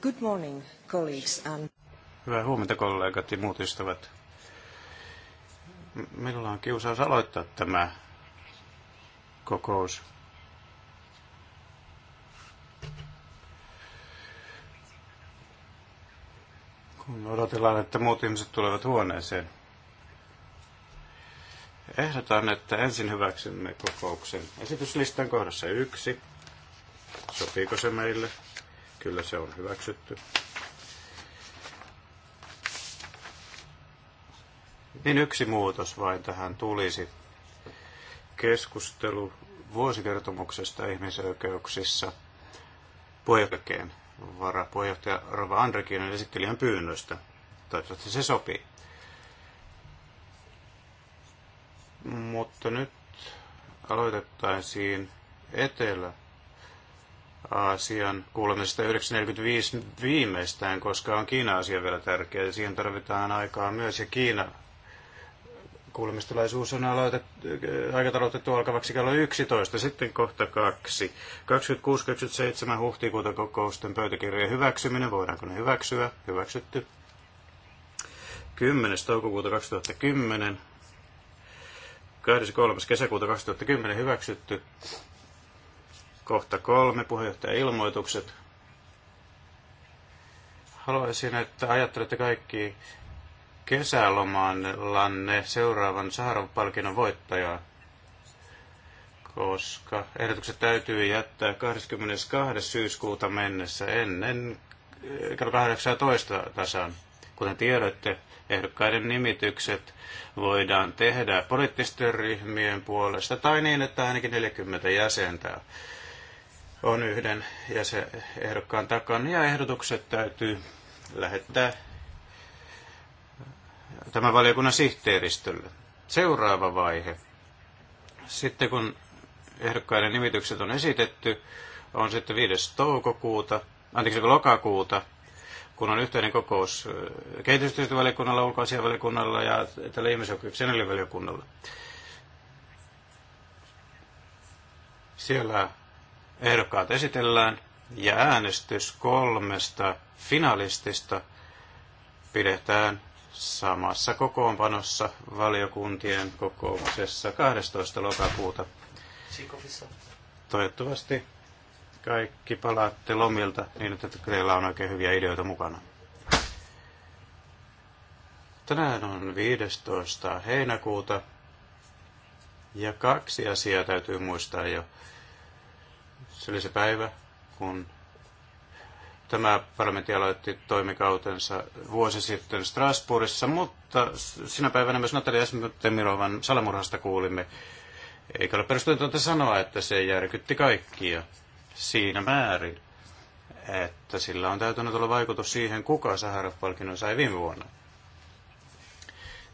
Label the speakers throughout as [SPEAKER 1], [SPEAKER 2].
[SPEAKER 1] Good morning, colleagues and...
[SPEAKER 2] Hyvää huomenta kollegat ja muut ystävät. Minulla on kiusaus aloittaa tämä kokous. Kun odotellaan, että muut ihmiset tulevat huoneeseen. Ehdotan, että ensin hyväksymme kokouksen esityslistan kohdassa yksi. Sopiiko se meille? Kyllä se on hyväksytty. Niin yksi muutos vain tähän tulisi. Keskustelu vuosikertomuksesta ihmisoikeuksissa puheenjohtajan varapuheenjohtaja Rova Andrekinen esittelijän pyynnöstä. Toivottavasti se sopii. Mutta nyt aloitettaisiin Etelä- Aasian kuulemisesta 1945 viimeistään, koska on Kiina-asia vielä tärkeä ja siihen tarvitaan aikaa myös. Ja Kiina kuulemistilaisuus on aloitettu, äh, aikataulutettu alkavaksi kello 11, sitten kohta kaksi. 26-27 huhtikuuta kokousten pöytäkirjojen hyväksyminen, voidaanko ne hyväksyä? Hyväksytty. 10. toukokuuta 2010, 23. kesäkuuta 2010 hyväksytty. Kohta kolme, puheenjohtajan ilmoitukset. Haluaisin, että ajattelette kaikki kesälomallanne seuraavan Saharov-palkinnon voittajaa, koska ehdotukset täytyy jättää 22. syyskuuta mennessä ennen eh, kello 18 tasan. Kuten tiedätte, ehdokkaiden nimitykset voidaan tehdä poliittisten ryhmien puolesta tai niin, että ainakin 40 jäsentä on yhden ehdokkaan takana ja ehdotukset täytyy lähettää tämän valiokunnan sihteeristölle. Seuraava vaihe. Sitten kun ehdokkaiden nimitykset on esitetty, on sitten 5. toukokuuta, anteeksi niin lokakuuta, kun on yhteinen kokous kehitysyhteistyövaliokunnalla, ulkoasiavaliokunnalla ja tällä ihmisoikeuksien valiokunnalla. Siellä Ehdokkaat esitellään ja äänestys kolmesta finalistista pidetään samassa kokoonpanossa valiokuntien kokouksessa 12. lokakuuta. Toivottavasti kaikki palaatte lomilta niin, että teillä on oikein hyviä ideoita mukana. Tänään on 15. heinäkuuta ja kaksi asiaa täytyy muistaa jo. Se oli se päivä, kun tämä parlamentti aloitti toimikautensa vuosi sitten Strasbourgissa, mutta sinä päivänä myös Natalia Esmitemirovan salamurhasta kuulimme. Eikä ole perustuinta sanoa, että se järkytti kaikkia siinä määrin, että sillä on täytynyt olla vaikutus siihen, kuka Saharov-palkinnon sai viime vuonna.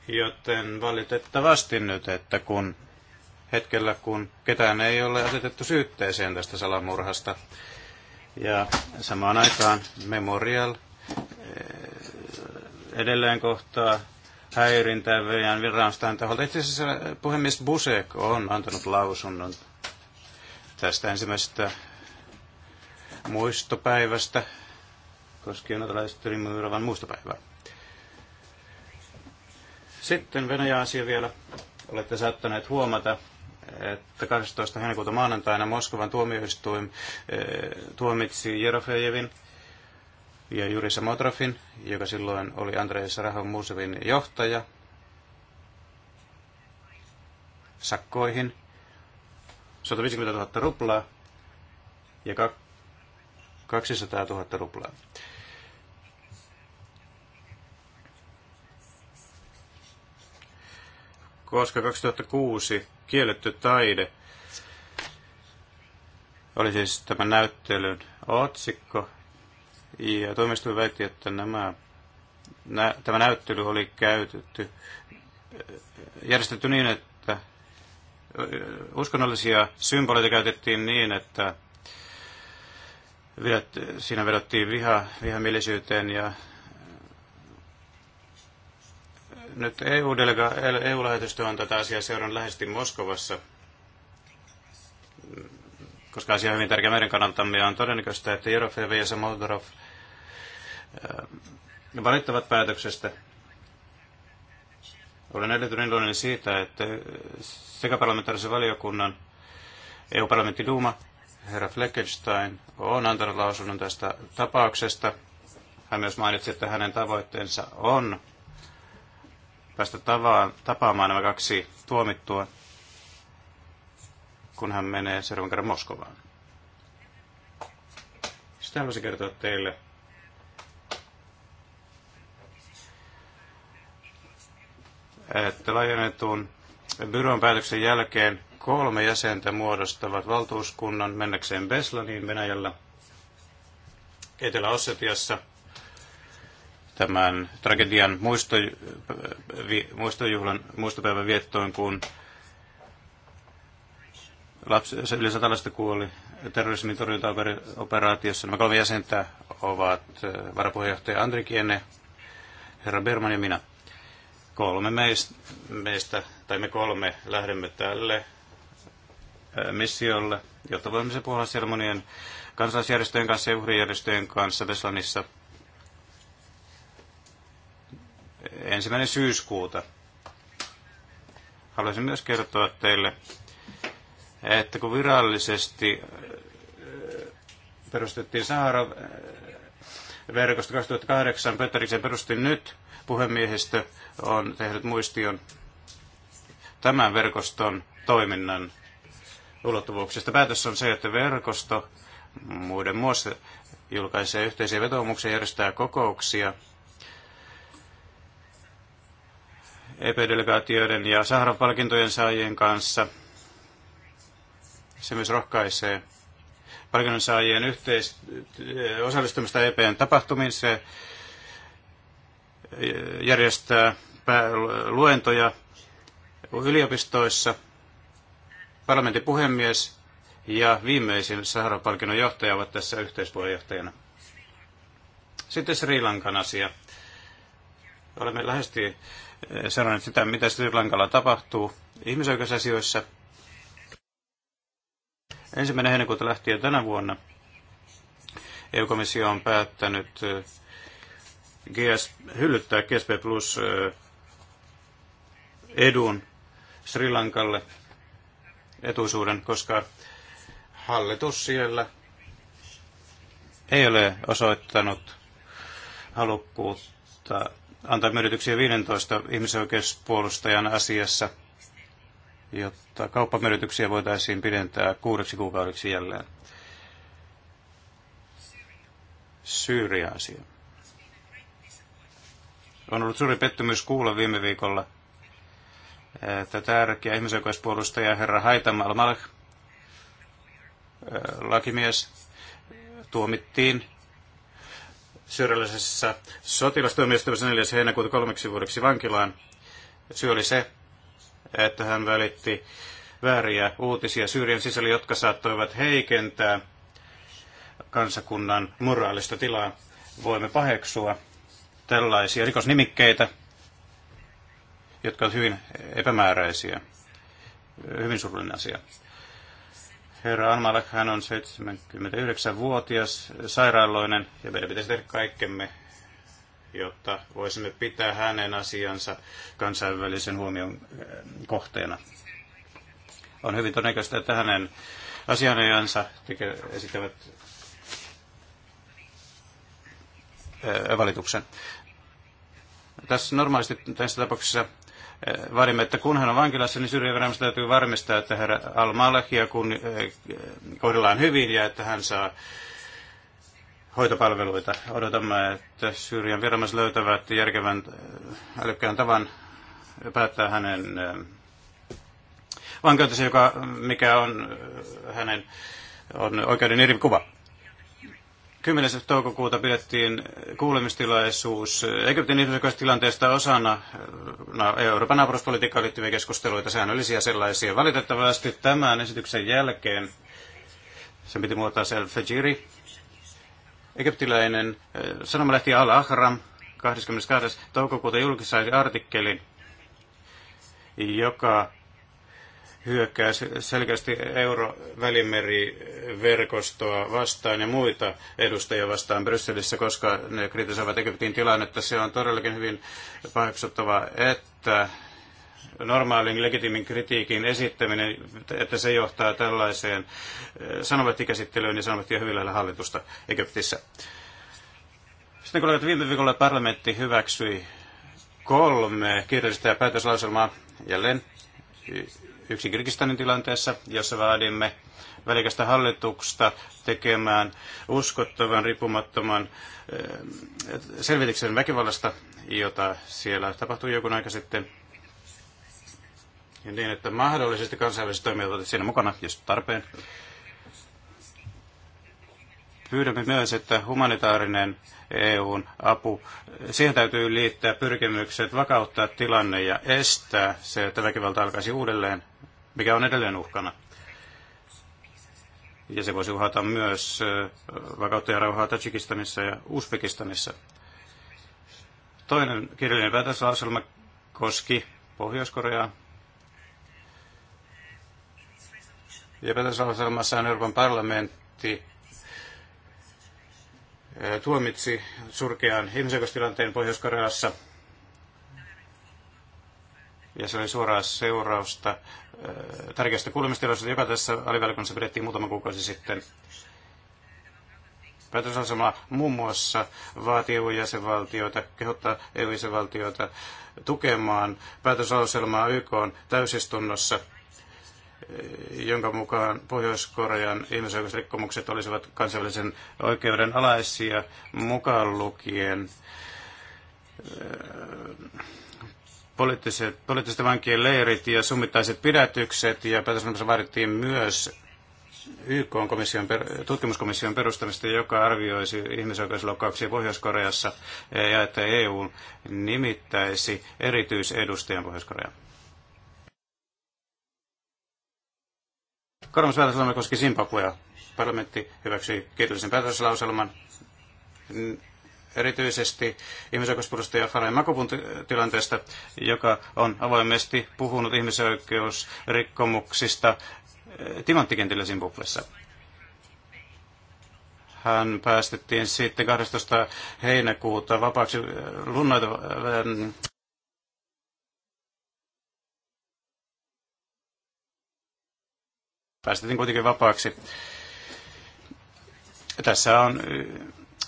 [SPEAKER 2] Joten valitettavasti nyt, että kun hetkellä, kun ketään ei ole asetettu syytteeseen tästä salamurhasta. Ja samaan aikaan Memorial eh, edelleen kohtaa häirintää Venäjän viranomaisten taholta. Itse asiassa eh, puhemies Busek on antanut lausunnon tästä ensimmäisestä muistopäivästä koskien natalaisten Myyrävän muistopäivää. Sitten Venäjä-asia vielä. Olette saattaneet huomata, että 12. heinäkuuta maanantaina Moskovan tuomioistuin eh, tuomitsi Jerofejevin ja Juri Samotrofin, joka silloin oli Andrei Sarahov Musevin johtaja, sakkoihin 150 000 ruplaa ja 200 000 ruplaa. Koska 2006 kielletty taide oli siis tämän näyttelyn otsikko. Ja toimisto väitti, että nämä, nä, tämä näyttely oli käytetty, järjestetty niin, että uskonnollisia symboleita käytettiin niin, että siinä vedottiin viha, vihamielisyyteen ja nyt EU-lähetystö e EU on tätä asiaa seurannut läheisesti Moskovassa, koska asia on hyvin tärkeä meidän kannaltamme ja on todennäköistä, että Jerofev ja Moldorov äh, valittavat päätöksestä. Olen erityisen iloinen siitä, että sekä parlamentaarisen valiokunnan EU-parlamentti Duuma, herra Fleckenstein, on antanut lausunnon tästä tapauksesta. Hän myös mainitsi, että hänen tavoitteensa on päästä tavaan, tapaamaan nämä kaksi tuomittua, kun hän menee seuraavan kerran Moskovaan. Sitä haluaisin kertoa teille. että laajennetun byron päätöksen jälkeen kolme jäsentä muodostavat valtuuskunnan mennäkseen Beslaniin Venäjällä Etelä-Ossetiassa – tämän tragedian muisto, muistojuhlan, muistopäivän viettoon, kun lapsi, se yli satalaista kuoli terrorismin torjuntaoperaatiossa. Nämä kolme jäsentä ovat varapuheenjohtaja Andri Kienne, herra Berman ja minä. Kolme meistä, meistä, tai me kolme, lähdemme tälle missiolle, jotta voimme se puhua sermonien kansalaisjärjestöjen kanssa ja uhrijärjestöjen kanssa Veslanissa – ensimmäinen syyskuuta. Haluaisin myös kertoa teille, että kun virallisesti äh, perustettiin sahara verkosto 2008, Pötteriksen perusti nyt, puhemiehistö on tehnyt muistion tämän verkoston toiminnan ulottuvuuksista. Päätös on se, että verkosto muiden muassa julkaisee yhteisiä vetoomuksia, järjestää kokouksia EP-delegaatioiden ja Saharan palkintojen saajien kanssa. Se myös rohkaisee palkinnon saajien yhteis- osallistumista EPn tapahtumiin. Se e, järjestää luentoja yliopistoissa. Parlamentin puhemies ja viimeisin Sahara-palkinnon johtaja ovat tässä yhteispuheenjohtajana. Sitten Sri Lankan asia. Olemme lähesti seuranneet sitä, mitä Sri Lankalla tapahtuu ihmisoikeusasioissa. Ensimmäinen heinäkuuta lähtien tänä vuonna EU-komissio on päättänyt eh, GS, hyllyttää GSP Plus eh, edun Sri Lankalle etuisuuden, koska hallitus siellä ei ole osoittanut halukkuutta antaa myönnytyksiä 15 ihmisoikeuspuolustajan asiassa, jotta kauppamyönnytyksiä voitaisiin pidentää kuudeksi kuukaudeksi jälleen. Syyria-asia. On ollut suuri pettymys kuulla viime viikolla, että tärkeä ihmisoikeuspuolustaja herra Haitam al lakimies, tuomittiin syrjällisessä sotilastoimistossa 4. heinäkuuta kolmeksi vuodeksi vankilaan. Syy oli se, että hän välitti vääriä uutisia Syyrian sisällä, jotka saattoivat heikentää kansakunnan moraalista tilaa. Voimme paheksua tällaisia rikosnimikkeitä, jotka ovat hyvin epämääräisiä. Hyvin surullinen asia. Herra Almalak, hän on 79-vuotias sairaaloinen, ja meidän pitäisi tehdä kaikkemme, jotta voisimme pitää hänen asiansa kansainvälisen huomion eh, kohteena. On hyvin todennäköistä, että hänen asianajansa esittävät eh, valituksen. Tässä normaalisti tässä tapauksessa Eh, varimme, että kun hän on vankilassa, niin syrjäviranomaisen täytyy varmistaa, että herra al malakia kun eh, kohdellaan hyvin ja että hän saa hoitopalveluita. Odotamme, että Syyrian viranomaiset löytävät järkevän eh, älykkään tavan päättää hänen vankeutensa, joka, mikä on hänen on oikeuden eri kuva. 10. toukokuuta pidettiin kuulemistilaisuus Egyptin tilanteesta osana äh, Euroopan naapuruspolitiikkaan liittyviä keskusteluita, säännöllisiä sellaisia. Valitettavasti tämän esityksen jälkeen, se piti muuttaa El Fajiri, egyptiläinen äh, sanomalehti Al Ahram 22. toukokuuta julkisaisi artikkelin, joka hyökkää selkeästi eurovälimeriverkostoa vastaan ja muita edustajia vastaan Brysselissä, koska ne kritisoivat Egyptin tilannetta. Se on todellakin hyvin paheksuttava, että normaalin legitimin kritiikin esittäminen, että se johtaa tällaiseen eh, sanomattikäsittelyyn ja niin sanomattia hyvin lähellä hallitusta Egyptissä. Sitten kun viime viikolla parlamentti hyväksyi kolme kirjallista ja päätöslauselmaa jälleen yksi Kirgistanin tilanteessa, jossa vaadimme välikästä hallituksesta tekemään uskottavan, riippumattoman eh, selvityksen väkivallasta, jota siellä tapahtui joku aika sitten. Ja niin, että mahdollisesti kansainväliset toimijat ovat siinä mukana, jos tarpeen. Pyydämme myös, että humanitaarinen EUn apu, siihen täytyy liittää pyrkimykset vakauttaa tilanne ja estää se, että väkivalta alkaisi uudelleen mikä on edelleen uhkana. Ja se voisi uhata myös vakautta ja rauhaa Tajikistanissa ja Uzbekistanissa. Toinen kirjallinen päätöslauselma koski Pohjois-Koreaa. Ja päätöslauselmassa Euroopan parlamentti tuomitsi surkean ihmisoikeustilanteen Pohjois-Koreassa. Ja se oli suoraa seurausta tärkeästä kuulemistilaisuudesta, joka tässä alivälikunnassa pidettiin muutama kuukausi sitten. Päätösasema muun muassa vaatii EU-jäsenvaltioita, kehottaa EU-jäsenvaltioita tukemaan päätöslauselmaa YK täysistunnossa, jonka mukaan Pohjois-Korean ihmisoikeusrikkomukset olisivat kansainvälisen oikeuden alaisia mukaan lukien poliittiset, poliittiset vankien leirit ja summittaiset pidätykset. Ja päätösvalmassa vaadittiin myös YK-komission, tutkimuskomission perustamista, joka arvioisi ihmisoikeusloukkauksia Pohjois-Koreassa ja että EU nimittäisi erityisedustajan Pohjois-Koreaan. Kolmas päätöslauselma koski Zimbabwea. Parlamentti hyväksyi kiitollisen päätöslauselman erityisesti ihmisoikeuspuolustaja Farai Makopun tilanteesta, joka on avoimesti puhunut ihmisoikeusrikkomuksista eh, timanttikentillä Zimbabwessa. Hän päästettiin sitten 12. heinäkuuta vapaaksi eh, lunnoita eh, päästettiin kuitenkin vapaaksi. Tässä on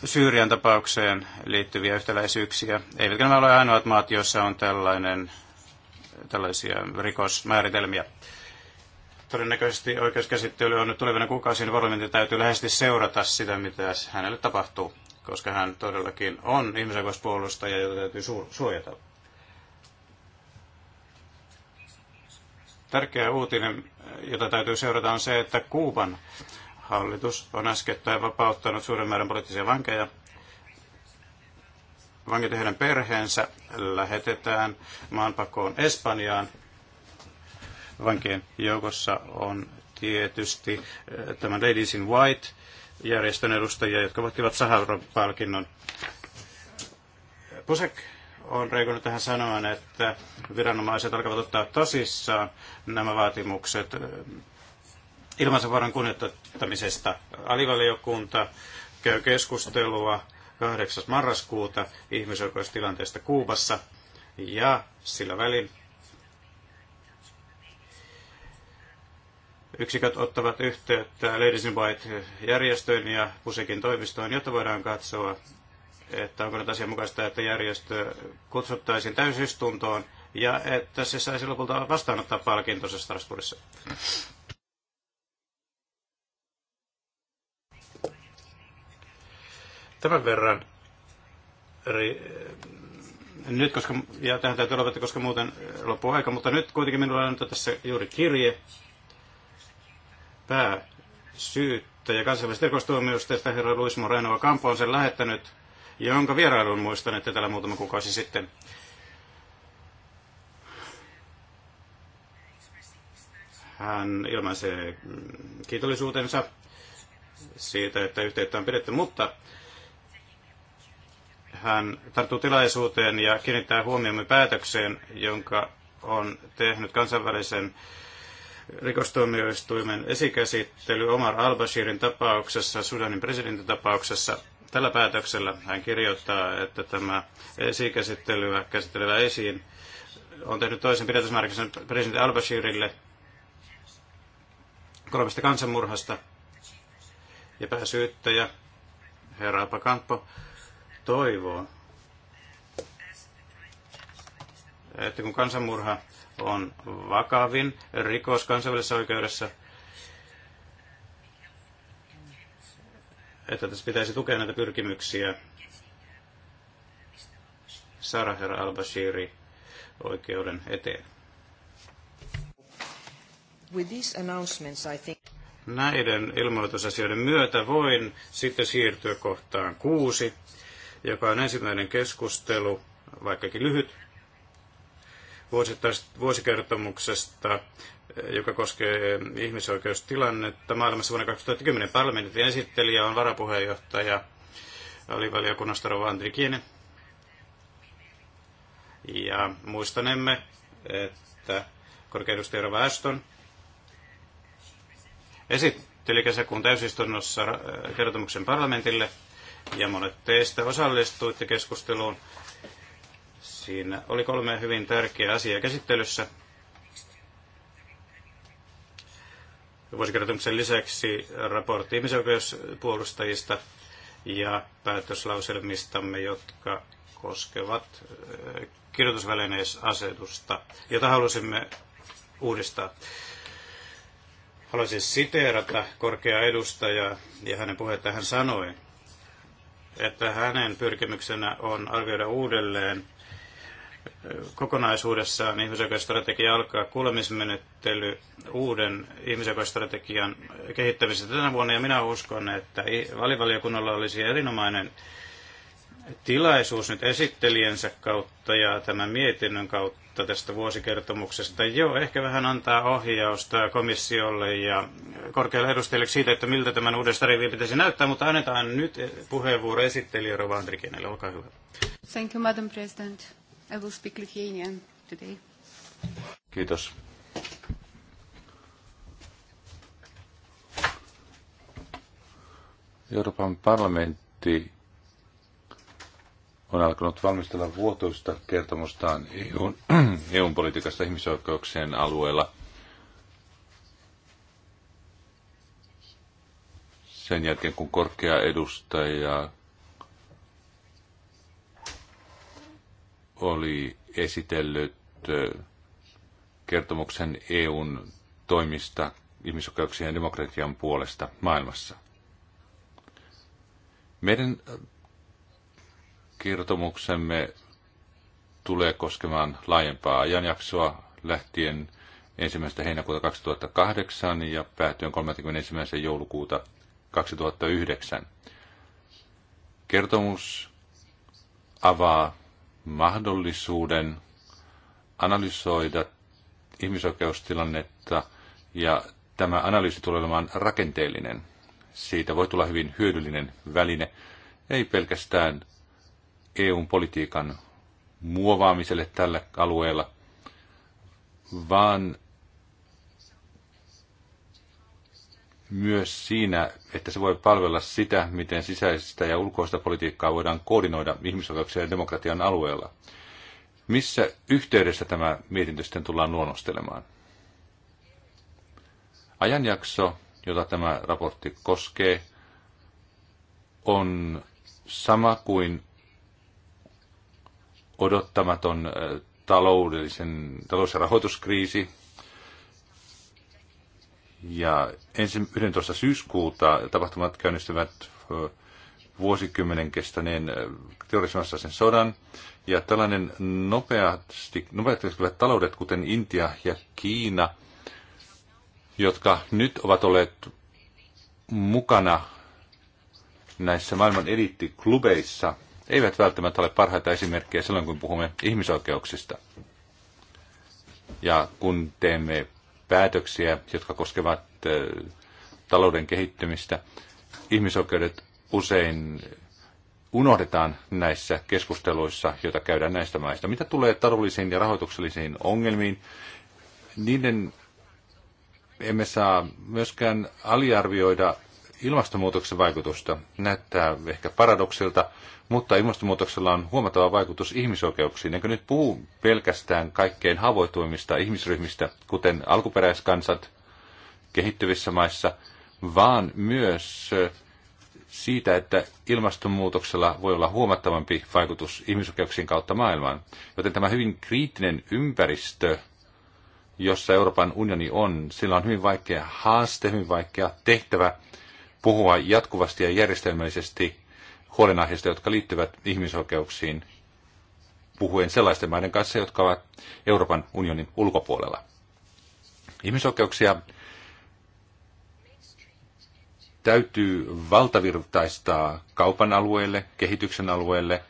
[SPEAKER 2] Syyrian tapaukseen liittyviä yhtäläisyyksiä. Eivätkä nämä ole ainoat maat, joissa on tällainen, tällaisia rikosmääritelmiä. Todennäköisesti oikeuskäsittely on nyt tulevina kuukausina parlamentin täytyy lähesti seurata sitä, mitä hänelle tapahtuu, koska hän todellakin on ihmisoikeuspuolustaja, jota täytyy suojata. Tärkeä uutinen, jota täytyy seurata, on se, että Kuuban Hallitus on äskettäin vapauttanut suuren määrän poliittisia vankeja. Vankit ja heidän perheensä lähetetään maanpakoon Espanjaan. Vankien joukossa on tietysti eh, tämän Ladies in White järjestön edustajia, jotka voittivat Saharov-palkinnon. Pusek on reikunut tähän sanoen, että viranomaiset alkavat ottaa tosissaan nämä vaatimukset eh, ilmaisuvaran kunnioittamisesta. Alivaliokunta käy keskustelua 8. marraskuuta ihmisoikeustilanteesta Kuubassa ja sillä välin yksiköt ottavat yhteyttä Ladies in White-järjestöön ja Pusekin toimistoon, jotta voidaan katsoa, että onko nyt asianmukaista, että järjestö kutsuttaisiin täysistuntoon ja että se saisi lopulta vastaanottaa palkintonsa Strasbourgissa. Tämän verran eh, nyt, koska, ja tähän täytyy lopettaa, koska muuten loppuu aika, mutta nyt kuitenkin minulla on tässä juuri kirje ja kansainvälisestä rikostuomioistuimesta herra Luis Moreno Campo on sen lähettänyt, jonka vierailun muistan, että täällä muutama kuukausi sitten. Hän ilmaisee kiitollisuutensa siitä, että yhteyttä on pidetty, mutta hän tarttuu tilaisuuteen ja kiinnittää huomiomme päätökseen, jonka on tehnyt kansainvälisen rikostuomioistuimen esikäsittely Omar al-Bashirin tapauksessa, Sudanin presidentin Tällä päätöksellä hän kirjoittaa, että tämä esikäsittelyä käsittelevä esiin on tehnyt toisen pidätysmääräyksen presidentti al-Bashirille kolmesta kansanmurhasta ja pääsyyttäjä herra Apakampo toivoa. että kun kansanmurha on vakavin rikos kansainvälisessä oikeudessa, että tässä pitäisi tukea näitä pyrkimyksiä Sara herra al-Bashiri oikeuden eteen.
[SPEAKER 1] With these announcements, I think...
[SPEAKER 2] Näiden ilmoitusasioiden myötä voin sitten siirtyä kohtaan kuusi joka on ensimmäinen keskustelu, vaikkakin lyhyt, vuosikertomuksesta, joka koskee ihmisoikeustilannetta maailmassa vuonna 2010. Parlamentin esittelijä on varapuheenjohtaja alivaliokunnasta Rova Andri Ja muistanemme, että korkeudustaja Rova Aston esitteli kesäkuun täysistunnossa kertomuksen parlamentille – ja monet teistä osallistuitte keskusteluun. Siinä oli kolme hyvin tärkeää asiaa käsittelyssä. Vuosikertomuksen lisäksi raportti ihmisoikeuspuolustajista ja päätöslauselmistamme, jotka koskevat äh, kirjoitusvälineisasetusta, jota halusimme uudistaa. Haluaisin siteerata korkeaa edustaja ja hänen puhetta hän sanoi, että hänen pyrkimyksenä on arvioida uudelleen äh, kokonaisuudessaan ihmisoikeusstrategia alkaa kuulemismenettely uuden ihmisoikeusstrategian kehittämisestä tänä vuonna, ja minä uskon, että valivaliokunnalla olisi erinomainen tilaisuus nyt esittelijänsä kautta ja tämän mietinnön kautta tästä vuosikertomuksesta jo ehkä vähän antaa ohjausta komissiolle ja korkealle edustajalle siitä, että miltä tämän uuden starivin pitäisi näyttää, mutta annetaan nyt puheenvuoro esittelijä Rova Andrikienelle. Olkaa hyvä.
[SPEAKER 1] Thank you, Madam President. I will speak Lithuanian today.
[SPEAKER 3] Kiitos. Euroopan parlamentti on alkanut valmistella vuotuista kertomustaan EUn, EUn politiikasta ihmisoikeuksien alueella. Sen jälkeen, kun korkea edustaja oli esitellyt kertomuksen EUn toimista ihmisoikeuksien ja demokratian puolesta maailmassa. Meidän kertomuksemme tulee koskemaan laajempaa ajanjaksoa lähtien 1. heinäkuuta 2008 ja päättyen 31. joulukuuta 2009. Kertomus avaa mahdollisuuden analysoida ihmisoikeustilannetta ja tämä analyysi tulee olemaan rakenteellinen. Siitä voi tulla hyvin hyödyllinen väline, ei pelkästään EUn politiikan muovaamiselle tällä alueella, vaan myös siinä, että se voi palvella sitä, miten sisäistä ja ulkoista politiikkaa voidaan koordinoida ihmisoikeuksien ja demokratian alueella. Missä yhteydessä tämä mietintö sitten tullaan luonnostelemaan? Ajanjakso, jota tämä raportti koskee, on sama kuin odottamaton taloudellisen, talous- ja rahoituskriisi. Ja ensin 11. syyskuuta tapahtumat käynnistyvät vuosikymmenen kestäneen sen sodan. Ja tällainen nopeasti, nopeasti taloudet, kuten Intia ja Kiina, jotka nyt ovat olleet mukana näissä maailman eliittiklubeissa – eivät välttämättä ole parhaita esimerkkejä silloin, kun puhumme ihmisoikeuksista. Ja kun teemme päätöksiä, jotka koskevat talouden kehittymistä, ihmisoikeudet usein unohdetaan näissä keskusteluissa, joita käydään näistä maista. Mitä tulee taloudellisiin ja rahoituksellisiin ongelmiin, niiden emme saa myöskään aliarvioida ilmastonmuutoksen vaikutusta. Näyttää ehkä paradoksilta, mutta ilmastonmuutoksella on huomattava vaikutus ihmisoikeuksiin. Enkä nyt puhu pelkästään kaikkein havoituimmista ihmisryhmistä, kuten alkuperäiskansat kehittyvissä maissa, vaan myös siitä, että ilmastonmuutoksella voi olla huomattavampi vaikutus ihmisoikeuksien kautta maailmaan. Joten tämä hyvin kriittinen ympäristö, jossa Euroopan unioni on, sillä on hyvin vaikea haaste, hyvin vaikea tehtävä puhua jatkuvasti ja järjestelmällisesti huolenaiheista, jotka liittyvät ihmisoikeuksiin, puhuen sellaisten maiden kanssa, jotka ovat Euroopan unionin ulkopuolella. Ihmisoikeuksia täytyy valtavirtaistaa kaupan alueelle, kehityksen alueelle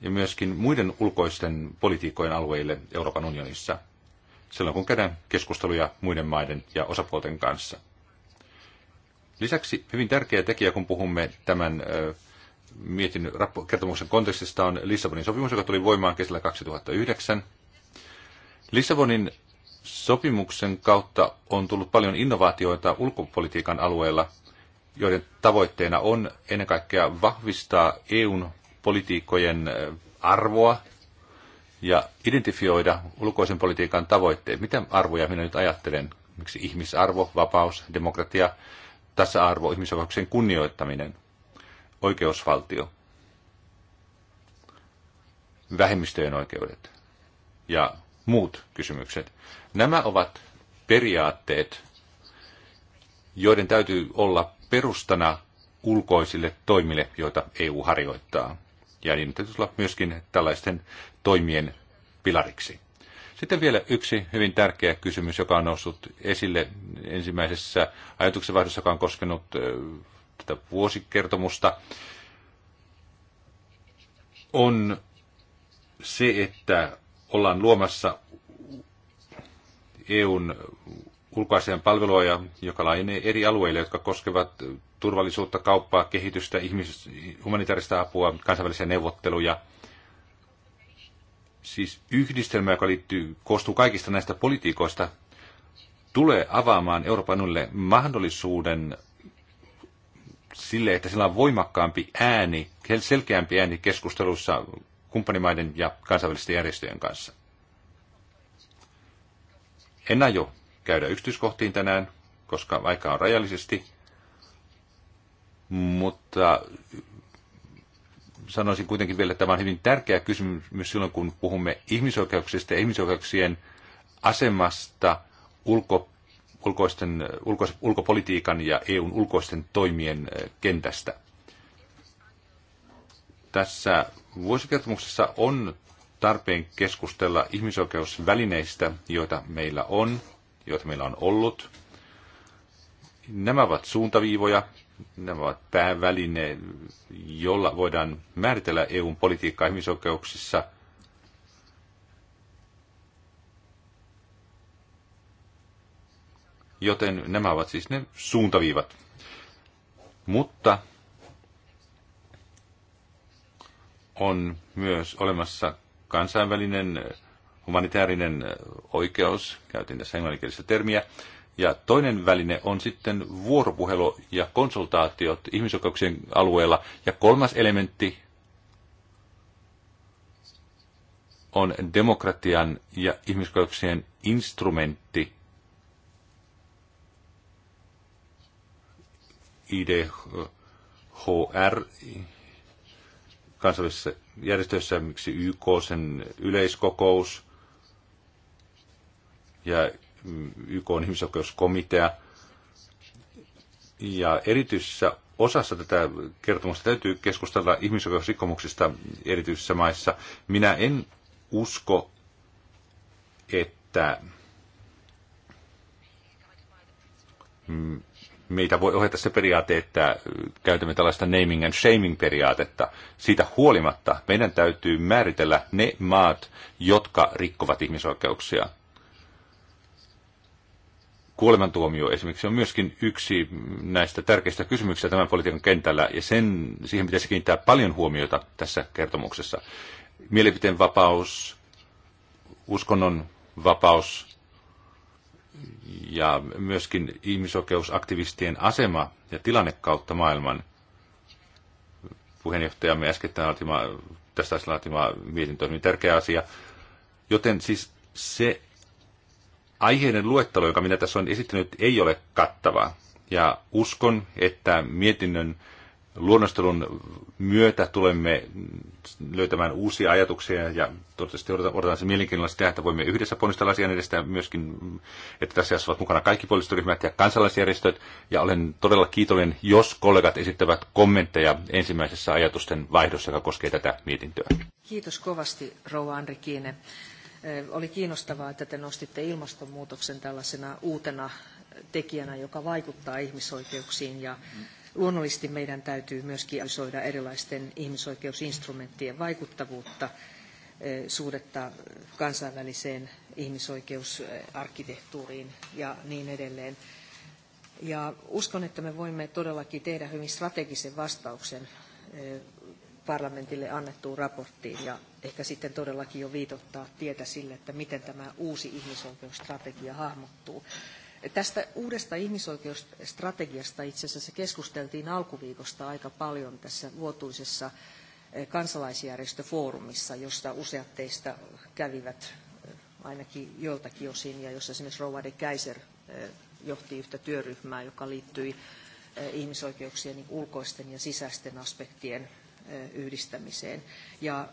[SPEAKER 3] ja myöskin muiden ulkoisten politiikkojen alueille Euroopan unionissa, silloin kun käydään keskusteluja muiden maiden ja osapuolten kanssa. Lisäksi hyvin tärkeä tekijä, kun puhumme tämän mietin kertomuksen kontekstista, on Lissabonin sopimus, joka tuli voimaan kesällä 2009. Lissabonin sopimuksen kautta on tullut paljon innovaatioita ulkopolitiikan alueella, joiden tavoitteena on ennen kaikkea vahvistaa EUn politiikkojen arvoa ja identifioida ulkoisen politiikan tavoitteet. Mitä arvoja minä nyt ajattelen? Miksi ihmisarvo, vapaus, demokratia, tasa-arvo, ihmisoikeuksien kunnioittaminen, oikeusvaltio, vähemmistöjen oikeudet ja muut kysymykset. Nämä ovat periaatteet, joiden täytyy olla perustana ulkoisille toimille, joita EU harjoittaa. Ja niin täytyy olla myöskin tällaisten toimien pilariksi. Sitten vielä yksi hyvin tärkeä kysymys, joka on noussut esille ensimmäisessä vaihdossa, joka on koskenut tätä vuosikertomusta, on se, että ollaan luomassa EUn ulkoasian palveluja, joka laajenee eri alueille, jotka koskevat turvallisuutta, kauppaa, kehitystä, ihmis- humanitaarista apua, kansainvälisiä neuvotteluja – siis yhdistelmä, joka liittyy, koostuu kaikista näistä politiikoista, tulee avaamaan Euroopan unionille mahdollisuuden sille, että sillä on voimakkaampi ääni, selkeämpi ääni keskustelussa kumppanimaiden ja kansainvälisten järjestöjen kanssa. En aio käydä yksityiskohtiin tänään, koska aika on rajallisesti, mutta sanoisin kuitenkin vielä, että tämä on hyvin tärkeä kysymys silloin, kun puhumme ihmisoikeuksista ja ihmisoikeuksien asemasta ulko, ulkoisten, ulko, ulkopolitiikan ja EUn ulkoisten toimien eh, kentästä. Tässä vuosikertomuksessa on tarpeen keskustella ihmisoikeusvälineistä, joita meillä on, joita meillä on ollut. Nämä ovat suuntaviivoja, Nämä ovat pääväline, jolla voidaan määritellä EUn politiikkaa ihmisoikeuksissa. Joten nämä ovat siis ne suuntaviivat. Mutta on myös olemassa kansainvälinen humanitaarinen oikeus, käytin tässä englanninkielistä termiä, ja toinen väline on sitten vuoropuhelu ja konsultaatiot ihmisoikeuksien alueella. Ja kolmas elementti on demokratian ja ihmisoikeuksien instrumentti IDHR kansallisessa järjestöissä, miksi YK, sen yleiskokous ja YK on ihmisoikeuskomitea. Ja erityisessä osassa tätä kertomusta täytyy keskustella ihmisoikeusrikkomuksista erityisissä maissa. Minä en usko, että meitä voi ohjata se periaate, että käytämme tällaista naming and shaming periaatetta. Siitä huolimatta meidän täytyy määritellä ne maat, jotka rikkovat ihmisoikeuksia kuolemantuomio esimerkiksi on myöskin yksi näistä tärkeistä kysymyksistä tämän politiikan kentällä, ja sen, siihen pitäisi kiinnittää paljon huomiota tässä kertomuksessa. Mielipiteen vapaus, uskonnon vapaus ja myöskin ihmisoikeusaktivistien asema ja tilanne kautta maailman. Puheenjohtajamme äsken tästä laatima mietintö on niin tärkeä asia. Joten siis se, aiheiden luettelo, joka minä tässä olen esittänyt, ei ole kattava. Ja uskon, että mietinnön luonnostelun myötä tulemme löytämään uusia ajatuksia ja toivottavasti odotan se mielenkiinnolla sitä, että voimme yhdessä ponnistella asian edestä myöskin, että tässä ovat mukana kaikki puolustusryhmät ja kansalaisjärjestöt ja olen todella kiitollinen, jos kollegat esittävät kommentteja ensimmäisessä ajatusten vaihdossa, joka koskee tätä mietintöä.
[SPEAKER 1] Kiitos kovasti, Rouva Andrikiine. Oli kiinnostavaa, että te nostitte ilmastonmuutoksen tällaisena uutena tekijänä, joka vaikuttaa ihmisoikeuksiin ja luonnollisesti meidän täytyy myöskin analysoida erilaisten ihmisoikeusinstrumenttien vaikuttavuutta, suhdetta kansainväliseen ihmisoikeusarkkitehtuuriin ja niin edelleen. Ja uskon, että me voimme todellakin tehdä hyvin strategisen vastauksen parlamentille annettuun raporttiin ja ehkä sitten todellakin jo viitottaa tietä sille, että miten tämä uusi ihmisoikeusstrategia hahmottuu. Tästä uudesta ihmisoikeusstrategiasta itse asiassa keskusteltiin alkuviikosta aika paljon tässä vuotuisessa eh, kansalaisjärjestöfoorumissa, josta useat teistä kävivät eh, ainakin joiltakin osin, ja jossa esimerkiksi Rouva de Kaiser eh, johti yhtä työryhmää, joka liittyi ihmisoikeuksien ulkoisten ja sisäisten aspektien yhdistämiseen. Ja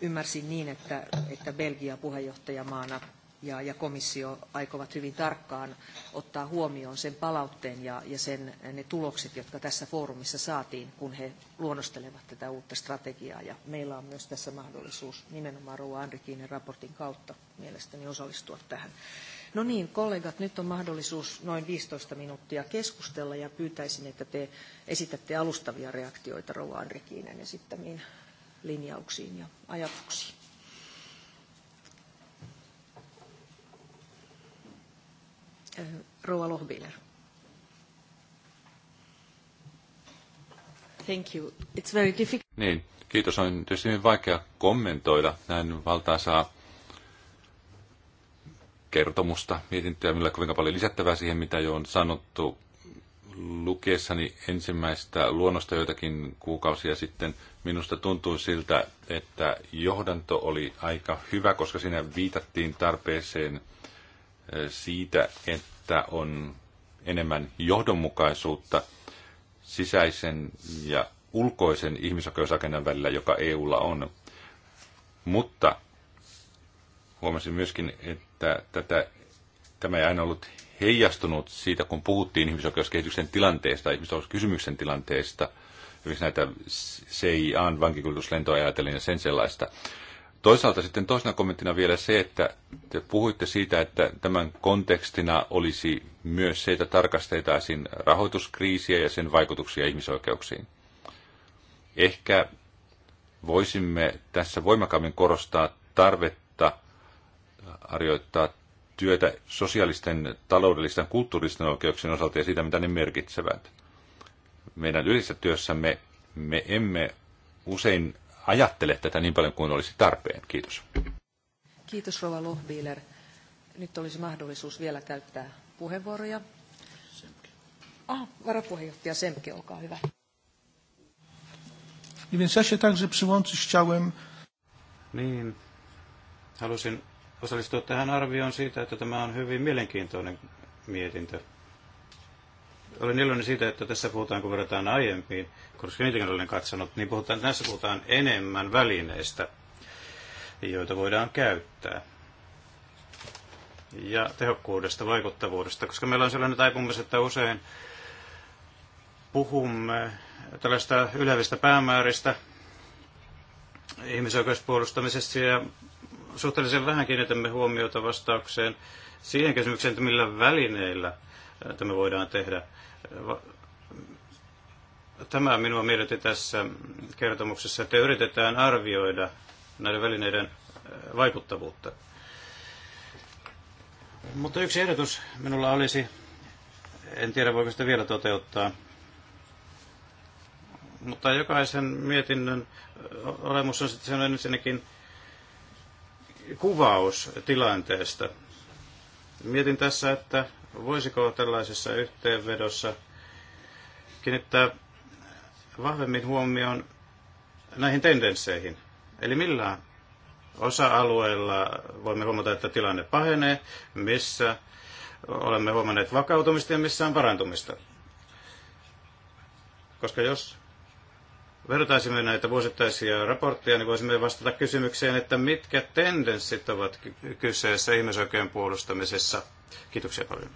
[SPEAKER 1] ymmärsin niin, että, että Belgia puheenjohtajamaana ja, ja komissio aikovat hyvin tarkkaan ottaa huomioon sen palautteen ja, ja sen, ne tulokset, jotka tässä foorumissa saatiin, kun he luonnostelevat tätä uutta strategiaa. Ja meillä on myös tässä mahdollisuus nimenomaan Rouva Andrikiinen raportin kautta mielestäni osallistua tähän. No niin, kollegat, nyt on mahdollisuus noin 15 minuuttia keskustella ja pyytäisin, että te esitätte alustavia reaktioita Rouva Andrikiinen esittämiin linjauksiin ja ajatuksiin. Äh, Rouva Lohbiller. Thank you. It's very difficult.
[SPEAKER 3] Niin, kiitos. On tietysti hyvin vaikea kommentoida näin valtaisaa kertomusta, mietintöä, millä kuinka paljon lisättävää siihen, mitä jo on sanottu lukiessani ensimmäistä luonnosta joitakin kuukausia sitten minusta tuntui siltä, että johdanto oli aika hyvä, koska siinä viitattiin tarpeeseen eh, siitä, että on enemmän johdonmukaisuutta sisäisen ja ulkoisen ihmisoikeusagendan välillä, joka EUlla on. Mutta huomasin myöskin, että tätä Tämä ei aina ollut heijastunut siitä, kun puhuttiin ihmisoikeuskehityksen tilanteesta, ihmisoikeuskysymyksen tilanteesta, esimerkiksi näitä CIAn vankikuljetuslentoja ajatellen ja sen sellaista. Toisaalta sitten toisena kommenttina vielä se, että te puhuitte siitä, että tämän kontekstina olisi myös se, että tarkasteltaisiin rahoituskriisiä ja sen vaikutuksia ihmisoikeuksiin. Ehkä voisimme tässä voimakkaammin korostaa tarvetta harjoittaa työtä sosiaalisten, taloudellisten ja kulttuuristen oikeuksien osalta ja siitä, mitä ne merkitsevät. Meidän yhdessä työssämme me emme usein ajattele tätä niin paljon kuin olisi tarpeen. Kiitos.
[SPEAKER 1] Kiitos Rova Lohbiler. Nyt olisi mahdollisuus vielä käyttää puheenvuoroja. Ah, varapuheenjohtaja Semke, olkaa hyvä.
[SPEAKER 2] Niin, halusin osallistua tähän arvioon siitä, että tämä on hyvin mielenkiintoinen mietintö. Olen iloinen siitä, että tässä puhutaan, kun verrataan aiempiin, koska niitäkin olen katsonut, niin puhutaan, tässä puhutaan enemmän välineistä, joita voidaan käyttää. Ja tehokkuudesta, vaikuttavuudesta, koska meillä on sellainen taipumus, että usein puhumme tällaista ylevistä päämääristä ihmisoikeuspuolustamisesta ja suhteellisen vähän kiinnitämme huomiota vastaukseen siihen kysymykseen, että millä välineillä tämä voidaan tehdä. Tämä minua mietitti tässä kertomuksessa, että yritetään arvioida näiden välineiden vaikuttavuutta. Mutta yksi ehdotus minulla olisi, en tiedä voiko sitä vielä toteuttaa, mutta jokaisen mietinnön olemus on sitten ensinnäkin kuvaus tilanteesta. Mietin tässä, että voisiko tällaisessa yhteenvedossa kiinnittää vahvemmin huomioon näihin tendensseihin. Eli millään osa-alueilla voimme huomata, että tilanne pahenee, missä olemme huomanneet vakautumista ja missä on parantumista. Koska jos vertaisimme näitä vuosittaisia raportteja, niin voisimme vastata kysymykseen, että mitkä tendenssit ovat kyseessä ihmisoikeuden puolustamisessa. Kiitoksia
[SPEAKER 4] paljon.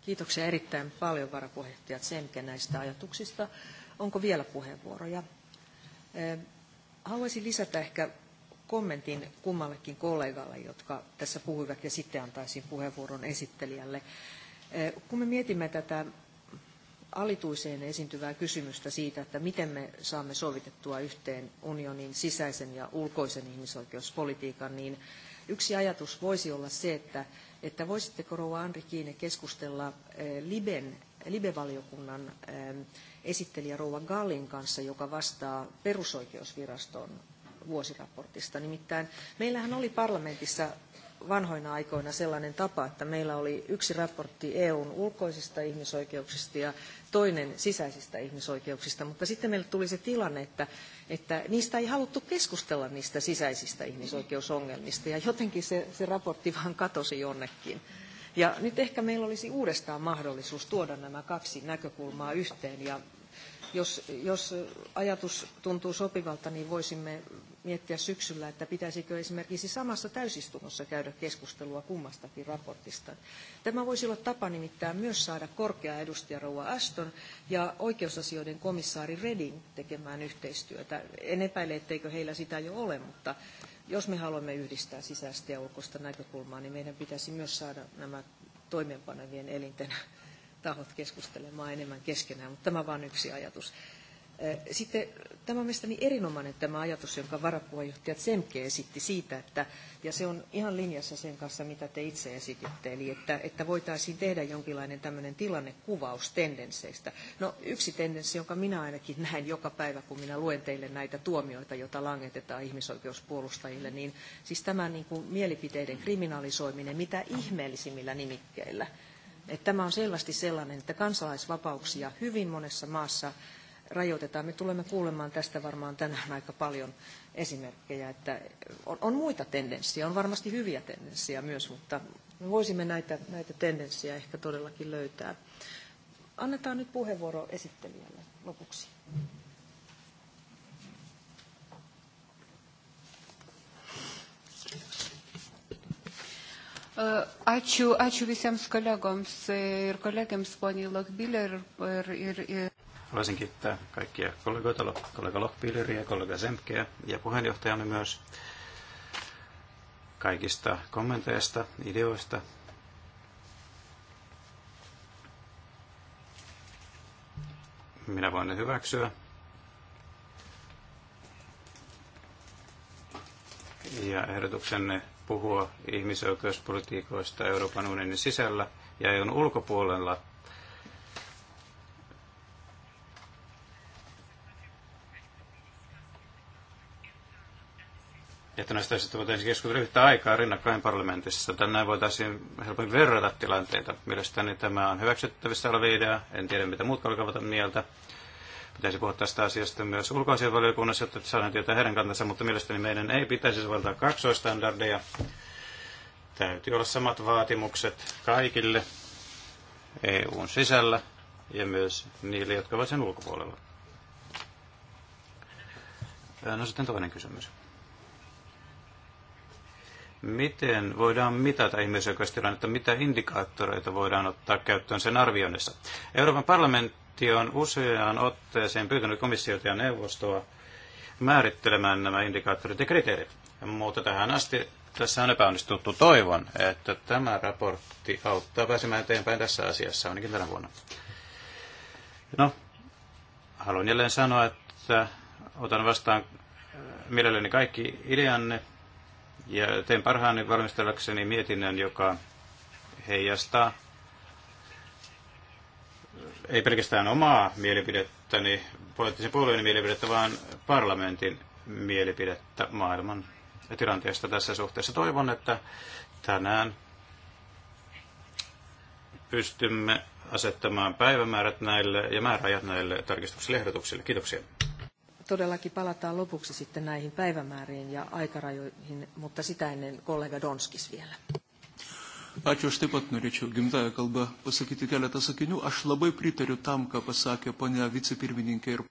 [SPEAKER 1] Kiitoksia erittäin paljon varapuheenjohtaja Tsemke näistä ajatuksista. Onko vielä puheenvuoroja? Haluaisin lisätä ehkä kommentin kummallekin kollegalle, jotka tässä puhuivat, ja sitten antaisin puheenvuoron esittelijälle. Kun me mietimme tätä alituiseen esiintyvää kysymystä siitä, että miten me saamme sovitettua yhteen unionin sisäisen ja ulkoisen ihmisoikeuspolitiikan, niin yksi ajatus voisi olla se, että, että voisitteko Rouva Andri Kiine keskustella eh, Liben, Libe-valiokunnan eh, esittelijä Rouva Gallin kanssa, joka vastaa perusoikeusviraston vuosiraportista. Nimittäin meillähän oli parlamentissa vanhoina aikoina sellainen tapa, että meillä oli yksi raportti EUn ulkoisista ihmisoikeuksista ja toinen sisäisistä ihmisoikeuksista, mutta sitten meille tuli se tilanne, että, että niistä ei haluttu keskustella niistä sisäisistä ihmisoikeusongelmista ja jotenkin se, se raportti vaan katosi jonnekin. Ja nyt ehkä meillä olisi uudestaan mahdollisuus tuoda nämä kaksi näkökulmaa yhteen ja jos, jos ajatus tuntuu sopivalta, niin voisimme miettiä syksyllä, että pitäisikö esimerkiksi samassa täysistunnossa käydä keskustelua kummastakin raportista. Tämä voisi olla tapa nimittäin myös saada korkea edustaja Rouva Aston ja oikeusasioiden komissaari Reding tekemään yhteistyötä. En epäile, etteikö heillä sitä jo ole, mutta jos me haluamme yhdistää sisäistä ja ulkoista näkökulmaa, niin meidän pitäisi myös saada nämä toimeenpanevien elinten tahot keskustelemaan enemmän keskenään, mutta tämä on vain yksi ajatus. Sitten tämä on mielestäni erinomainen tämä ajatus, jonka varapuheenjohtaja Tsemke esitti siitä, että, ja se on ihan linjassa sen kanssa, mitä te itse esititte, eli että, että voitaisiin tehdä jonkinlainen tämmöinen tilannekuvaus tendensseistä. No yksi tendenssi, jonka minä ainakin näen joka päivä, kun minä luen teille näitä tuomioita, joita langetetaan ihmisoikeuspuolustajille, niin siis tämä niin kuin mielipiteiden kriminalisoiminen mitä ihmeellisimmillä nimikkeillä. Että tämä on selvästi sellainen, että kansalaisvapauksia hyvin monessa maassa rajoitetaan. Me tulemme kuulemaan tästä varmaan tänään aika paljon esimerkkejä, että on, on muita tendenssiä, on varmasti hyviä tendenssiä myös, mutta me voisimme näitä, näitä tendenssiä ehkä todellakin löytää. Annetaan nyt puheenvuoro esittelijälle lopuksi. Ačiū, ačiū visiems kolegoms ir kolegiams, poniai Lokbilė ir, ir, ir.
[SPEAKER 2] Haluaisin kiittää kaikkia kollegoita, kollega ja kollega Semkeä ja puheenjohtajamme myös kaikista kommenteista, ideoista. Minä voin ne hyväksyä. Ja ehdotuksenne puhua ihmisoikeuspolitiikoista Euroopan unionin sisällä ja EUn ulkopuolella – että näistä asioista voitaisiin keskustella yhtä aikaa rinnakkain parlamentissa. Tänään voitaisiin helpommin verrata tilanteita. Mielestäni tämä on hyväksyttävissä oleva idea. En tiedä, mitä muut alkavat mieltä. Pitäisi puhua tästä asiasta myös ulkoasianvaliokunnassa, jotta saadaan tietää heidän kantansa, mutta mielestäni meidän ei pitäisi soveltaa kaksoistandardeja. Täytyy olla samat vaatimukset kaikille EUn sisällä ja myös niille, jotka ovat sen ulkopuolella. No sitten toinen kysymys. Miten voidaan mitata ihmisoikeustilannetta? Mitä indikaattoreita voidaan ottaa käyttöön sen arvioinnissa? Euroopan parlamentti on useaan otteeseen pyytänyt komissiota ja neuvostoa määrittelemään nämä indikaattorit ja kriteerit. Mutta tähän asti tässä on epäonnistuttu. Toivon, että tämä raportti auttaa pääsemään eteenpäin tässä asiassa ainakin tänä vuonna. No, haluan jälleen sanoa, että otan vastaan mielelläni kaikki ideanne ja teen parhaani valmistellakseni mietinnön, joka heijastaa ei pelkästään omaa mielipidettäni, poliittisen puolueen mielipidettä, vaan parlamentin mielipidettä maailman tilanteesta tässä suhteessa. Toivon, että tänään pystymme asettamaan päivämäärät näille ja määräajat näille tarkistuksille ehdotuksille. Kiitoksia
[SPEAKER 1] todellakin palataan lopuksi sitten näihin päivämääriin ja aikarajoihin, mutta sitä ennen kollega Donskis vielä.
[SPEAKER 4] Ačiū, aš taip pat norėčiau kalbą pasakyti keletą sakinių. Aš labai pritariu tam, ką pasakė ponia vicepirmininkė. Ir...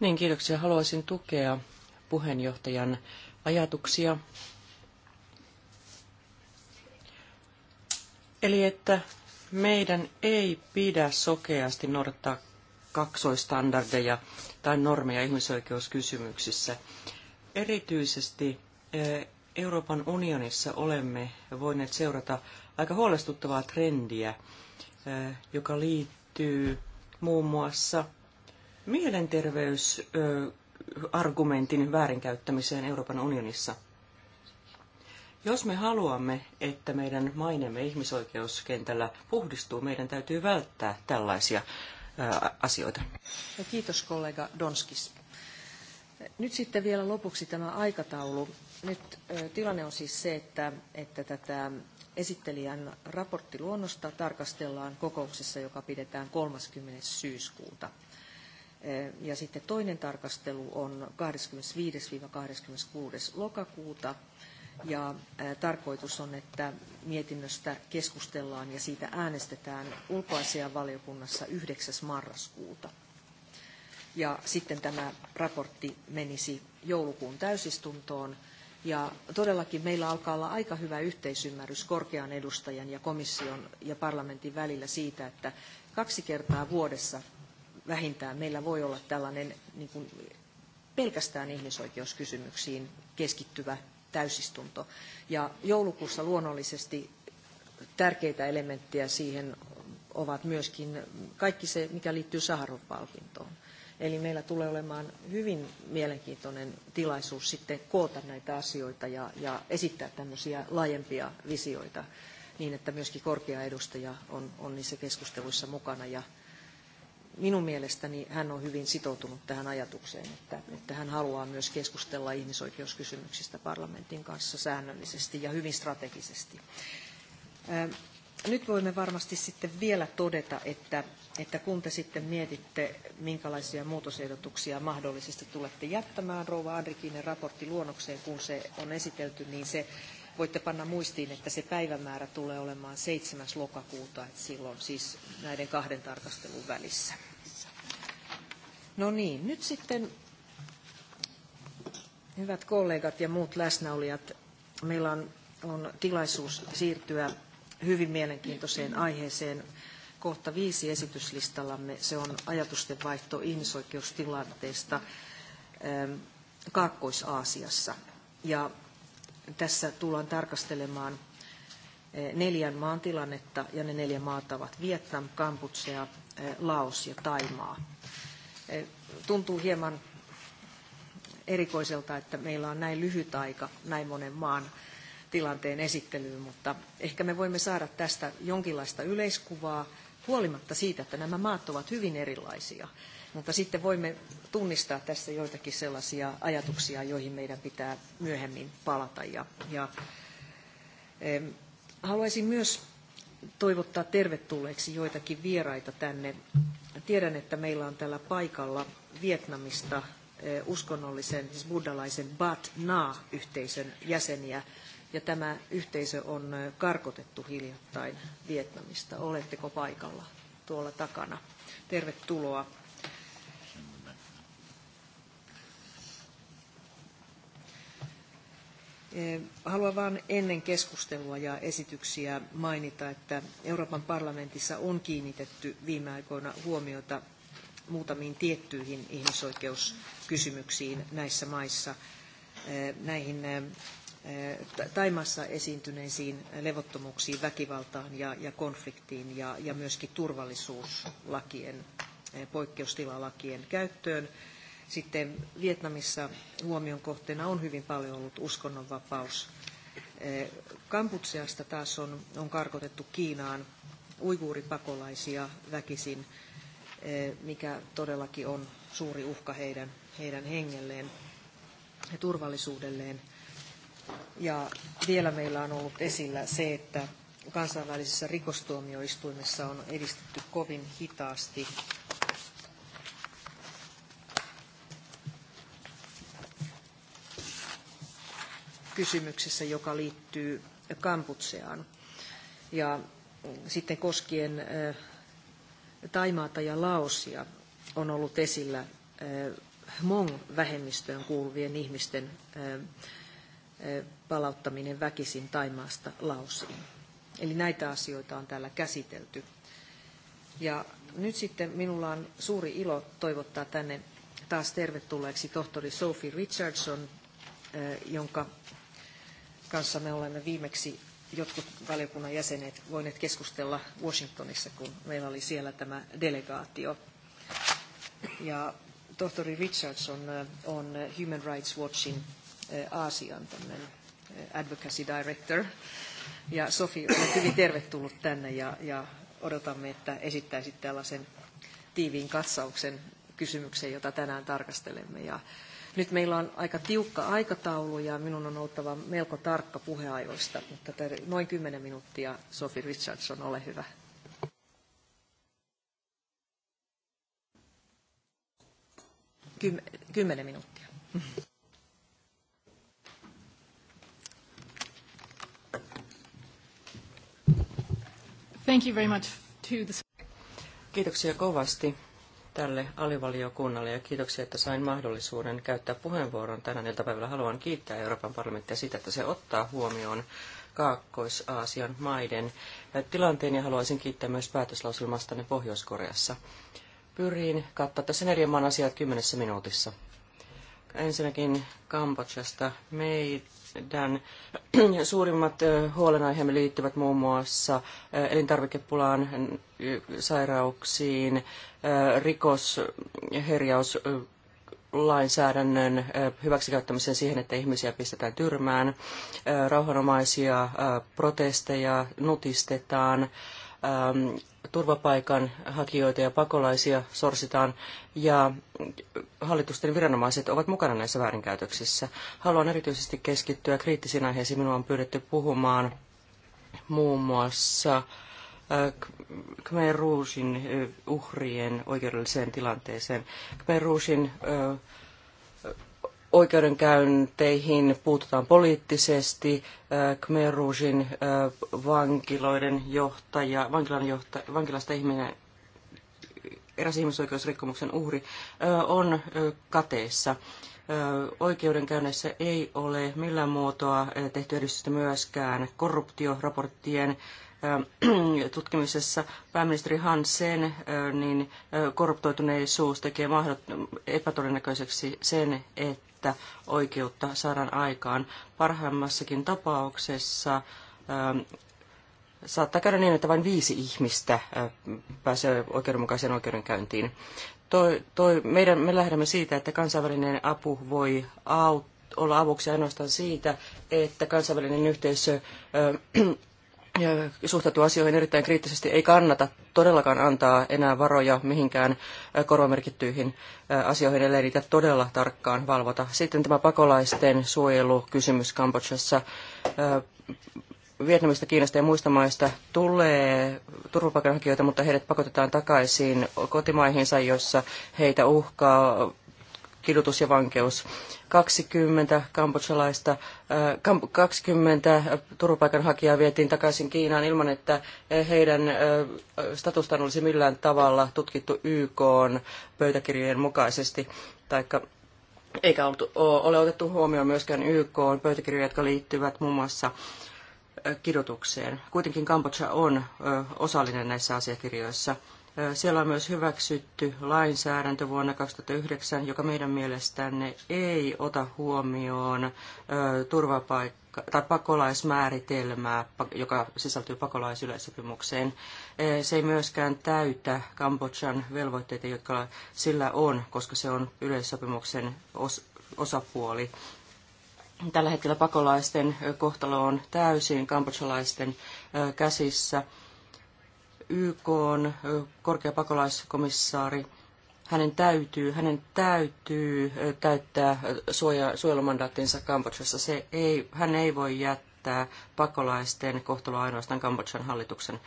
[SPEAKER 5] Niin, kiitoksia. Haluaisin tukea puheenjohtajan ajatuksia. Eli että meidän ei pidä sokeasti noudattaa kaksoistandardeja tai normeja ihmisoikeuskysymyksissä. Erityisesti eh, Euroopan unionissa olemme voineet seurata aika huolestuttavaa trendiä, eh, joka liittyy muun muassa mielenterveysargumentin eh, väärinkäyttämiseen Euroopan unionissa. Jos me haluamme, että meidän mainemme ihmisoikeuskentällä puhdistuu, meidän täytyy välttää tällaisia asioita.
[SPEAKER 1] Ja kiitos kollega Donskis. Nyt sitten vielä lopuksi tämä aikataulu. Nyt tilanne on siis se, että, että tätä esittelijän raporttiluonnosta tarkastellaan kokouksessa, joka pidetään 30. syyskuuta. Ja sitten toinen tarkastelu on 25-26. lokakuuta ja tarkoitus on, että mietinnöstä keskustellaan ja siitä äänestetään ulkoasianvaliokunnassa 9. marraskuuta. Ja sitten tämä raportti menisi joulukuun täysistuntoon. Ja todellakin meillä alkaa olla aika hyvä yhteisymmärrys korkean edustajan ja komission ja parlamentin välillä siitä, että kaksi kertaa vuodessa vähintään meillä voi olla tällainen niin kuin pelkästään ihmisoikeuskysymyksiin keskittyvä täysistunto. Ja joulukuussa luonnollisesti tärkeitä elementtejä siihen ovat myöskin kaikki se, mikä liittyy Saharov-palkintoon. Eli meillä tulee olemaan hyvin mielenkiintoinen tilaisuus sitten koota näitä asioita ja, ja esittää tämmöisiä laajempia visioita niin, että myöskin korkea edustaja on, on niissä keskusteluissa mukana ja minun mielestäni hän on hyvin sitoutunut tähän ajatukseen, että, että hän haluaa myös keskustella ihmisoikeuskysymyksistä parlamentin kanssa säännöllisesti ja hyvin strategisesti. Nyt voimme varmasti sitten vielä todeta, että, että kun te sitten mietitte, minkälaisia muutosehdotuksia mahdollisesti tulette jättämään Rouva Andrikinen raporttiluonnokseen, kun se on esitelty, niin se voitte panna muistiin, että se päivämäärä tulee olemaan 7. lokakuuta, että silloin siis näiden kahden tarkastelun välissä. No niin, nyt sitten hyvät kollegat ja muut läsnäolijat, meillä on, on tilaisuus siirtyä hyvin mielenkiintoiseen aiheeseen kohta viisi esityslistallamme. Se on ajatusten vaihto ihmisoikeustilanteesta ähm, Kaakkois-Aasiassa. Ja tässä tullaan tarkastelemaan äh, neljän maan tilannetta, ja ne neljä maata ovat Vietnam, Kambutsia, äh, Laos ja Taimaa. Tuntuu hieman erikoiselta, että meillä on näin lyhyt aika näin monen maan tilanteen esittelyyn, mutta ehkä me voimme saada tästä jonkinlaista yleiskuvaa huolimatta siitä, että nämä maat ovat hyvin erilaisia. Mutta sitten voimme tunnistaa tässä joitakin sellaisia ajatuksia, joihin meidän pitää myöhemmin palata. Ja, ja, haluaisin myös toivottaa tervetulleeksi joitakin vieraita tänne Tiedän, että meillä on täällä paikalla Vietnamista eh, uskonnollisen, siis buddhalaisen Bat Na-yhteisön jäseniä, ja tämä yhteisö on eh, karkotettu hiljattain Vietnamista. Oletteko paikalla tuolla takana? Tervetuloa Eh, haluan vain ennen keskustelua ja esityksiä mainita, että Euroopan parlamentissa on kiinnitetty viime aikoina huomiota muutamiin tiettyihin ihmisoikeuskysymyksiin näissä maissa, eh, näihin eh, Taimassa esiintyneisiin levottomuuksiin, väkivaltaan ja, konfliktiin ja, myöskin turvallisuuslakien, poikkeustilalakien käyttöön – sitten Vietnamissa huomion kohteena on hyvin paljon ollut uskonnonvapaus. Eh, Kamputseasta taas on, on karkotettu Kiinaan uiguuripakolaisia väkisin, eh, mikä todellakin on suuri uhka heidän, heidän hengelleen ja turvallisuudelleen. Ja vielä meillä on ollut esillä se, että kansainvälisessä rikostuomioistuimessa on edistetty kovin hitaasti kysymyksessä, joka liittyy Kamputseaan. Ja mm, sitten koskien Taimaata ja Laosia on ollut esillä Hmong-vähemmistöön kuuluvien ihmisten palauttaminen väkisin Taimaasta Laosiin. Eli näitä asioita on täällä käsitelty. Ja nyt sitten minulla on suuri ilo toivottaa tänne taas tervetulleeksi tohtori Sophie Richardson, jonka kanssa me olemme viimeksi jotkut valiokunnan jäsenet voineet keskustella Washingtonissa, kun meillä oli siellä tämä delegaatio. Ja tohtori Richardson on Human Rights Watchin Aasian advocacy director. Ja Sofi, olet hyvin tervetullut tänne ja, ja odotamme, että esittäisit tällaisen tiiviin katsauksen kysymykseen, jota tänään tarkastelemme. Ja nyt meillä on aika tiukka aikataulu ja minun on oltava melko tarkka puheajoista, mutta noin 10 minuuttia. Sophie Richardson, ole hyvä. Kymmenen minuuttia.
[SPEAKER 4] Thank you very much to the...
[SPEAKER 5] Kiitoksia kovasti tälle alivaliokunnalle ja kiitoksia, että sain mahdollisuuden käyttää puheenvuoron tänään iltapäivällä. Haluan kiittää Euroopan parlamenttia siitä, että se ottaa huomioon Kaakkois-Aasian maiden tilanteen ja haluaisin kiittää myös päätöslauselmastanne Pohjois-Koreassa. Pyrin kattaa tässä neljän maan asiat kymmenessä minuutissa. Ensinnäkin Kambodžasta. Dan. Suurimmat huolenaiheemme liittyvät muun muassa elintarvikepulaan, sairauksiin, rikosherjaus lainsäädännön hyväksikäyttämiseen siihen, että ihmisiä pistetään tyrmään, rauhanomaisia protesteja nutistetaan, Ähm, turvapaikanhakijoita ja pakolaisia sorsitaan ja hallitusten viranomaiset ovat mukana näissä väärinkäytöksissä. Haluan erityisesti keskittyä kriittisiin aiheisiin. Minua on pyydetty puhumaan muun muassa äh, Khmer Rougein äh, uhrien oikeudelliseen tilanteeseen. Khmer Rougein äh, oikeudenkäynteihin puututaan poliittisesti. Äh, Khmer Rougein äh, vankiloiden johtaja, vankilan johtaja, vankilasta ihminen, eräs ihmisoikeusrikkomuksen uhri, äh, on kateessa. Oikeudenkäynneissä ei ole millään muotoa tehty edistystä myöskään korruptioraporttien tutkimisessa pääministeri Hansen, niin korruptoituneisuus tekee epätodennäköiseksi sen, että oikeutta saadaan aikaan. Parhaimmassakin tapauksessa saattaa käydä niin, että vain viisi ihmistä pääsee oikeudenmukaiseen oikeudenkäyntiin. Toi, toi, meidän, me lähdemme siitä, että kansainvälinen apu voi aut, olla avuksi ainoastaan siitä, että kansainvälinen yhteisö suhtautua asioihin erittäin kriittisesti. Ei kannata todellakaan antaa enää varoja mihinkään korvamerkittyihin asioihin, ellei niitä todella tarkkaan valvota. Sitten tämä pakolaisten suojelukysymys Kambodžassa. Vietnamista, Kiinasta ja muista maista tulee turvapaikanhakijoita, mutta heidät pakotetaan takaisin kotimaihinsa, jossa heitä uhkaa kidutus ja vankeus. 20 kambodsalaista, 20 turvapaikanhakijaa vietiin takaisin Kiinaan ilman, että heidän äh, statustaan olisi millään tavalla tutkittu YK pöytäkirjojen mukaisesti, taikka eikä ole otettu huomioon myöskään YK pöytäkirjoja, jotka liittyvät muun muassa äh, kidutukseen. Kuitenkin Kambodža on osallinen näissä asiakirjoissa. Siellä on myös hyväksytty lainsäädäntö vuonna 2009, joka meidän mielestämme ei ota huomioon turvapaikka- tai pakolaismääritelmää, joka sisältyy pakolaisyleissopimukseen. Se ei myöskään täytä Kambodjan velvoitteita, jotka sillä on, koska se on yleissopimuksen osapuoli. Tällä hetkellä pakolaisten kohtalo on täysin kambodsalaisten käsissä – YK on korkea pakolaiskomissaari, hänen täytyy, hänen täytyy täyttää suoja, suojelumandaattinsa Kambodžassa. Se ei, hän ei voi jättää pakolaisten kohtaloa ainoastaan Kambodžan hallituksen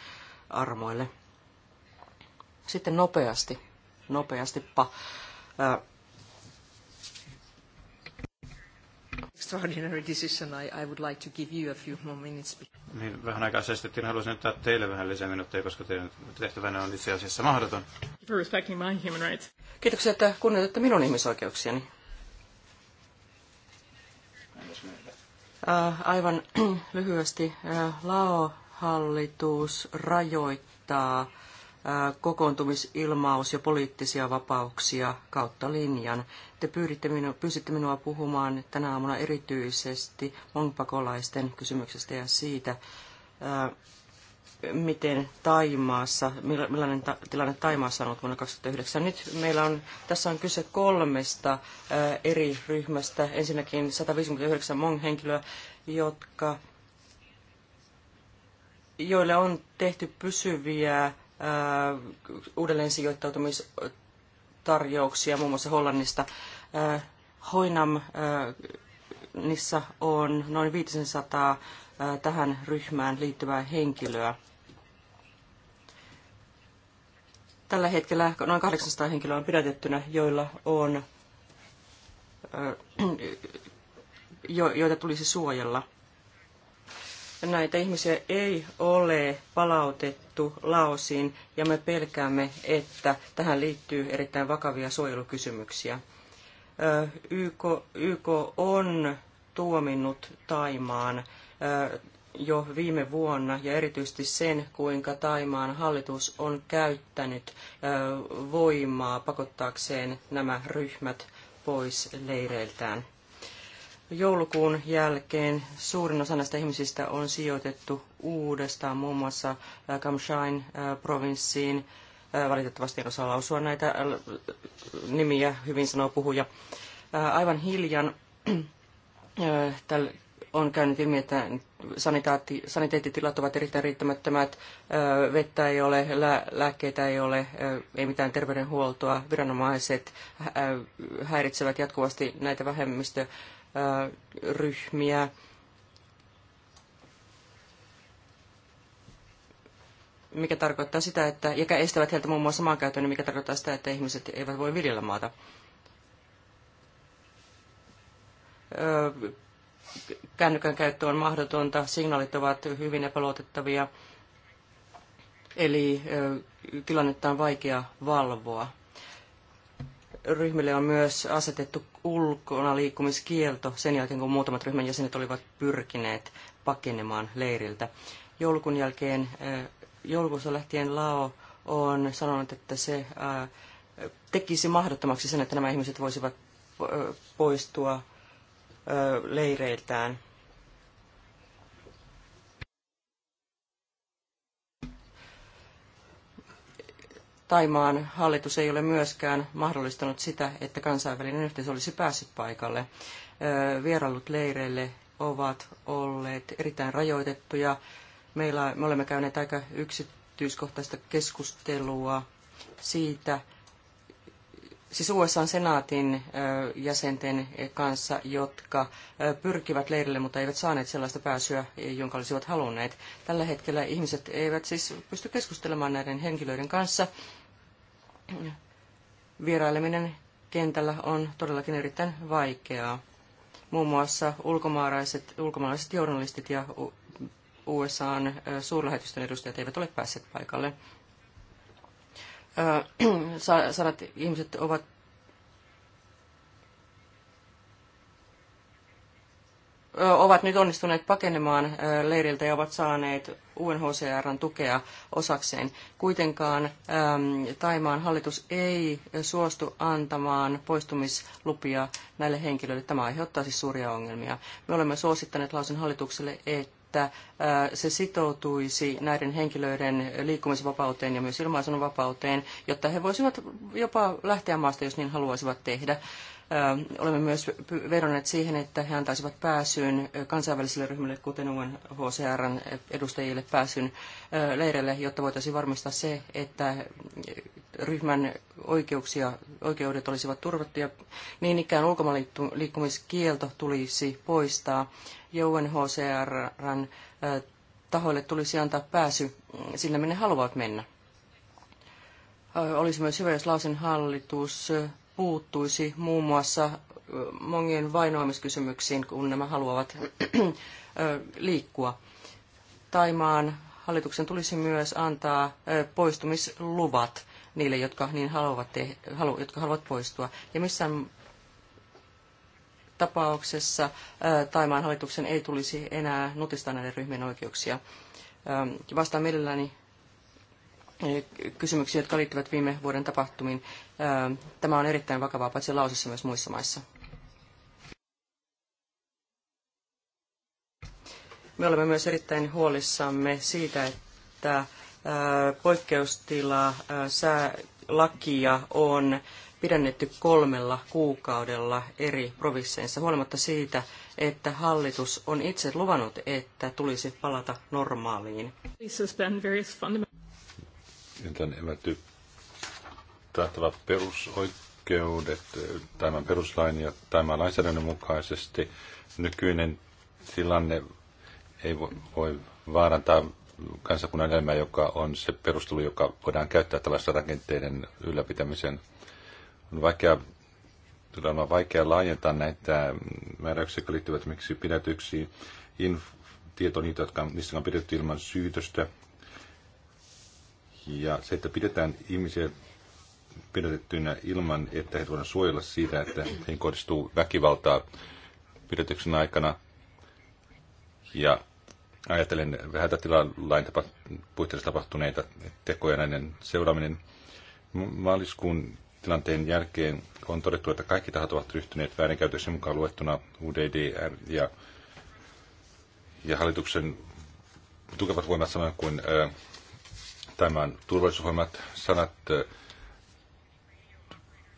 [SPEAKER 5] armoille. Sitten nopeasti, nopeasti pa,
[SPEAKER 1] extraordinary decision, I, I would like to give you a few more minutes.
[SPEAKER 2] Niin, vähän aikaa säästettiin, haluaisin ottaa teille vähän lisää minuutteja, koska teidän
[SPEAKER 5] tehtävänä on itse asiassa mahdoton. For respecting my human rights. Kiitoksia, että kunnioitatte minun ihmisoikeuksiani. Äh, aivan lyhyesti, äh, Lao-hallitus rajoittaa kokoontumisilmaus ja poliittisia vapauksia kautta linjan. Te pyyditte pyysitte minua puhumaan tänä aamuna erityisesti mongpakolaisten kysymyksestä ja siitä, miten Taimaassa, millainen ta, tilanne Taimaassa on ollut vuonna 2009. Nyt meillä on, tässä on kyse kolmesta ää, eri ryhmästä. Ensinnäkin 159 Mong-henkilöä, jotka, joille on tehty pysyviä Äh, uudelleen sijoittautumistarjouksia muun muassa Hollannista. Äh, Hoinamissa äh, on noin 500 tähän ryhmään liittyvää henkilöä. Tällä hetkellä noin 800 henkilöä on pidätettynä, joilla on, joita tulisi suojella – näitä ihmisiä ei ole palautettu Laosiin ja me pelkäämme, että tähän liittyy erittäin vakavia suojelukysymyksiä. YK, YK on tuominnut Taimaan jo viime vuonna ja erityisesti sen, kuinka Taimaan hallitus on käyttänyt voimaa pakottaakseen nämä ryhmät pois leireiltään joulukuun jälkeen suurin osa näistä ihmisistä on sijoitettu uudestaan muun muassa Kamshain provinssiin. Valitettavasti en osaa lausua näitä nimiä, hyvin sanoo puhuja. Aivan hiljan on käynyt ilmi, että saniteettitilat ovat erittäin riittämättömät, vettä ei ole, lääkkeitä ei ole, ei mitään terveydenhuoltoa, viranomaiset häiritsevät jatkuvasti näitä vähemmistöjä ryhmiä. mikä tarkoittaa sitä, että, ja estävät heiltä muun muassa maankäytön, niin mikä tarkoittaa sitä, että ihmiset eivät voi viljellä maata. Öö, kännykän käyttö on mahdotonta, signaalit ovat hyvin epäluotettavia, eli öö, tilannetta on vaikea valvoa ryhmille on myös asetettu ulkona liikkumiskielto sen jälkeen, kun muutamat ryhmän jäsenet olivat pyrkineet pakenemaan leiriltä. Joulukuun jälkeen, eh, joulukuusta lähtien Lao on sanonut, että se eh, tekisi mahdottomaksi sen, että nämä ihmiset voisivat eh, poistua leireiltään. Taimaan hallitus ei ole myöskään mahdollistanut sitä, että kansainvälinen yhteisö olisi päässyt paikalle. Vierailut leireille ovat olleet erittäin rajoitettuja. Meillä, me olemme käyneet aika yksityiskohtaista keskustelua siitä, siis USA-senaatin jäsenten kanssa, jotka pyrkivät leirille, mutta eivät saaneet sellaista pääsyä, jonka olisivat halunneet. Tällä hetkellä ihmiset eivät siis pysty keskustelemaan näiden henkilöiden kanssa, vieraileminen kentällä on todellakin erittäin vaikeaa. Muun muassa ulkomaalaiset, ulkomaalaiset journalistit ja USAn suurlähetystön edustajat eivät ole päässeet paikalle. Sadat ihmiset ovat ovat nyt onnistuneet pakenemaan leiriltä ja ovat saaneet UNHCRn tukea osakseen. Kuitenkaan Taimaan hallitus ei suostu antamaan poistumislupia näille henkilöille. Tämä aiheuttaa siis suuria ongelmia. Me olemme suosittaneet lausun hallitukselle, että se sitoutuisi näiden henkilöiden liikkumisvapauteen ja myös ilmaisunvapauteen, jotta he voisivat jopa lähteä maasta, jos niin haluaisivat tehdä. Olemme myös vedonneet siihen, että he antaisivat pääsyn kansainvälisille ryhmille, kuten UNHCRn edustajille pääsyn leireille, jotta voitaisiin varmistaa se, että ryhmän oikeuksia, oikeudet olisivat turvattuja. Niin ikään ulkomaanliikkumiskielto tulisi poistaa ja UNHCRn tahoille tulisi antaa pääsy sinne, minne haluavat mennä. Olisi myös hyvä, jos Lausin hallitus puuttuisi muun muassa mongien vainoamiskysymyksiin, kun nämä haluavat liikkua. Taimaan hallituksen tulisi myös antaa poistumisluvat niille, jotka, niin haluavat, te, halu, jotka haluavat poistua. Ja missään tapauksessa Taimaan hallituksen ei tulisi enää nutistaa näiden ryhmien oikeuksia. Vastaan mielelläni Eh, kysymyksiä, jotka liittyvät viime vuoden tapahtumiin. Eh, tämä on erittäin vakavaa paitsi lausessa myös muissa maissa. Me olemme myös erittäin huolissamme siitä, että eh, poikkeustila lakia on pidennetty kolmella kuukaudella eri provisseissa, huolimatta siitä, että hallitus on itse luvannut, että tulisi palata normaaliin
[SPEAKER 3] on evätty tahtavat perusoikeudet tämän peruslain ja tämän lainsäädännön mukaisesti. Nykyinen tilanne ei voi vaarantaa kansakunnan elämää, joka on se perustelu, joka voidaan käyttää tällaisen rakenteiden ylläpitämiseen. On vaikea, on vaikea laajentaa näitä määräyksiä, jotka liittyvät miksi pidätyksiin, inf- tieto niitä, jotka, niistä on pidetty ilman syytöstä, ja se, että pidetään ihmisiä pidätettynä ilman, että he voidaan suojella siitä, että heihin kohdistuu väkivaltaa pidätyksen aikana. Ja ajatellen hätätilalain lain puitteissa tapahtuneita tekoja näiden seuraaminen. Maaliskuun tilanteen jälkeen on todettu, että kaikki tahot ovat ryhtyneet väärinkäytöksen mukaan luettuna UDDR ja, ja hallituksen tukevat voimat samoin kuin ö, tämän turvallisuusohjelmat sanat,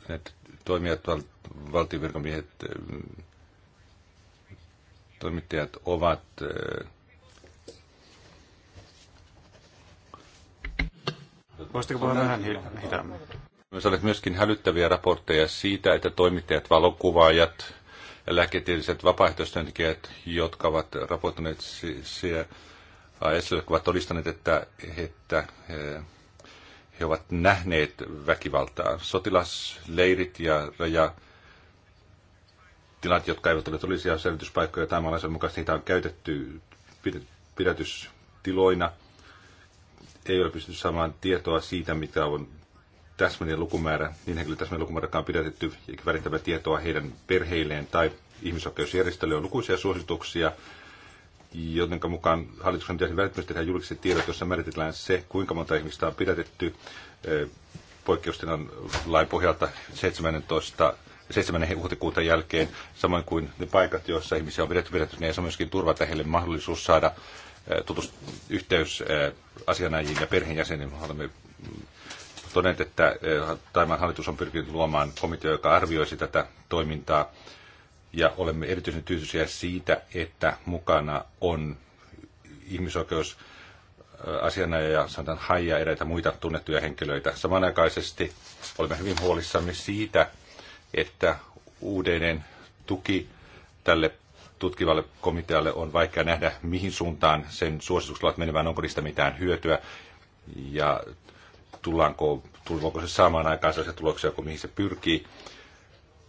[SPEAKER 3] että toimijat, val, valtiovirkamiehet, toimittajat ovat
[SPEAKER 2] Voisitko puhua vähän hitaammin?
[SPEAKER 3] Myös olet myöskin hälyttäviä raportteja siitä, että toimittajat, valokuvaajat ja lääketieteelliset vapaaehtoistyöntekijät, jotka ovat raportoineet siellä AS, äh, jotka ovat todistaneet, että, että äh, he ovat nähneet väkivaltaa. Sotilasleirit ja, ja tilat, jotka eivät ole todellisia selvityspaikkoja tai maalaisen niitä on käytetty pidätystiloina. Ei ole pystytty saamaan tietoa siitä, mitä on täsmällinen lukumäärä, niin henkilö täsmällinen lukumäärä on pidätetty eikä välittävä tietoa heidän perheilleen tai ihmisoikeusjärjestölle on lukuisia suosituksia jotenka mukaan hallituksen pitäisi välttämättä tehdä julkiset tiedot, jossa määritellään se, kuinka monta ihmistä on pidätetty poikkeustilan lain pohjalta 17 7. huhtikuuta jälkeen, samoin kuin ne paikat, joissa ihmisiä on pidetty pidätysneet, ja myöskin turvata heille mahdollisuus saada tutus yhteys asianajiin ja perheenjäseniin. Olemme todenneet, että Taimaan hallitus on pyrkinyt luomaan komitea, joka arvioisi tätä toimintaa ja olemme erityisen tyytyväisiä siitä, että mukana on ihmisoikeus ja sanotaan Haija eräitä muita tunnettuja henkilöitä. Samanaikaisesti olemme hyvin huolissamme siitä, että uudeinen tuki tälle tutkivalle komitealle on vaikea nähdä, mihin suuntaan sen suositukset ovat menevän, onko niistä mitään hyötyä ja tullaanko, tullaanko se saamaan aikaan sellaisia tuloksia kuin mihin se pyrkii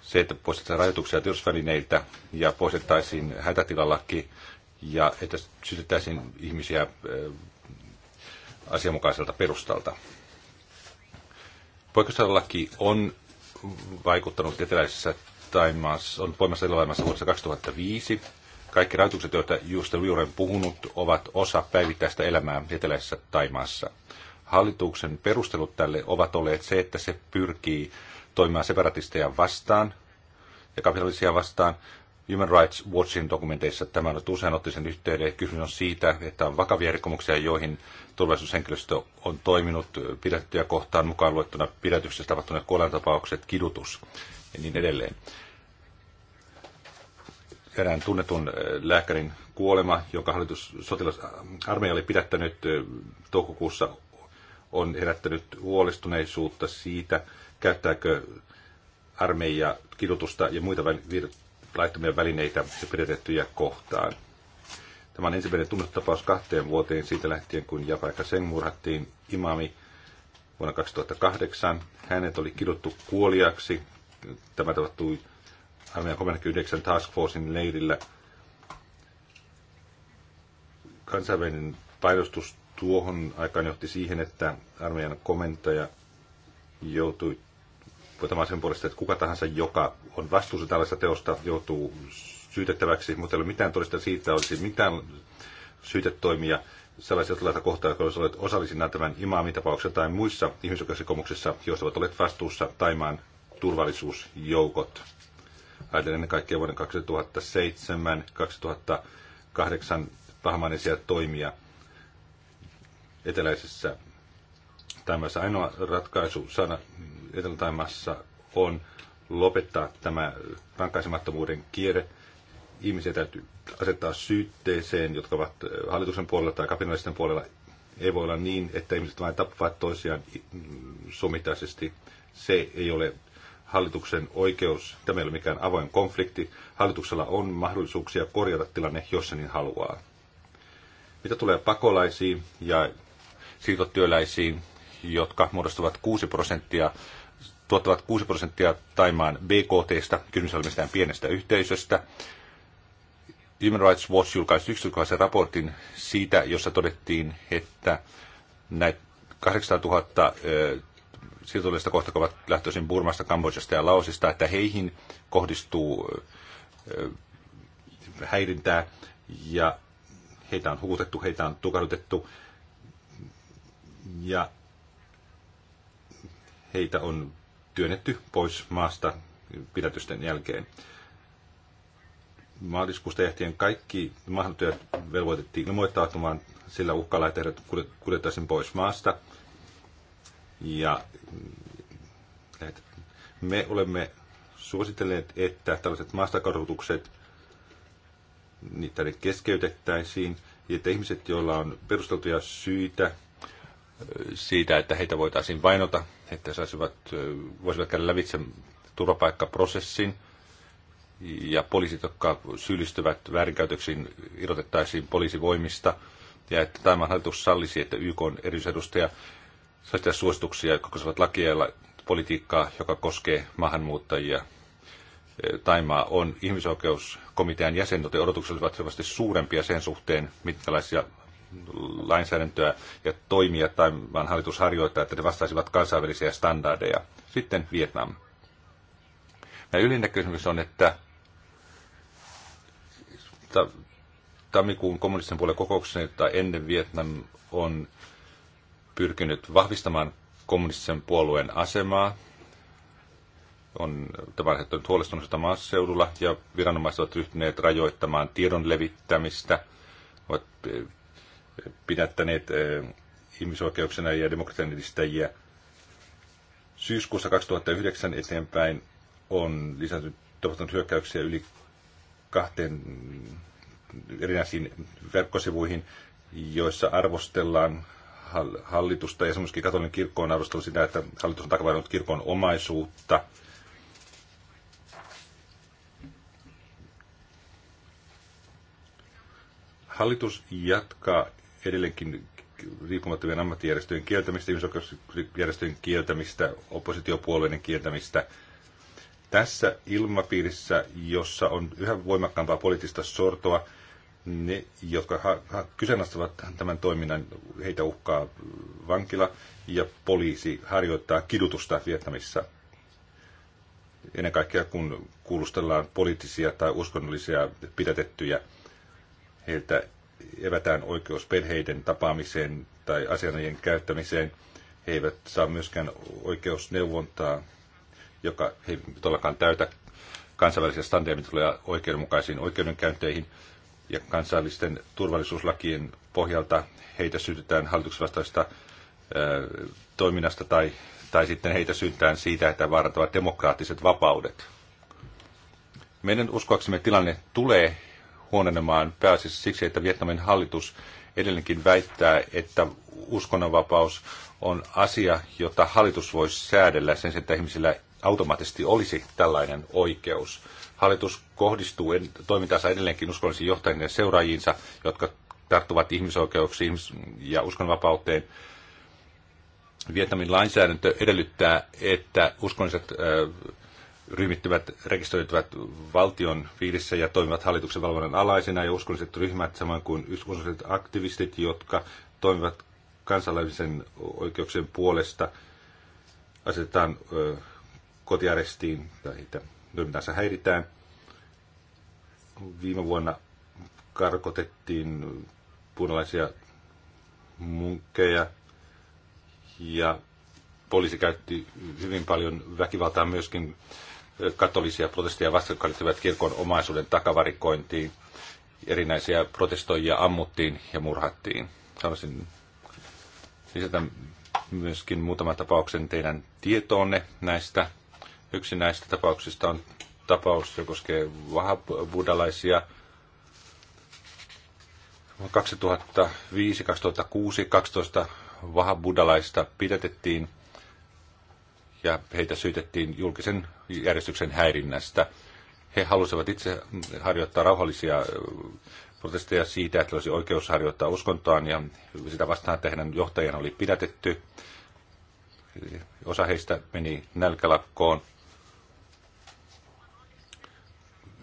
[SPEAKER 3] se, että poistetaan rajoituksia tiedotusvälineiltä ja poistettaisiin hätätilalaki ja että syytettäisiin ihmisiä äh, asianmukaiselta perustalta. Poikkeuslaki on vaikuttanut eteläisessä Taimaassa, on voimassa elämässä vuodessa 2005. Kaikki rajoitukset, joita Juste Riure puhunut, ovat osa päivittäistä elämää eteläisessä Taimaassa. Hallituksen perustelut tälle ovat olleet se, että se pyrkii toimimaan separatisteja vastaan ja kapitalistia vastaan. Human Rights Watchin dokumenteissa tämä on usein otti sen yhteyden. Kysymys on siitä, että on vakavia rikkomuksia, joihin turvallisuushenkilöstö on toiminut pidettyjä kohtaan mukaan luettuna pidätyksessä tapahtuneet kuolentapaukset, kidutus ja niin edelleen. Erään tunnetun äh, lääkärin kuolema, joka hallitus sotilas, äh, oli pidättänyt äh, toukokuussa, on herättänyt huolestuneisuutta siitä, käyttääkö armeija kidutusta ja muita laittomia välineitä ja pidetettyjä kohtaan. Tämä on ensimmäinen tunnustapaus kahteen vuoteen siitä lähtien, kun Japaika Seng murhattiin imami vuonna 2008. Hänet oli kiduttu kuoliaksi. Tämä tapahtui armeijan 39 Task Forcein leirillä. Kansainvälinen painostus tuohon aikaan johti siihen, että armeijan komentaja joutui puhutaan sen puolesta, että kuka tahansa, joka on vastuussa tällaista teosta, joutuu syytettäväksi, mutta ei ole mitään todista siitä, olisi mitään syytetoimia sellaisia tällaista kohtaa, jotka olisi olleet osallisina tämän tapauksessa tai muissa ihmisoikeusrikomuksissa, joista ovat olleet vastuussa Taimaan turvallisuusjoukot. Ajatellen ennen kaikkea vuoden 2007-2008 pahamainisia toimia eteläisessä Tämässä ainoa ratkaisu saada Etelä-Taimassa on lopettaa tämä rankaisemattomuuden kierre. Ihmisiä täytyy asettaa syytteeseen, jotka ovat äh, hallituksen puolella tai kapinallisten puolella. Ei voi olla niin, että ihmiset vain tappavat toisiaan mm, sumitaisesti. Se ei ole hallituksen oikeus. Tämä ei ole mikään avoin konflikti. Hallituksella on mahdollisuuksia korjata tilanne, jos se niin haluaa. Mitä tulee pakolaisiin ja siirtotyöläisiin, jotka muodostavat 6 prosenttia tuottavat 6 prosenttia Taimaan BKTstä, kysymys pienestä yhteisöstä. Human Rights Watch julkaisi yksityiskohtaisen raportin siitä, jossa todettiin, että näitä 800 000 siirtolaisista kohta ovat lähtöisin Burmasta, Kambodžasta ja Laosista, että heihin kohdistuu häirintää ja heitä on huutettu, heitä on tukahdutettu ja heitä on työnnetty pois maasta pidätysten jälkeen. Maaliskuusta ehtien kaikki maahantuojat velvoitettiin ilmoittautumaan sillä uhkalla, että heidät kuljettaisiin pois maasta. Ja me olemme suositelleet, että tällaiset maastakarvotukset niitä keskeytettäisiin, ja että ihmiset, joilla on perusteltuja syitä siitä, että heitä voitaisiin vainota, että saisivat, voisivat käydä lävitse turvapaikkaprosessin ja poliisit, jotka syyllistyvät väärinkäytöksiin, irrotettaisiin poliisivoimista ja että tämä hallitus sallisi, että YK on erityisedustaja saisi tehdä suosituksia, jotka koskevat lakia ja politiikkaa, joka koskee maahanmuuttajia. Taimaa on ihmisoikeuskomitean jäsen, joten odotukset olivat selvästi suurempia sen suhteen, mitkälaisia lainsäädäntöä ja toimia tai vaan hallitus harjoittaa, että ne vastaisivat kansainvälisiä standardeja. Sitten Vietnam. Ja ylinnä kysymys on, että tammikuun kommunistisen puolen kokouksen tai ennen Vietnam on pyrkinyt vahvistamaan kommunistisen puolueen asemaa. On tämä aiheuttanut huolestuneesta maaseudulla ja viranomaiset ovat ryhtyneet rajoittamaan tiedon levittämistä, ovat pidättäneet eh, ihmisoikeuksena ja demokratian edistäjiä. Syyskuussa 2009 eteenpäin on lisätty tapahtunut hyökkäyksiä yli kahteen erinäisiin verkkosivuihin, joissa arvostellaan hallitusta. Ja semmoiskin katolinen kirkko on arvostellut sitä, että hallitus on takavarannut kirkon omaisuutta. Hallitus jatkaa edelleenkin riippumattomien ammattijärjestöjen kieltämistä, ihmisoikeusjärjestöjen kieltämistä, oppositiopuolueiden kieltämistä. Tässä ilmapiirissä, jossa on yhä voimakkaampaa poliittista sortoa, ne, jotka ha- ha- kyseenalaistavat tämän toiminnan, heitä uhkaa vankila ja poliisi harjoittaa kidutusta Vietnamissa. Ennen kaikkea kun kuulustellaan poliittisia tai uskonnollisia pidätettyjä, heiltä evätään oikeus perheiden tapaamiseen tai asianajien käyttämiseen. He eivät saa myöskään oikeusneuvontaa, joka ei todellakaan täytä kansainvälisiä standardeja tulee oikeudenmukaisiin oikeudenkäynteihin. Ja kansallisten turvallisuuslakien pohjalta heitä syytetään hallituksen toiminnasta tai, tai sitten heitä syytetään siitä, että vaarantavat demokraattiset vapaudet. Meidän uskoaksemme tilanne tulee huononemaan pääasiassa siksi, että Vietnamin hallitus edelleenkin väittää, että uskonnonvapaus on asia, jota hallitus voisi säädellä sen, että ihmisillä automaattisesti olisi tällainen oikeus. Hallitus kohdistuu toimintaansa edelleenkin uskonnollisiin johtajien ja seuraajiinsa, jotka tarttuvat ihmisoikeuksiin ja uskonnonvapauteen. Vietnamin lainsäädäntö edellyttää, että uskonnolliset ryhmittyvät, rekisteröityvät valtion piirissä ja toimivat hallituksen valvonnan alaisena ja uskonnolliset ryhmät, samoin kuin uskonnolliset aktivistit, jotka toimivat kansalaisen oikeuksien puolesta, asetetaan ö, kotiarestiin tai heitä toimintansa häiritään. Viime vuonna karkotettiin punalaisia munkkeja ja poliisi käytti hyvin paljon väkivaltaa myöskin katolisia protesteja vastaan, jotka liittyvät kirkon omaisuuden takavarikointiin. Erinäisiä protestoijia ammuttiin ja murhattiin. Sanoisin lisätä myöskin muutaman tapauksen teidän tietoonne näistä. Yksi näistä tapauksista on tapaus, joka koskee vahabudalaisia. 2005, 2006, 12 vahabudalaista pidätettiin – ja heitä syytettiin julkisen järjestyksen häirinnästä. He halusivat itse harjoittaa rauhallisia protesteja siitä, että olisi oikeus harjoittaa uskontoaan ja sitä vastaan, että heidän johtajan oli pidätetty. Osa heistä meni nälkälakkoon.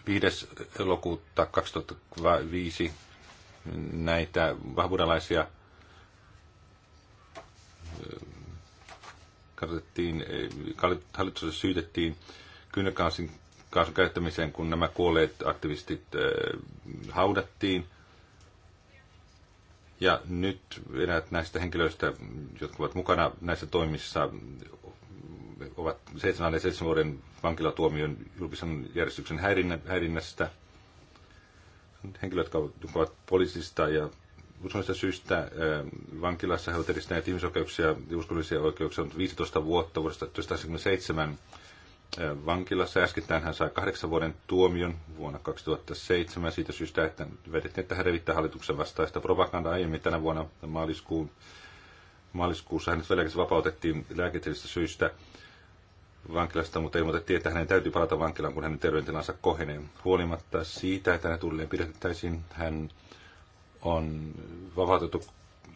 [SPEAKER 3] 5. elokuuta 2005 näitä vahbudalaisia kadotettiin, eh, hallituksessa syytettiin kyynäkaasin kaasun käyttämiseen, kun nämä kuolleet aktivistit äh, haudattiin. Ja nyt eräät näistä henkilöistä, jotka ovat mukana näissä toimissa, ovat 77 vuoden vankilatuomion julkisen järjestyksen häirinnä, häirinnästä. Henkilöt, jotka ovat poliisista ja useista syistä äh, vankilassa he ovat edistäneet ihmisoikeuksia ja uskonnollisia oikeuksia on 15 vuotta vuodesta 1977 äh, vankilassa. Äskettäin hän sai kahdeksan vuoden tuomion vuonna 2007 siitä syystä, että vedettiin, että hän revittää hallituksen vastaista propagandaa aiemmin tänä vuonna maaliskuun. Maaliskuussa hänet väliaikaisesti vapautettiin lääketieteellisistä syistä vankilasta, mutta ilmoitettiin, että hänen täytyy palata vankilaan, kun hänen terveydentilansa kohenee. Huolimatta siitä, että hänet uudelleen pidettäisiin, hän on vapautettu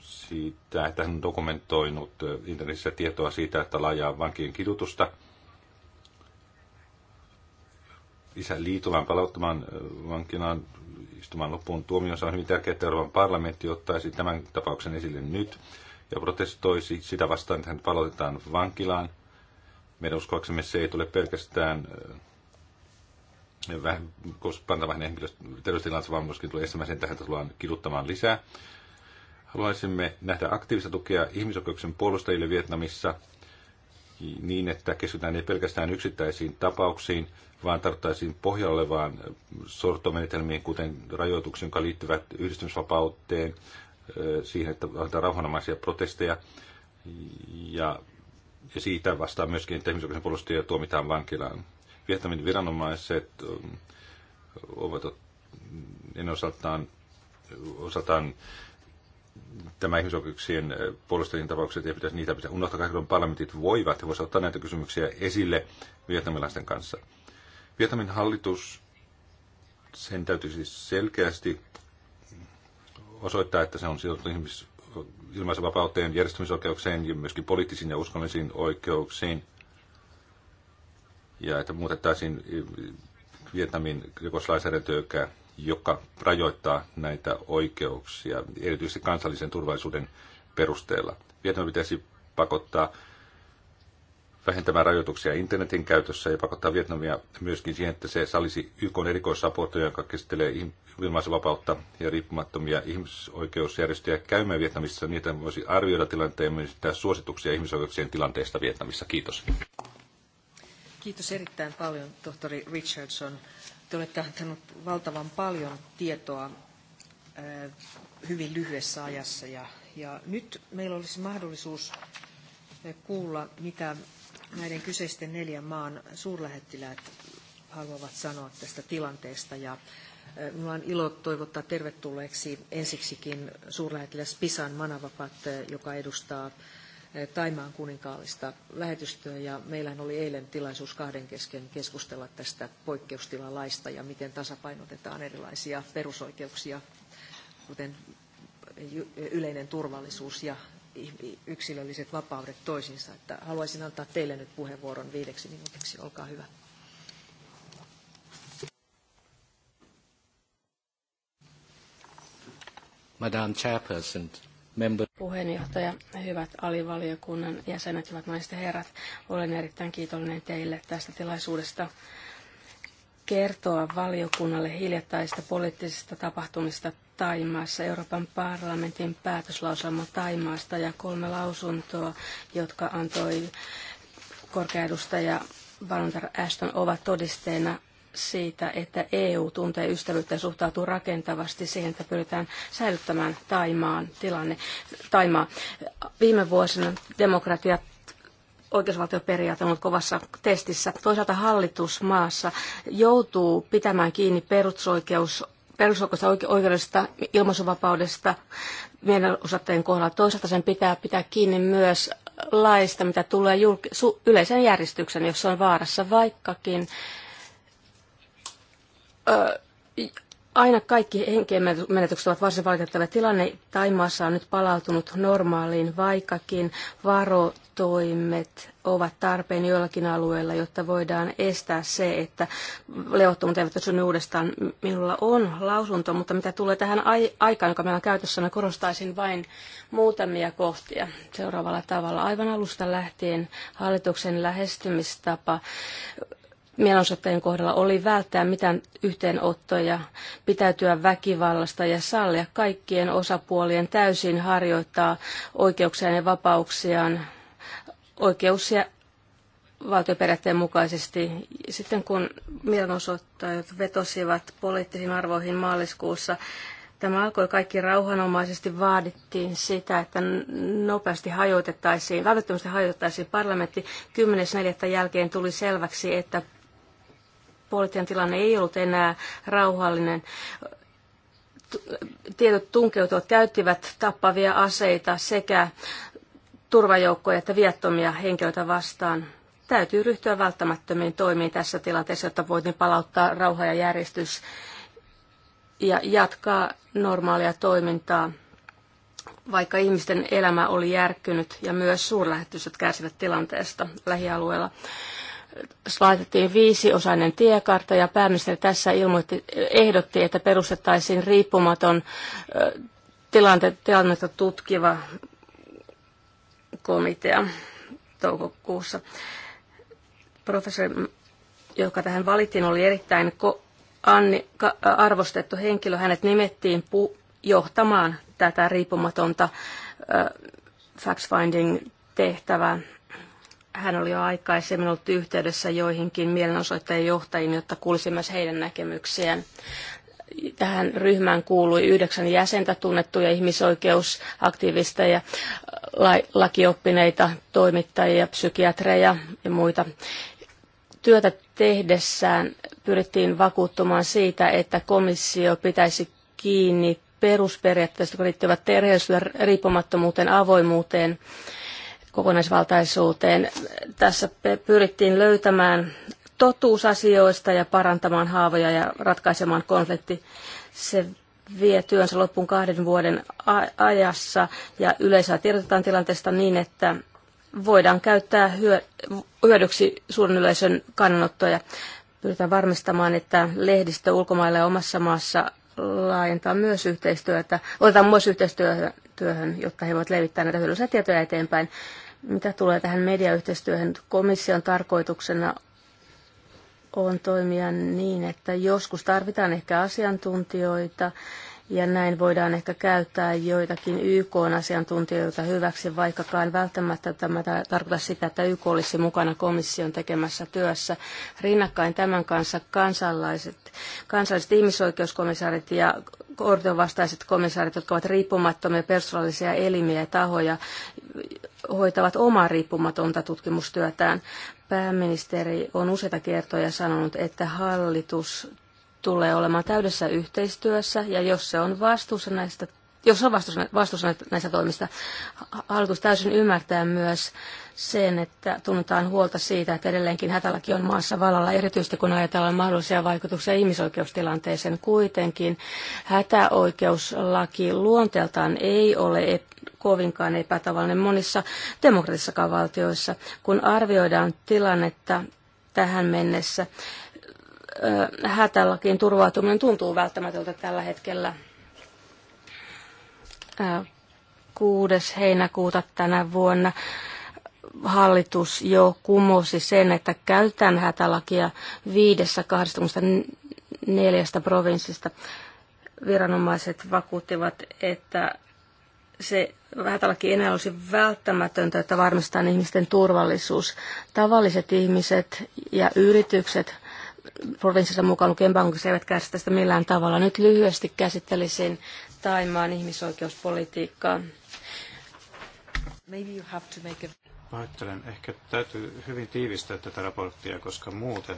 [SPEAKER 3] siitä, että hän on dokumentoinut internetissä tietoa siitä, että laajaa vankien kidutusta. Isä Liitolan palauttamaan vankilaan istumaan loppuun tuomionsa on hyvin tärkeää, että Euroopan parlamentti ottaisi tämän tapauksen esille nyt ja protestoisi sitä vastaan, että hän palautetaan vankilaan. Meidän uskoaksemme se ei tule pelkästään vähän, koska panta vähän henkilöstöterveystilansa, vaan myöskin tulee ensimmäisen tähän, että tullaan kiduttamaan lisää. Haluaisimme nähdä aktiivista tukea ihmisoikeuksien puolustajille Vietnamissa niin, että keskitytään ei pelkästään yksittäisiin tapauksiin, vaan tarttaisiin pohjalle olevaan sortomenetelmiin, kuten rajoituksiin, jotka liittyvät yhdistymisvapauteen, siihen, että antaa rauhanomaisia protesteja. Ja, ja siitä vastaa myöskin, että ihmisoikeuksien puolustajia tuomitaan vankilaan. Vietnamin viranomaiset um, ovat en osaltaan, osaltaan tämä ihmisoikeuksien äh, puolustajien tapaukset ei pitäisi niitä pitää unohtaa. kaikki parlamentit voivat, ja voisivat ottaa näitä kysymyksiä esille vietnamilaisten kanssa. Vietnamin hallitus, sen täytyisi siis selkeästi osoittaa, että se on sidottu ihmis, vapauteen, järjestämisoikeukseen ja myöskin poliittisiin ja uskonnollisiin oikeuksiin ja että muutettaisiin Vietnamin rikoslainsäädäntöä, joka rajoittaa näitä oikeuksia, erityisesti kansallisen turvallisuuden perusteella. Vietnam pitäisi pakottaa vähentämään rajoituksia internetin käytössä ja pakottaa Vietnamia myöskin siihen, että se salisi YK erikoisraportoja, joka käsittelee ilmaisuvapautta ja riippumattomia ihmisoikeusjärjestöjä käymään Vietnamissa. Niitä voisi arvioida tilanteen ja myös suosituksia ihmisoikeuksien tilanteesta Vietnamissa. Kiitos.
[SPEAKER 1] Kiitos erittäin paljon, tohtori Richardson. Te olette antanut valtavan paljon tietoa eh, hyvin lyhyessä ajassa. Ja, ja nyt meillä olisi mahdollisuus eh, kuulla, mitä näiden kyseisten neljän maan suurlähettiläät haluavat sanoa tästä tilanteesta. Ja eh, minulla on ilo toivottaa tervetulleeksi ensiksikin suurlähettiläs Pisan Manavapat, joka edustaa Eh, Taimaan kuninkaallista lähetystöä ja meillähän oli eilen tilaisuus kahden kesken keskustella tästä poikkeustilalaista ja miten tasapainotetaan erilaisia perusoikeuksia, kuten yleinen turvallisuus ja yksilölliset vapaudet toisiinsa. Että haluaisin antaa teille nyt puheenvuoron viideksi minuutiksi. Olkaa hyvä.
[SPEAKER 4] Madam Chairperson, member.
[SPEAKER 6] Puheenjohtaja, hyvät alivaliokunnan jäsenet, hyvät naiset ja herrat, olen erittäin kiitollinen teille tästä tilaisuudesta kertoa valiokunnalle hiljattaisista poliittisista tapahtumista Taimaassa, Euroopan parlamentin päätöslauselma Taimaasta ja kolme lausuntoa, jotka antoi korkeaedustaja Valontar Ashton, ovat todisteena siitä, että EU tuntee ystävyyttä ja suhtautuu rakentavasti siihen, että pyritään säilyttämään Taimaan tilanne. Taimaa. Viime vuosina demokratia oikeusvaltioperiaate on ollut kovassa testissä. Toisaalta hallitus maassa joutuu pitämään kiinni perusoikeus perusoikeusta oikeudesta, ilmaisuvapaudesta mielenosoittajien kohdalla. Toisaalta sen pitää pitää kiinni myös laista, mitä tulee julk- yleisen järjestyksen, jos se on vaarassa, vaikkakin aina kaikki henkien menetykset ovat varsin valitettava tilanne. Taimaassa on nyt palautunut normaaliin, vaikkakin varotoimet ovat tarpeen joillakin alueilla, jotta voidaan estää se, että levottomuudet eivät synny uudestaan. Minulla on lausunto, mutta mitä tulee tähän aikaan, joka meillä on käytössä, mä niin korostaisin vain muutamia kohtia seuraavalla tavalla. Aivan alusta lähtien hallituksen lähestymistapa mielenosoittajien kohdalla oli välttää mitään yhteenottoja, pitäytyä väkivallasta ja sallia kaikkien osapuolien täysin harjoittaa oikeuksiaan ja vapauksiaan oikeus- ja valtioperiaatteen mukaisesti. Sitten kun mielenosoittajat vetosivat poliittisiin arvoihin maaliskuussa, tämä alkoi kaikki rauhanomaisesti, vaadittiin sitä, että nopeasti hajoitettaisiin, välttämättä hajoitettaisiin parlamentti. 10.4. jälkeen tuli selväksi, että Politian tilanne ei ollut enää rauhallinen. Tietyt tunkeutuvat käyttivät tappavia aseita sekä turvajoukkoja että viattomia henkilöitä vastaan. Täytyy ryhtyä välttämättömiin toimiin tässä tilanteessa, jotta voitiin palauttaa rauha ja järjestys ja jatkaa normaalia toimintaa, vaikka ihmisten elämä oli järkkynyt ja myös suurlähetystöt kärsivät tilanteesta lähialueella laitettiin viisiosainen tiekartta ja pääministeri tässä ilmoitti, ehdotti, että perustettaisiin riippumaton tilante, tilannetta tutkiva komitea toukokuussa. Professori, joka tähän valittiin, oli erittäin Anni, arvostettu henkilö. Hänet nimettiin pu- johtamaan tätä riippumatonta äh, fact-finding tehtävää hän oli jo aikaisemmin ollut yhteydessä joihinkin mielenosoittajien johtajiin, jotta kuulisi myös heidän näkemyksiään. Tähän ryhmään kuului yhdeksän jäsentä tunnettuja ihmisoikeusaktivisteja, lakioppineita, toimittajia, psykiatreja ja muita. Työtä tehdessään pyrittiin vakuuttumaan siitä, että komissio pitäisi kiinni perusperiaatteista, jotka liittyvät terveellisyyden riippumattomuuteen, avoimuuteen kokonaisvaltaisuuteen. Tässä pyrittiin löytämään totuusasioista ja parantamaan haavoja ja ratkaisemaan konflikti. Se vie työnsä loppuun kahden vuoden ajassa ja yleisöä tiedotetaan tilanteesta niin, että voidaan käyttää hyödyksi suuren yleisön kannanottoja. Pyritään varmistamaan, että lehdistö ulkomailla ja omassa maassa laajentaa myös yhteistyötä, otetaan myös yhteistyöhön, työhön, jotta he voivat levittää näitä hyödyllisiä tietoja eteenpäin. Mitä tulee tähän mediayhteistyöhön, komission tarkoituksena on toimia niin, että joskus tarvitaan ehkä asiantuntijoita ja näin voidaan ehkä käyttää joitakin YK-asiantuntijoita hyväksi, vaikkakaan välttämättä tämä tarkoita sitä, että YK olisi mukana komission tekemässä työssä. Rinnakkain tämän kanssa kansalaiset, kansalliset ihmisoikeuskomissaarit ja kortion vastaiset komissaarit, jotka ovat riippumattomia persoonallisia elimiä ja tahoja, hoitavat omaa riippumatonta tutkimustyötään. Pääministeri on useita kertoja sanonut, että hallitus tulee olemaan täydessä yhteistyössä ja jos se on vastuussa näistä jos on vastuussa, näistä toimista. Hallitus täysin ymmärtää myös sen, että tunnetaan huolta siitä, että edelleenkin hätälaki on maassa valalla, erityisesti kun ajatellaan mahdollisia vaikutuksia ihmisoikeustilanteeseen. Kuitenkin hätäoikeuslaki luonteeltaan ei ole kovinkaan epätavallinen monissa demokratissakaan valtioissa, kun arvioidaan tilannetta tähän mennessä. Hätälakiin turvautuminen tuntuu välttämätöntä tällä hetkellä 6. Äh, heinäkuuta tänä vuonna hallitus jo kumosi sen, että käytetään hätälakia viidessä 24 provinssista. Viranomaiset vakuuttivat, että se hätälaki enää olisi välttämätöntä, että varmistetaan ihmisten turvallisuus. Tavalliset ihmiset ja yritykset provinssissa mukaan lukien Bangkokissa eivät kärsi tästä millään tavalla. Nyt lyhyesti käsittelisin Taimaan
[SPEAKER 1] ihmisoikeuspolitiikkaa. Maybe you have to make a...
[SPEAKER 2] Pahoittelen, ehkä täytyy hyvin tiivistää tätä raporttia, koska muuten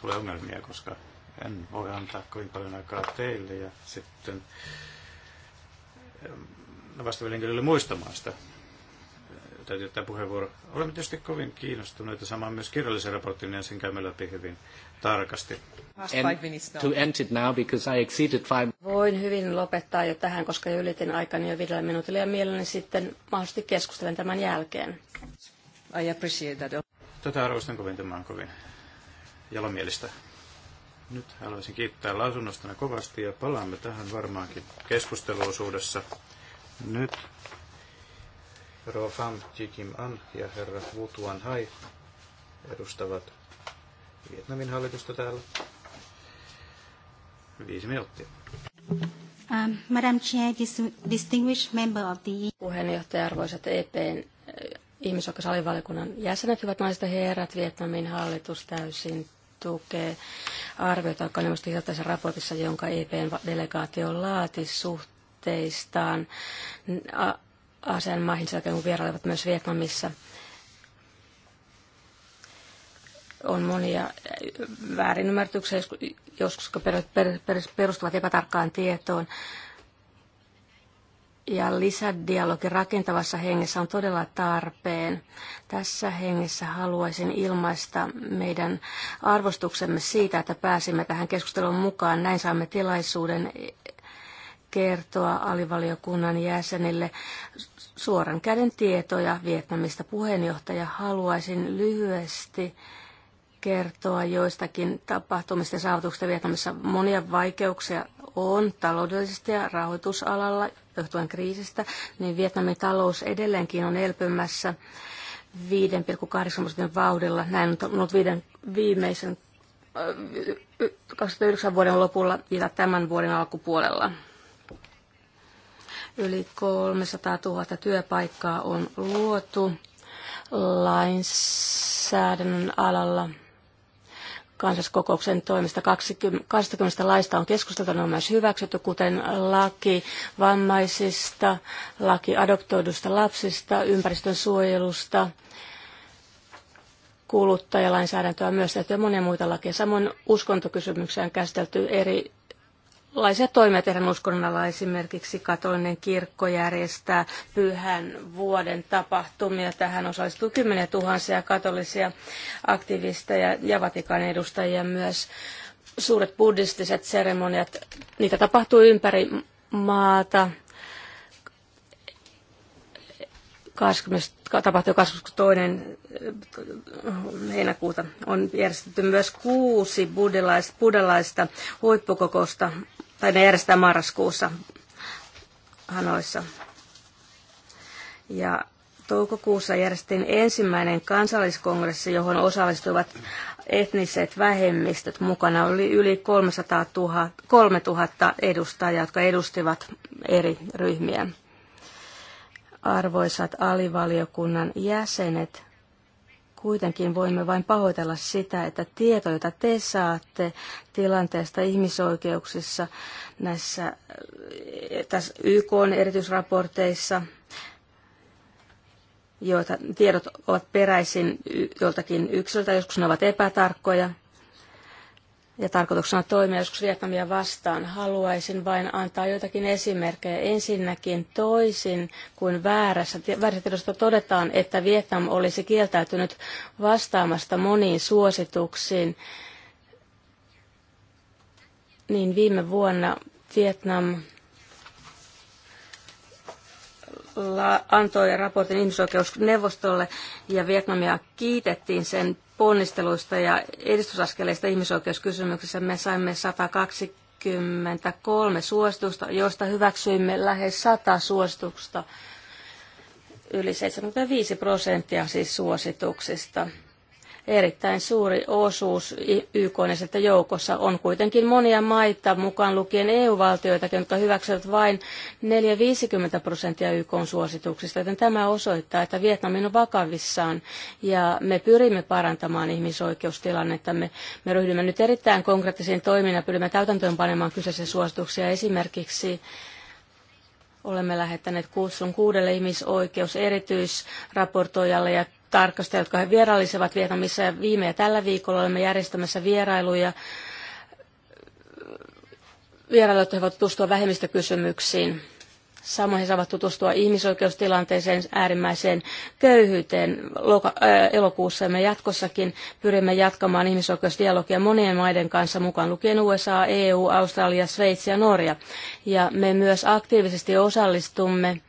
[SPEAKER 2] tulee ongelmia, koska en voi antaa kovin paljon aikaa teille ja sitten eh, vastaaville muistamaan sitä täytyy ottaa puheenvuoro. Olemme tietysti kovin kiinnostuneita samaan myös kirjallisen raportin ja niin sen käymme läpi hyvin tarkasti.
[SPEAKER 6] To end
[SPEAKER 4] it now because I five...
[SPEAKER 6] Voin hyvin lopettaa jo tähän, koska jo ylitin aikani jo viidellä minuutilla ja mielelläni sitten mahdollisesti keskustelen tämän jälkeen.
[SPEAKER 2] I
[SPEAKER 1] appreciate that.
[SPEAKER 2] Tätä arvostan kovin, tämä on kovin jalomielistä. Nyt haluaisin kiittää lausunnostanne kovasti ja palaamme tähän varmaankin keskusteluosuudessa. Nyt Rofam Jikim An ja herra Wu Tuan Hai edustavat Vietnamin hallitusta täällä. Viisi minuuttia.
[SPEAKER 4] Um, Madam Chair,
[SPEAKER 6] distinguished member of the... E Puheenjohtaja, arvoisat EPn eh, ihmisoikeusalivaliokunnan jäsenet, hyvät naiset ja herrat, Vietnamin hallitus täysin tukee arviota, joka on ilmeisesti raportissa, jonka EPn delegaatio laati suhteistaan Aasian maihin, sen jälkeen kun vierailevat myös Vietnamissa. On monia väärinymmärryksiä, joskus perustuvat epätarkkaan tietoon. Ja lisädialogi rakentavassa hengessä on todella tarpeen. Tässä hengessä haluaisin ilmaista meidän arvostuksemme siitä, että pääsimme tähän keskusteluun mukaan. Näin saamme tilaisuuden kertoa alivaliokunnan jäsenille suoran käden tietoja Vietnamista. Puheenjohtaja haluaisin lyhyesti kertoa joistakin tapahtumista ja saavutuksista Vietnamissa. Monia vaikeuksia on taloudellisesti ja rahoitusalalla johtuen kriisistä, niin Vietnamin talous edelleenkin on elpymässä 5,8 prosentin vauhdilla. Näin on ollut viiden, viimeisen 2009 vuoden lopulla ja tämän vuoden alkupuolella. Yli 300 000 työpaikkaa on luotu lainsäädännön alalla Kansaskokouksen toimista 20, 20 laista on keskusteltu, ne on myös hyväksytty, kuten laki vammaisista, laki adoptoidusta lapsista, ympäristön suojelusta, kuluttajalainsäädäntöä myös tehty ja monia muita lakeja. Samoin uskontokysymyksiä on käsitelty eri laisia toimia tehdään uskonnalla. Esimerkiksi katolinen kirkko järjestää pyhän vuoden tapahtumia. Tähän osallistuu kymmeniä tuhansia katolisia aktivisteja ja Vatikan edustajia myös. Suuret buddhistiset seremoniat, niitä tapahtuu ympäri maata. 20, tapahtui 22. Eh, heinäkuuta. On järjestetty myös kuusi buddhalaista huippukokousta tai ne järjestetään marraskuussa Hanoissa. Ja toukokuussa järjestettiin ensimmäinen kansalliskongressi, johon osallistuivat etniset vähemmistöt. Mukana oli yli 300 000, 3000 edustajaa, jotka edustivat eri ryhmiä. Arvoisat alivaliokunnan jäsenet, Kuitenkin voimme vain pahoitella sitä, että tieto, jota te saatte tilanteesta ihmisoikeuksissa näissä tässä YK erityisraporteissa, joita tiedot ovat peräisin joltakin yksilöltä, joskus ne ovat epätarkkoja, ja tarkoituksena toimia joskus Vietnamia vastaan. Haluaisin vain antaa joitakin esimerkkejä. Ensinnäkin toisin kuin väärässä, väärässä tiedossa todetaan, että Vietnam olisi kieltäytynyt vastaamasta moniin suosituksiin, niin viime vuonna Vietnam antoi raportin ihmisoikeusneuvostolle ja Vietnamia kiitettiin sen ponnisteluista ja edistysaskeleista ihmisoikeuskysymyksissä. Me saimme 123 suositusta, joista hyväksyimme lähes 100 suositusta, yli 75 prosenttia siis suosituksista. Erittäin suuri osuus YK joukossa on kuitenkin monia maita, mukaan lukien EU-valtioita, jotka hyväksyvät vain 4-50 prosenttia YK suosituksista, joten tämä osoittaa, että Vietnamin on vakavissaan ja me pyrimme parantamaan ihmisoikeustilannetta. Me, me ryhdymme nyt erittäin konkreettisiin toimiin ja pyrimme täytäntöönpanemaan kyseisiä suosituksia esimerkiksi Olemme lähettäneet kutsun kuudelle ihmisoikeuserityisraportoijalle ja tarkastajalle, jotka he vierailisivat Vietnamissa. Ja viime ja tällä viikolla olemme järjestämässä vierailuja vierailut voivat tutustua vähemmistökysymyksiin Samoin he saavat tutustua ihmisoikeustilanteeseen, äärimmäiseen köyhyyteen loka- elokuussa. Ja me jatkossakin pyrimme jatkamaan ihmisoikeusdialogia monien maiden kanssa, mukaan lukien USA, EU, Australia, Sveitsi ja Norja. Ja me myös aktiivisesti osallistumme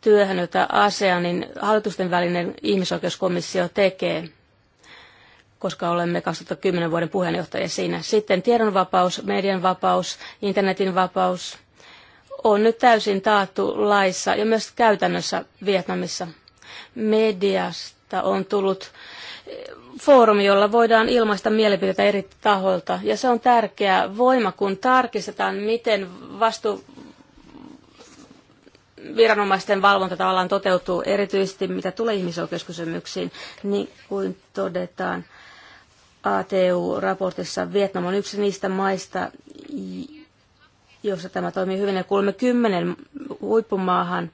[SPEAKER 6] työhön, jota ASEANin hallitusten välinen ihmisoikeuskomissio tekee koska olemme 2010 vuoden puheenjohtaja siinä. Sitten tiedonvapaus, median vapaus, internetin vapaus, on nyt täysin taattu laissa ja myös käytännössä Vietnamissa. Mediasta on tullut eh, foorumi, jolla voidaan ilmaista mielipiteitä eri taholta. Ja se on tärkeä voima, kun tarkistetaan, miten vastu viranomaisten valvonta tavallaan toteutuu, erityisesti mitä tulee ihmisoikeuskysymyksiin, niin kuin todetaan ATU-raportissa, Vietnam on yksi niistä maista, jossa tämä toimii hyvin. Ja kuulemme kymmenen huippumaahan,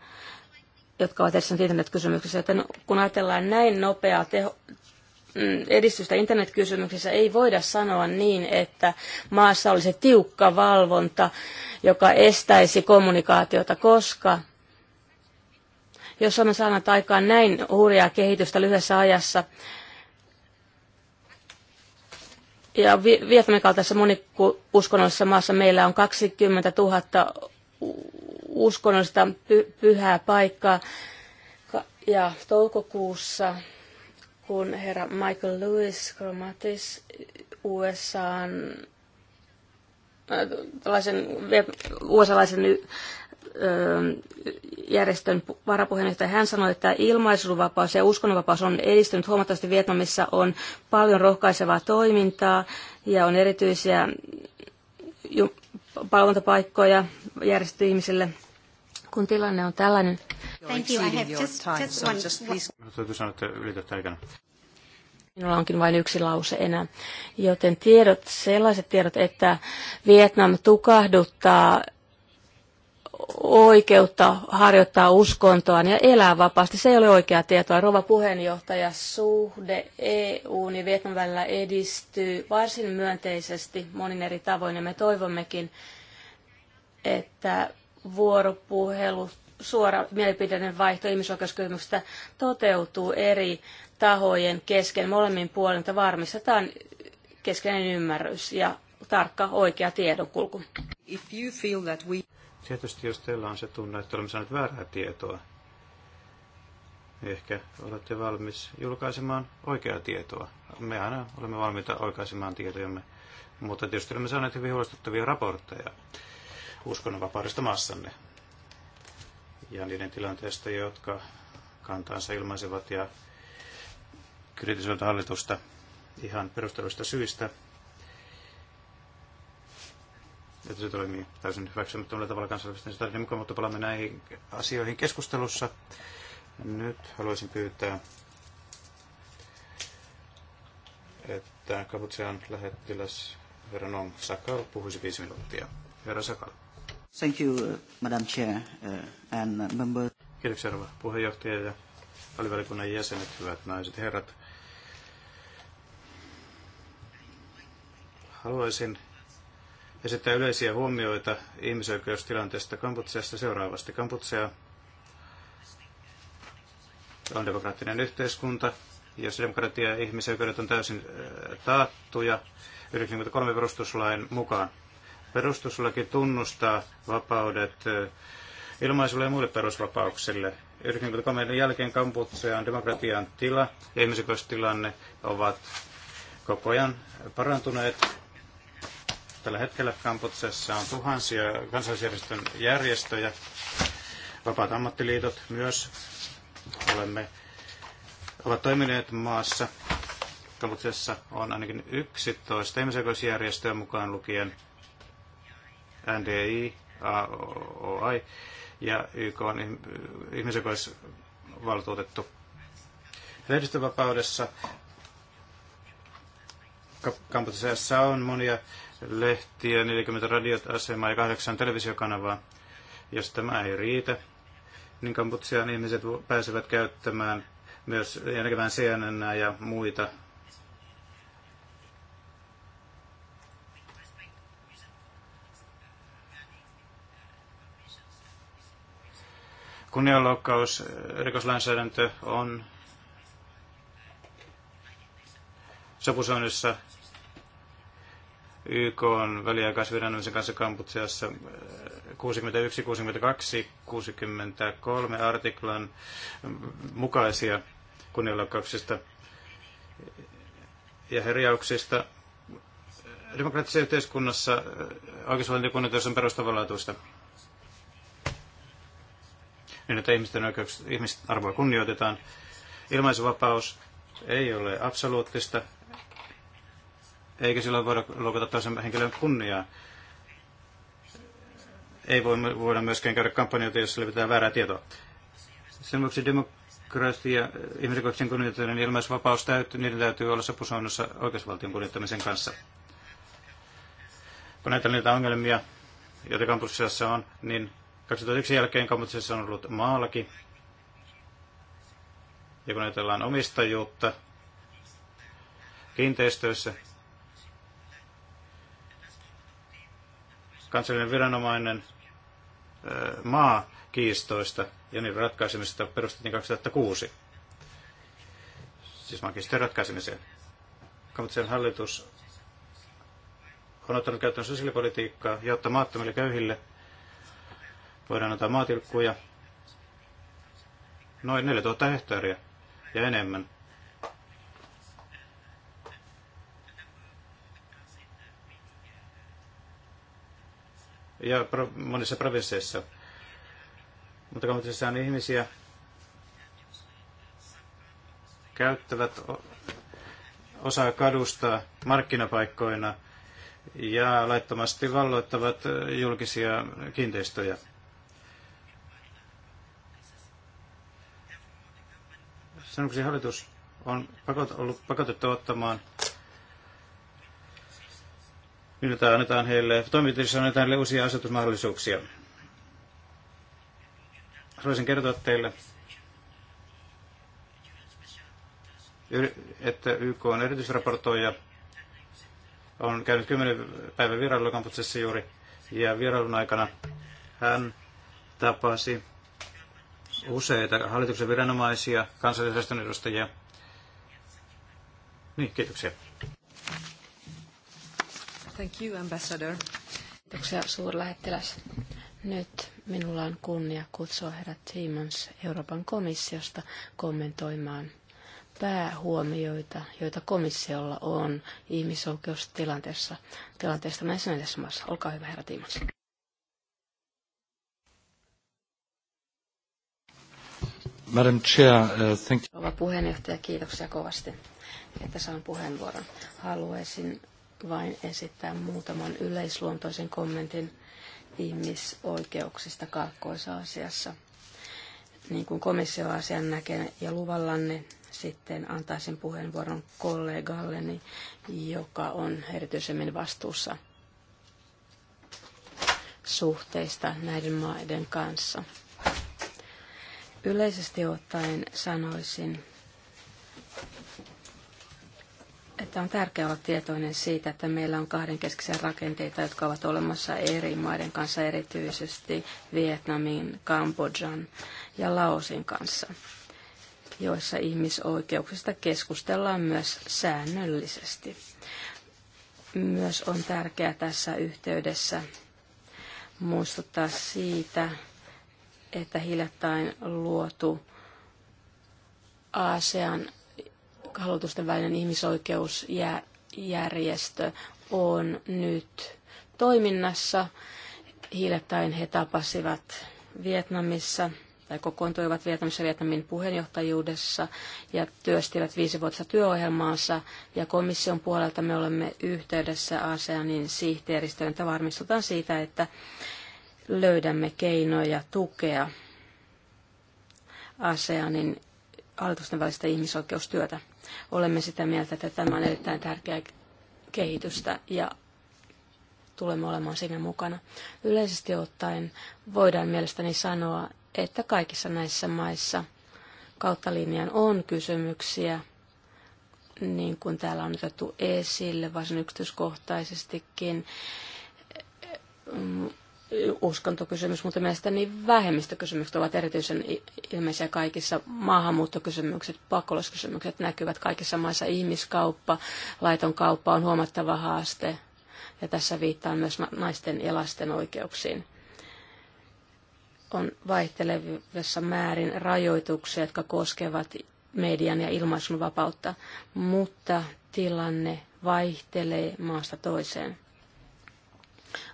[SPEAKER 6] jotka ovat edessä internetkysymyksissä. Joten kun ajatellaan näin nopeaa teho, mm, edistystä internetkysymyksissä, ei voida sanoa niin, että maassa olisi tiukka valvonta, joka estäisi kommunikaatiota, koska jos olemme saaneet aikaan näin hurjaa kehitystä lyhyessä ajassa, ja Vietnamin kaltaisessa monikuskonnollisessa maassa meillä on 20 000 uskonnollista pyhää paikkaa. Ja toukokuussa, kun herra Michael Lewis Chromatis USAn äh, tällaisen USA-laisen järjestön varapuheenjohtaja, hän sanoi, että ilmaisuvapaus ja uskonnonvapaus on edistynyt huomattavasti. Vietnamissa on paljon rohkaisevaa toimintaa ja on erityisiä palvontapaikkoja järjestetty ihmisille. Kun tilanne on tällainen... Thank you. I have just, just
[SPEAKER 4] one...
[SPEAKER 2] Täytyy sanoa, että ylität aikana.
[SPEAKER 6] Minulla onkin vain yksi lause enää. Joten tiedot, sellaiset tiedot, että Vietnam tukahduttaa oikeutta harjoittaa uskontoaan ja elää vapaasti. Se ei ole oikea tietoa. Rova puheenjohtaja, suhde EU niin Vietnam välillä edistyy varsin myönteisesti monin eri tavoin ja me toivommekin, että vuoropuhelu, suora mielipiteiden vaihto ihmisoikeuskysymyksistä toteutuu eri tahojen kesken molemmin puolin, että varmistetaan keskeinen ymmärrys ja tarkka oikea tiedonkulku.
[SPEAKER 2] We... Tietysti jos teillä on se tunne, että olemme saaneet väärää tietoa, niin ehkä olette valmis julkaisemaan oikeaa tietoa. Me aina olemme valmiita oikaisemaan tietojamme, mutta tietysti olemme saaneet hyvin huolestuttavia raportteja uskonnonvapaudesta maassanne ja niiden tilanteesta, jotka kantaansa ilmaisevat ja kritisoivat hallitusta ihan perusteluista syistä että se toimii täysin hyväksymättömällä tavalla kansainvälisten niin standardien mukaan, mutta palaamme näihin asioihin keskustelussa. Nyt haluaisin pyytää, että kaputsean lähettiläs Nong Sakal puhuisi viisi minuuttia. Vera Sakal.
[SPEAKER 3] Thank you, uh, Madam Chair uh,
[SPEAKER 5] and members.
[SPEAKER 2] Kiitoksia, arvo puheenjohtaja ja alivälikunnan jäsenet, hyvät naiset ja herrat. Haluaisin esittää yleisiä huomioita ihmisoikeustilanteesta Kamputseasta seuraavasti. Kamputsea on demokraattinen yhteiskunta, jos demokratia ja ihmisoikeudet on täysin äh, taattuja 93 perustuslain mukaan. Perustuslaki tunnustaa vapaudet äh, ilmaisulle ja muille perusvapauksille. 93 jälkeen Kamputsean demokratian tila ja ihmisoikeustilanne ovat koko ajan parantuneet Tällä hetkellä Kamputsessa on tuhansia kansallisjärjestön järjestöjä, vapaat ammattiliitot myös olemme, ovat toimineet maassa. Kamputsessa on ainakin 11 ihmisoikeusjärjestöä mukaan lukien NDI, AOI ja YK on ihmisoikeusvaltuutettu. Lehdistövapaudessa Kamputsessa on monia lehtiä, 40 radioasemaa ja kahdeksan televisiokanavaa. Jos tämä ei riitä, niin Kambutsian ihmiset pääsevät käyttämään myös ja CNN ja muita kunnianloukkaus, rikoslainsäädäntö on sopusoinnissa YK on väliaikaisviranomaisen kanssa Kamputseassa 61, 62, 63 artiklan mukaisia kunnianloukkauksista ja herjauksista demokraattisessa yhteiskunnassa äh, oikeusvaltiokunnioitus on perustavanlaatuista. Niin, että ihmisten oikeuksia, ihmisarvoa kunnioitetaan. Ilmaisuvapaus ei ole absoluuttista, eikä silloin voida loukata toisen henkilön kunniaa. Ei voi, voida myöskään käydä kampanjoita, jos levitetään väärää tietoa. Sen vuoksi demokratia, ihmisoikeuksien kunnioittaminen ja ilmaisvapaus täytyy, niiden täytyy olla sopusoinnussa oikeusvaltion kunnioittamisen kanssa. Kun näitä niitä ongelmia, joita Kampuksessa on, niin 2001 jälkeen Kampuksessa on ollut maalaki. Ja kun ajatellaan omistajuutta kiinteistöissä, kansallinen viranomainen maa kiistoista ja niiden ratkaisemisesta perustettiin 2006. Siis maankiistojen ratkaisemiseen. Kamutsen hallitus on ottanut käyttöön sosiaalipolitiikkaa, jotta maattomille köyhille voidaan antaa maatilkkuja noin 4000 hehtaaria ja enemmän ja pro, monissa provinsseissa. Mutta komiteassa on ihmisiä, käyttävät osaa kadusta markkinapaikkoina ja laittomasti valloittavat julkisia kiinteistöjä. Sanoksi hallitus on pakot, ollut pakotettu ottamaan niin että annetaan heille, toimituksessa annetaan heille uusia asetusmahdollisuuksia. Haluaisin kertoa teille, että YK on erityisraportoija on käynyt 10 päivän vierailulla kampuksessa juuri, ja vierailun aikana hän tapasi useita hallituksen viranomaisia, kansallisen edustajia. Niin, kiitoksia.
[SPEAKER 1] Thank you, Ambassador.
[SPEAKER 6] Kiitoksia suurlähettiläs. Nyt minulla on kunnia kutsua herra Timmons Euroopan komissiosta kommentoimaan päähuomioita, joita komissiolla on ihmisoikeustilanteessa tilanteesta näissä neljässä maassa. Olkaa hyvä, herra Timmons.
[SPEAKER 4] Madam Chair, uh, thank you.
[SPEAKER 6] Rouva puheenjohtaja, kiitoksia kovasti, että saan puheenvuoron. Haluaisin vain esittää muutaman yleisluontoisen kommentin ihmisoikeuksista Kaakkois-Aasiassa. Niin kuin komissio asian näkee ja luvallanne sitten antaisin puheenvuoron kollegalleni, joka on erityisemmin vastuussa suhteista näiden maiden kanssa. Yleisesti ottaen sanoisin, että on tärkeää olla tietoinen siitä, että meillä on kahdenkeskisiä rakenteita, jotka ovat olemassa eri maiden kanssa, erityisesti Vietnamin, Kambodjan ja Laosin kanssa, joissa ihmisoikeuksista keskustellaan myös säännöllisesti. Myös on tärkeää tässä yhteydessä muistuttaa siitä, että hiljattain luotu ASEAN hallitusten välinen ihmisoikeusjärjestö on nyt toiminnassa. Hiljattain he tapasivat Vietnamissa tai kokoontuivat Vietnamissa Vietnamin puheenjohtajuudessa ja työstivät viisivuotista työohjelmaansa. Ja komission puolelta me olemme yhteydessä ASEANin sihteeristöön, että varmistutaan siitä, että löydämme keinoja tukea ASEANin hallitusten välistä ihmisoikeustyötä. Olemme sitä mieltä, että tämä on erittäin tärkeää kehitystä ja tulemme olemaan siinä mukana. Yleisesti ottaen voidaan mielestäni sanoa, että kaikissa näissä maissa kautta linjan on kysymyksiä, niin kuin täällä on otettu esille varsin yksityiskohtaisestikin uskontokysymys, mutta mielestäni vähemmistökysymykset ovat erityisen ilmeisiä kaikissa. Maahanmuuttokysymykset, pakolaiskysymykset näkyvät kaikissa maissa. Ihmiskauppa, laiton kauppa on huomattava haaste. Ja tässä viittaan myös naisten ja lasten oikeuksiin. On vaihtelevissa määrin rajoituksia, jotka koskevat median ja ilmaisun vapautta, mutta tilanne vaihtelee maasta toiseen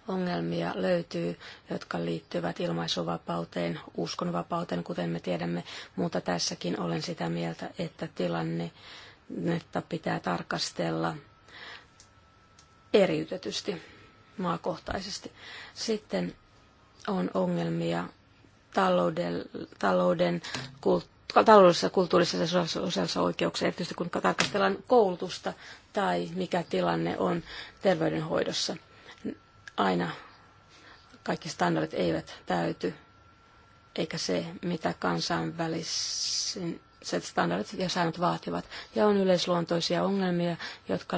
[SPEAKER 6] ongelmia löytyy, jotka liittyvät ilmaisuvapauteen, uskonvapauteen, kuten me tiedämme, mutta tässäkin olen sitä mieltä, että tilannetta pitää tarkastella eriytetysti, maakohtaisesti. Sitten on ongelmia talouden, talouden kulttuurin taloudellisessa, kulttuurisessa ja sosiaalisessa oikeuksia, erityisesti kun tarkastellaan koulutusta tai mikä tilanne on terveydenhoidossa aina kaikki standardit eivät täyty, eikä se, mitä kansainväliset standardit ja säännöt vaativat. Ja on yleisluontoisia ongelmia, jotka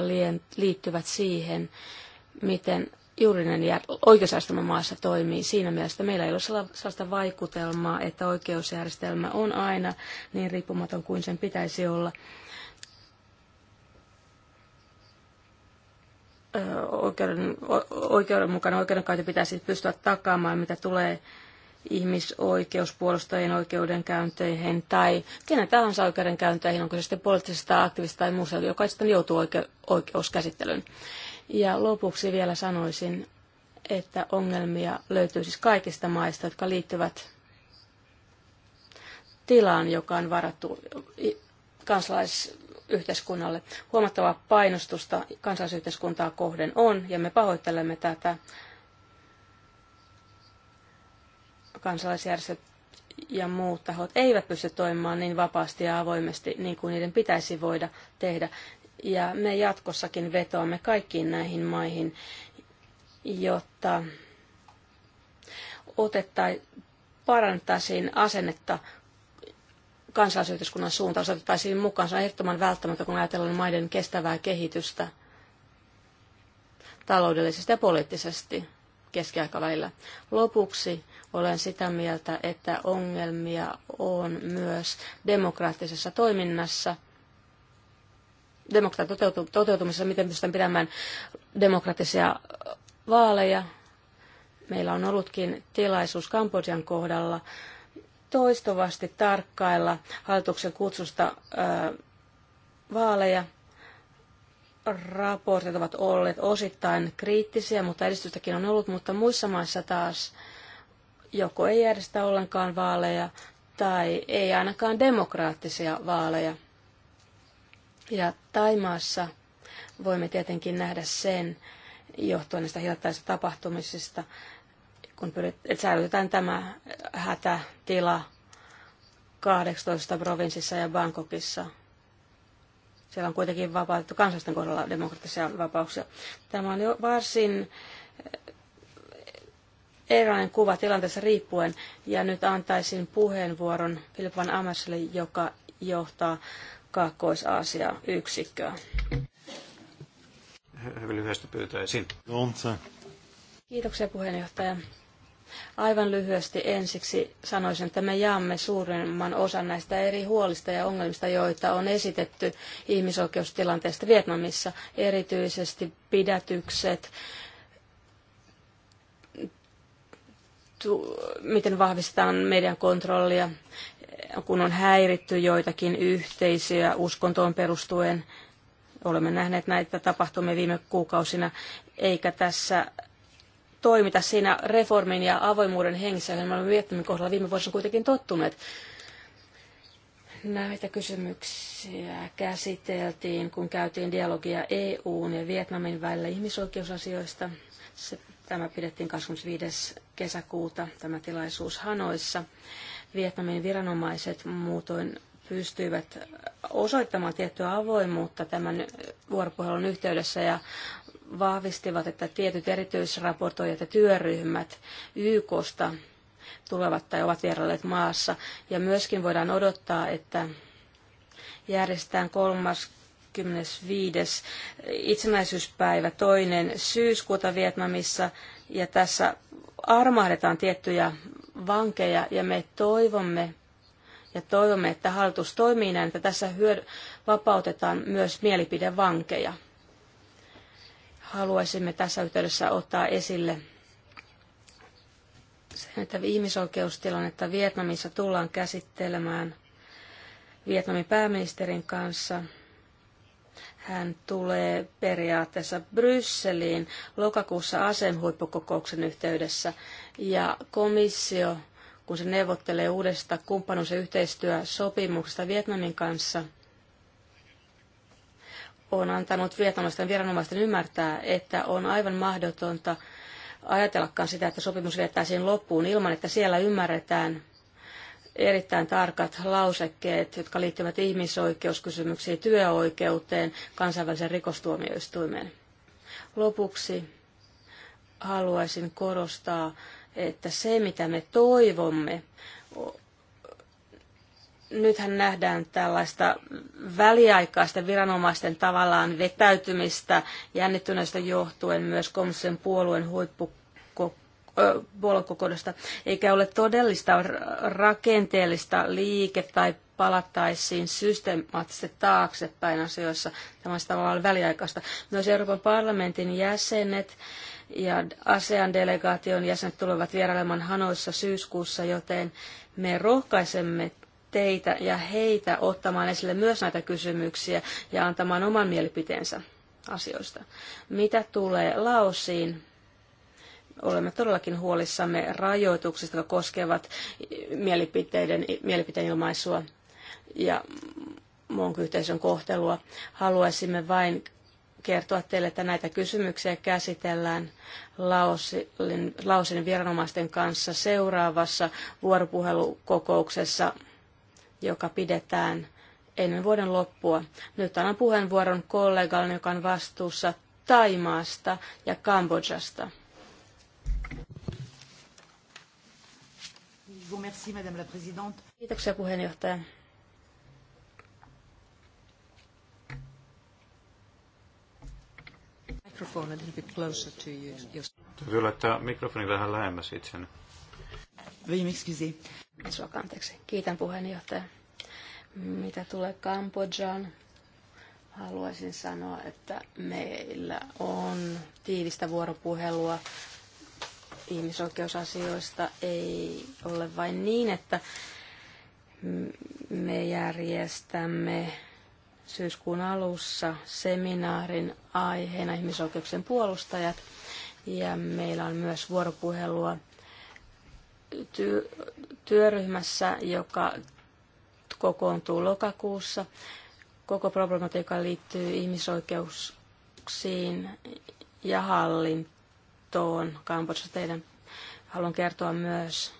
[SPEAKER 6] liittyvät siihen, miten juridinen oikeusjärjestelmä maassa toimii. Siinä mielessä meillä ei ole sellaista vaikutelmaa, että oikeusjärjestelmä on aina niin riippumaton kuin sen pitäisi olla. oikeuden, oikeudenmukainen oikeudenkäynti pitäisi siis pystyä takaamaan, mitä tulee ihmisoikeuspuolustajien oikeudenkäynteihin tai kenen tahansa oikeudenkäynteihin, onko se sitten poliittisesta aktiivista tai muusta, joka sitten joutuu oike- oikeuskäsittelyyn. Ja lopuksi vielä sanoisin, että ongelmia löytyy siis kaikista maista, jotka liittyvät tilaan, joka on varattu kansalaisyhteiskunnalle. Huomattavaa painostusta kansalaisyhteiskuntaa kohden on, ja me pahoittelemme tätä. Kansalaisjärjestöt ja muut tahot eivät pysty toimimaan niin vapaasti ja avoimesti niin kuin niiden pitäisi voida tehdä. Ja me jatkossakin vetoamme kaikkiin näihin maihin, jotta otettaisiin parantaisiin asennetta kansalaisyhteiskunnan suuntaan otettaisiin mukaan. Se on ehdottoman välttämätöntä, kun ajatellaan maiden kestävää kehitystä taloudellisesti ja poliittisesti keskiaikavälillä. Lopuksi olen sitä mieltä, että ongelmia on myös demokraattisessa toiminnassa, demokratian toteutumisessa, miten pystytään pidämään demokraattisia vaaleja. Meillä on ollutkin tilaisuus Kambodjan kohdalla toistuvasti tarkkailla hallituksen kutsusta vaaleja. Raportit ovat olleet osittain kriittisiä, mutta edistystäkin on ollut, mutta muissa maissa taas joko ei järjestä ollenkaan vaaleja tai ei ainakaan demokraattisia vaaleja. Ja Taimaassa voimme tietenkin nähdä sen johtuen näistä hiljattaisista tapahtumisista, kun pyrit, et säilytetään tämä hätätila 18 provinssissa ja Bangkokissa. Siellä on kuitenkin vapautettu kansallisten kohdalla demokraattisia vapauksia. Tämä on jo varsin eh, erilainen kuva tilanteessa riippuen. Ja nyt antaisin puheenvuoron Philip Van Amerselle, joka johtaa Kaakkois-Aasian yksikköä.
[SPEAKER 2] Hyvin lyhyesti pyytäisin.
[SPEAKER 6] Kiitoksia puheenjohtaja. Aivan lyhyesti ensiksi sanoisin, että me jaamme suurimman osan näistä eri huolista ja ongelmista, joita on esitetty ihmisoikeustilanteesta Vietnamissa, erityisesti pidätykset, miten vahvistetaan median kontrollia, kun on häiritty joitakin yhteisöjä uskontoon perustuen. Olemme nähneet näitä tapahtumia viime kuukausina, eikä tässä toimita siinä reformin ja avoimuuden hengissä, johon me olemme Vietnamin kohdalla viime vuosina kuitenkin tottuneet. Näitä kysymyksiä käsiteltiin, kun käytiin dialogia EUn ja Vietnamin välillä ihmisoikeusasioista. Se, tämä pidettiin 25. kesäkuuta, tämä tilaisuus Hanoissa. Vietnamin viranomaiset muutoin pystyivät osoittamaan tiettyä avoimuutta tämän vuoropuhelun yhteydessä ja vahvistivat, että tietyt erityisraportoijat ja työryhmät YKsta tulevat tai ovat vierailleet maassa. Ja myöskin voidaan odottaa, että järjestetään 35. itsenäisyyspäivä toinen syyskuuta Vietnamissa ja tässä armahdetaan tiettyjä vankeja ja me toivomme ja toivomme, että hallitus toimii näin, että tässä hyöd- vapautetaan myös mielipidevankeja haluaisimme tässä yhteydessä ottaa esille sen, että ihmisoikeustilannetta Vietnamissa tullaan käsittelemään Vietnamin pääministerin kanssa. Hän tulee periaatteessa Brysseliin lokakuussa ASEM huippukokouksen yhteydessä ja komissio, kun se neuvottelee uudesta kumppanuus- ja yhteistyösopimuksesta Vietnamin kanssa – on antanut vietnamisten viranomaisten ymmärtää, että on aivan mahdotonta ajatellakaan sitä, että sopimus viettäisiin loppuun ilman, että siellä ymmärretään erittäin tarkat lausekkeet, jotka liittyvät ihmisoikeuskysymyksiin, työoikeuteen, kansainvälisen rikostuomioistuimeen. Lopuksi haluaisin korostaa, että se mitä me toivomme nythän nähdään tällaista väliaikaista viranomaisten tavallaan vetäytymistä jännittyneestä johtuen myös komission puolueen huippu puoluekokoudesta, eikä ole todellista rakenteellista liike- tai palattaisiin systemaattisesti taaksepäin asioissa. Tämä on tavallaan väliaikaista. Myös Euroopan parlamentin jäsenet ja ASEAN-delegaation jäsenet tulevat vierailemaan Hanoissa syyskuussa, joten me rohkaisemme teitä ja heitä ottamaan esille myös näitä kysymyksiä ja antamaan oman mielipiteensä asioista. Mitä tulee Laosiin, olemme todellakin huolissamme rajoituksista, jotka koskevat mielipiteiden, mielipiteen ilmaisua ja monkyhteisön kohtelua. Haluaisimme vain kertoa teille, että näitä kysymyksiä käsitellään Laosin, Laosin viranomaisten kanssa seuraavassa vuoropuhelukokouksessa joka pidetään ennen vuoden loppua. Nyt annan puheenvuoron kollegalle, joka on vastuussa Taimaasta ja Kambodžasta. Kiitoksia puheenjohtaja.
[SPEAKER 2] Täytyy laittaa mikrofoni vähän lähemmäs itseäni.
[SPEAKER 1] Veuillez m'excuser. Suoka, anteeksi.
[SPEAKER 6] Kiitän puheenjohtaja. Mitä tulee Kambodžaan, haluaisin sanoa, että meillä on tiivistä vuoropuhelua ihmisoikeusasioista. Ei ole vain niin, että me järjestämme syyskuun alussa seminaarin aiheena ihmisoikeuksien puolustajat. Ja meillä on myös vuoropuhelua ty- työryhmässä, joka kokoontuu lokakuussa. Koko problematiikka liittyy ihmisoikeuksiin ja hallintoon Kambodžassa. Teidän haluan kertoa myös,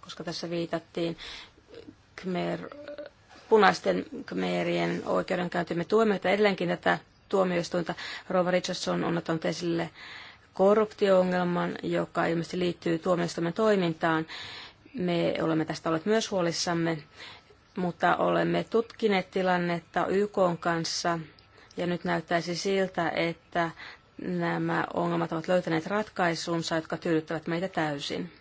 [SPEAKER 6] koska tässä viitattiin Khmer, punaisten Khmerien oikeudenkäyntimme tuomioita edelleenkin tätä tuomioistuinta. Rova Richardson on ottanut esille korruptioongelman, joka ilmeisesti liittyy tuomioistuimen toimintaan. Me olemme tästä olleet myös huolissamme, mutta olemme tutkineet tilannetta YK kanssa ja nyt näyttäisi siltä, että nämä ongelmat ovat löytäneet ratkaisunsa, jotka tyydyttävät meitä täysin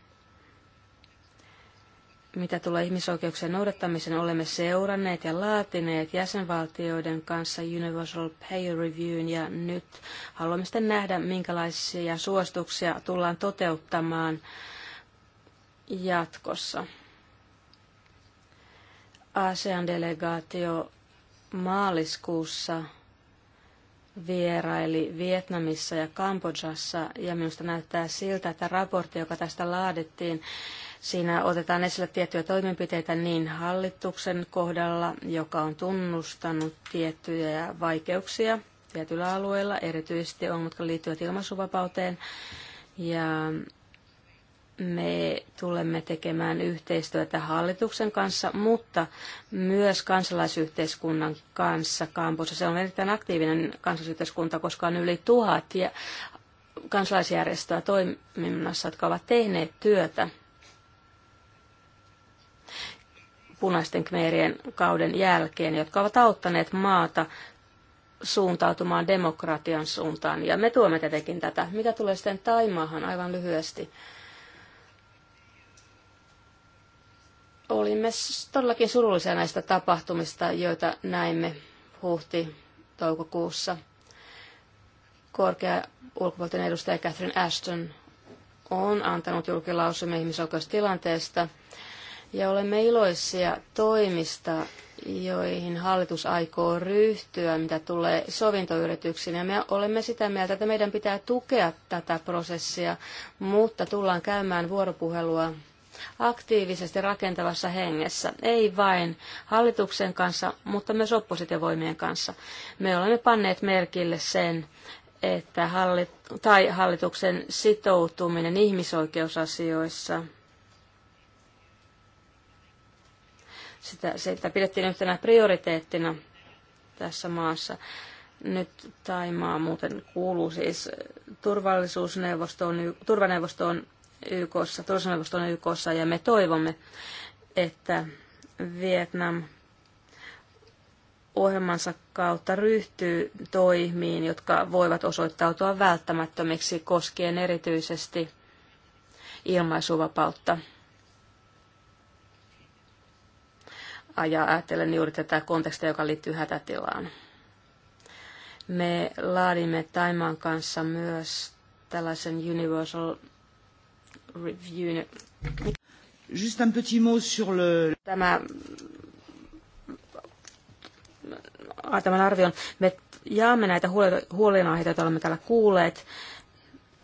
[SPEAKER 6] mitä tulee ihmisoikeuksien noudattamiseen, olemme seuranneet ja laatineet jäsenvaltioiden kanssa Universal Pay Reviewn ja nyt haluamme sitten nähdä, minkälaisia suosituksia tullaan toteuttamaan jatkossa. ASEAN-delegaatio maaliskuussa vieraili Vietnamissa ja Kambodžassa ja minusta näyttää siltä, että raportti, joka tästä laadittiin, Siinä otetaan esille tiettyjä toimenpiteitä niin hallituksen kohdalla, joka on tunnustanut tiettyjä vaikeuksia tietyillä alueilla, erityisesti on, jotka liittyvät ilmaisuvapauteen. Ja me tulemme tekemään yhteistyötä hallituksen kanssa, mutta myös kansalaisyhteiskunnan kanssa Kampussa. Se on erittäin aktiivinen kansalaisyhteiskunta, koska on yli tuhat ja kansalaisjärjestöä toiminnassa, jotka ovat tehneet työtä punaisten kmeerien kauden jälkeen, jotka ovat auttaneet maata suuntautumaan demokratian suuntaan. Ja me tuomme tietenkin tätä. Mitä tulee sitten Taimaahan aivan lyhyesti? Olimme todellakin surullisia näistä tapahtumista, joita näimme huhti-toukokuussa. Korkea ulkopuolten edustaja Catherine Ashton on antanut julkilausumia ihmisoikeustilanteesta ja olemme iloisia toimista, joihin hallitus aikoo ryhtyä, mitä tulee sovintoyrityksiin. Ja me olemme sitä mieltä, että meidän pitää tukea tätä prosessia, mutta tullaan käymään vuoropuhelua aktiivisesti rakentavassa hengessä, ei vain hallituksen kanssa, mutta myös oppositiovoimien kanssa. Me olemme panneet merkille sen, että hallit- tai hallituksen sitoutuminen ihmisoikeusasioissa – Sitä, sitä pidettiin yhtenä prioriteettina tässä maassa. Nyt Taimaa muuten kuuluu siis turvallisuusneuvostoon, turvaneuvostoon YKssa, turvallisuusneuvostoon YKssa ja me toivomme, että Vietnam ohjelmansa kautta ryhtyy toimiin, jotka voivat osoittautua välttämättömiksi koskien erityisesti ilmaisuvapautta. ajaa ajatellen juuri tätä kontekstia, joka liittyy hätätilaan. Me laadimme Taimaan kanssa myös tällaisen Universal Review.
[SPEAKER 1] Just un petit mot sur le...
[SPEAKER 5] Tämä tämän arvion. Me
[SPEAKER 6] jaamme näitä huolenaiheita, joita olemme täällä kuulleet.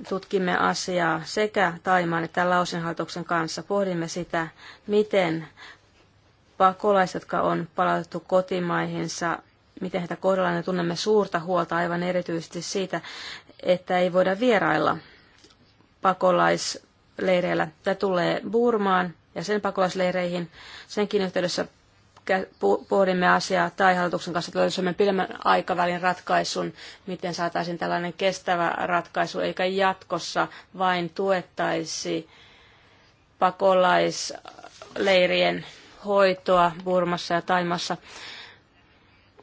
[SPEAKER 6] Tutkimme asiaa sekä Taimaan että Lausenhallituksen kanssa. Pohdimme sitä, miten pakolaiset, jotka on palautettu kotimaihinsa, miten heitä kohdellaan, ja tunnemme suurta huolta aivan erityisesti siitä, että ei voida vierailla pakolaisleireillä. Tämä tulee Burmaan ja sen pakolaisleireihin. Senkin yhteydessä pohdimme asiaa tai hallituksen kanssa löysimme pidemmän aikavälin ratkaisun, miten saataisiin tällainen kestävä ratkaisu, eikä jatkossa vain tuettaisi pakolaisleirien hoitoa Burmassa ja Taimassa.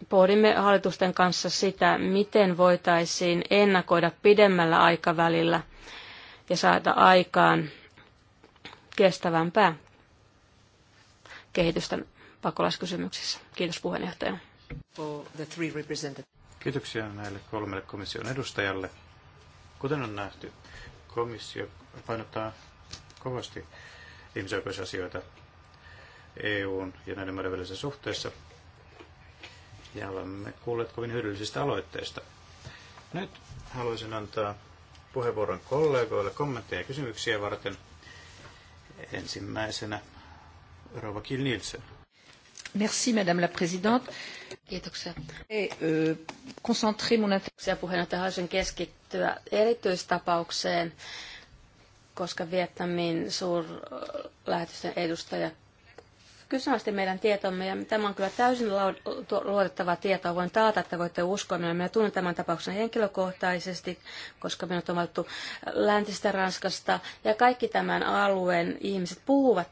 [SPEAKER 6] Pohdimme hallitusten kanssa sitä, miten voitaisiin ennakoida pidemmällä aikavälillä ja saada aikaan kestävämpää kehitystä pakolaiskysymyksissä. Kiitos puheenjohtaja.
[SPEAKER 2] Kiitoksia näille kolmelle komission edustajalle. Kuten on nähty, komissio painottaa kovasti ihmisoikeusasioita EUn ja näiden maiden välisissä suhteissa. Ja olemme kuulleet kovin hyödyllisistä aloitteista. Nyt haluaisin antaa puheenvuoron kollegoille kommentteja ja kysymyksiä varten. Ensimmäisenä Rova Kilnilsen.
[SPEAKER 1] Merci Madame la Présidente. Kiitoksia.
[SPEAKER 2] Euh,
[SPEAKER 6] concentrer mon attention puheenjohtaja haluaisin keskittyä erityistapaukseen, koska Vietnamin suurlähetysten edustajat kyseenalaisti meidän tietomme, ja tämä on kyllä täysin luotettavaa tietoa. Voin taata, että voitte uskoa minua. Minä tunnen tämän tapauksen henkilökohtaisesti, koska minut on valittu läntistä Ranskasta, ja kaikki tämän alueen ihmiset puhuvat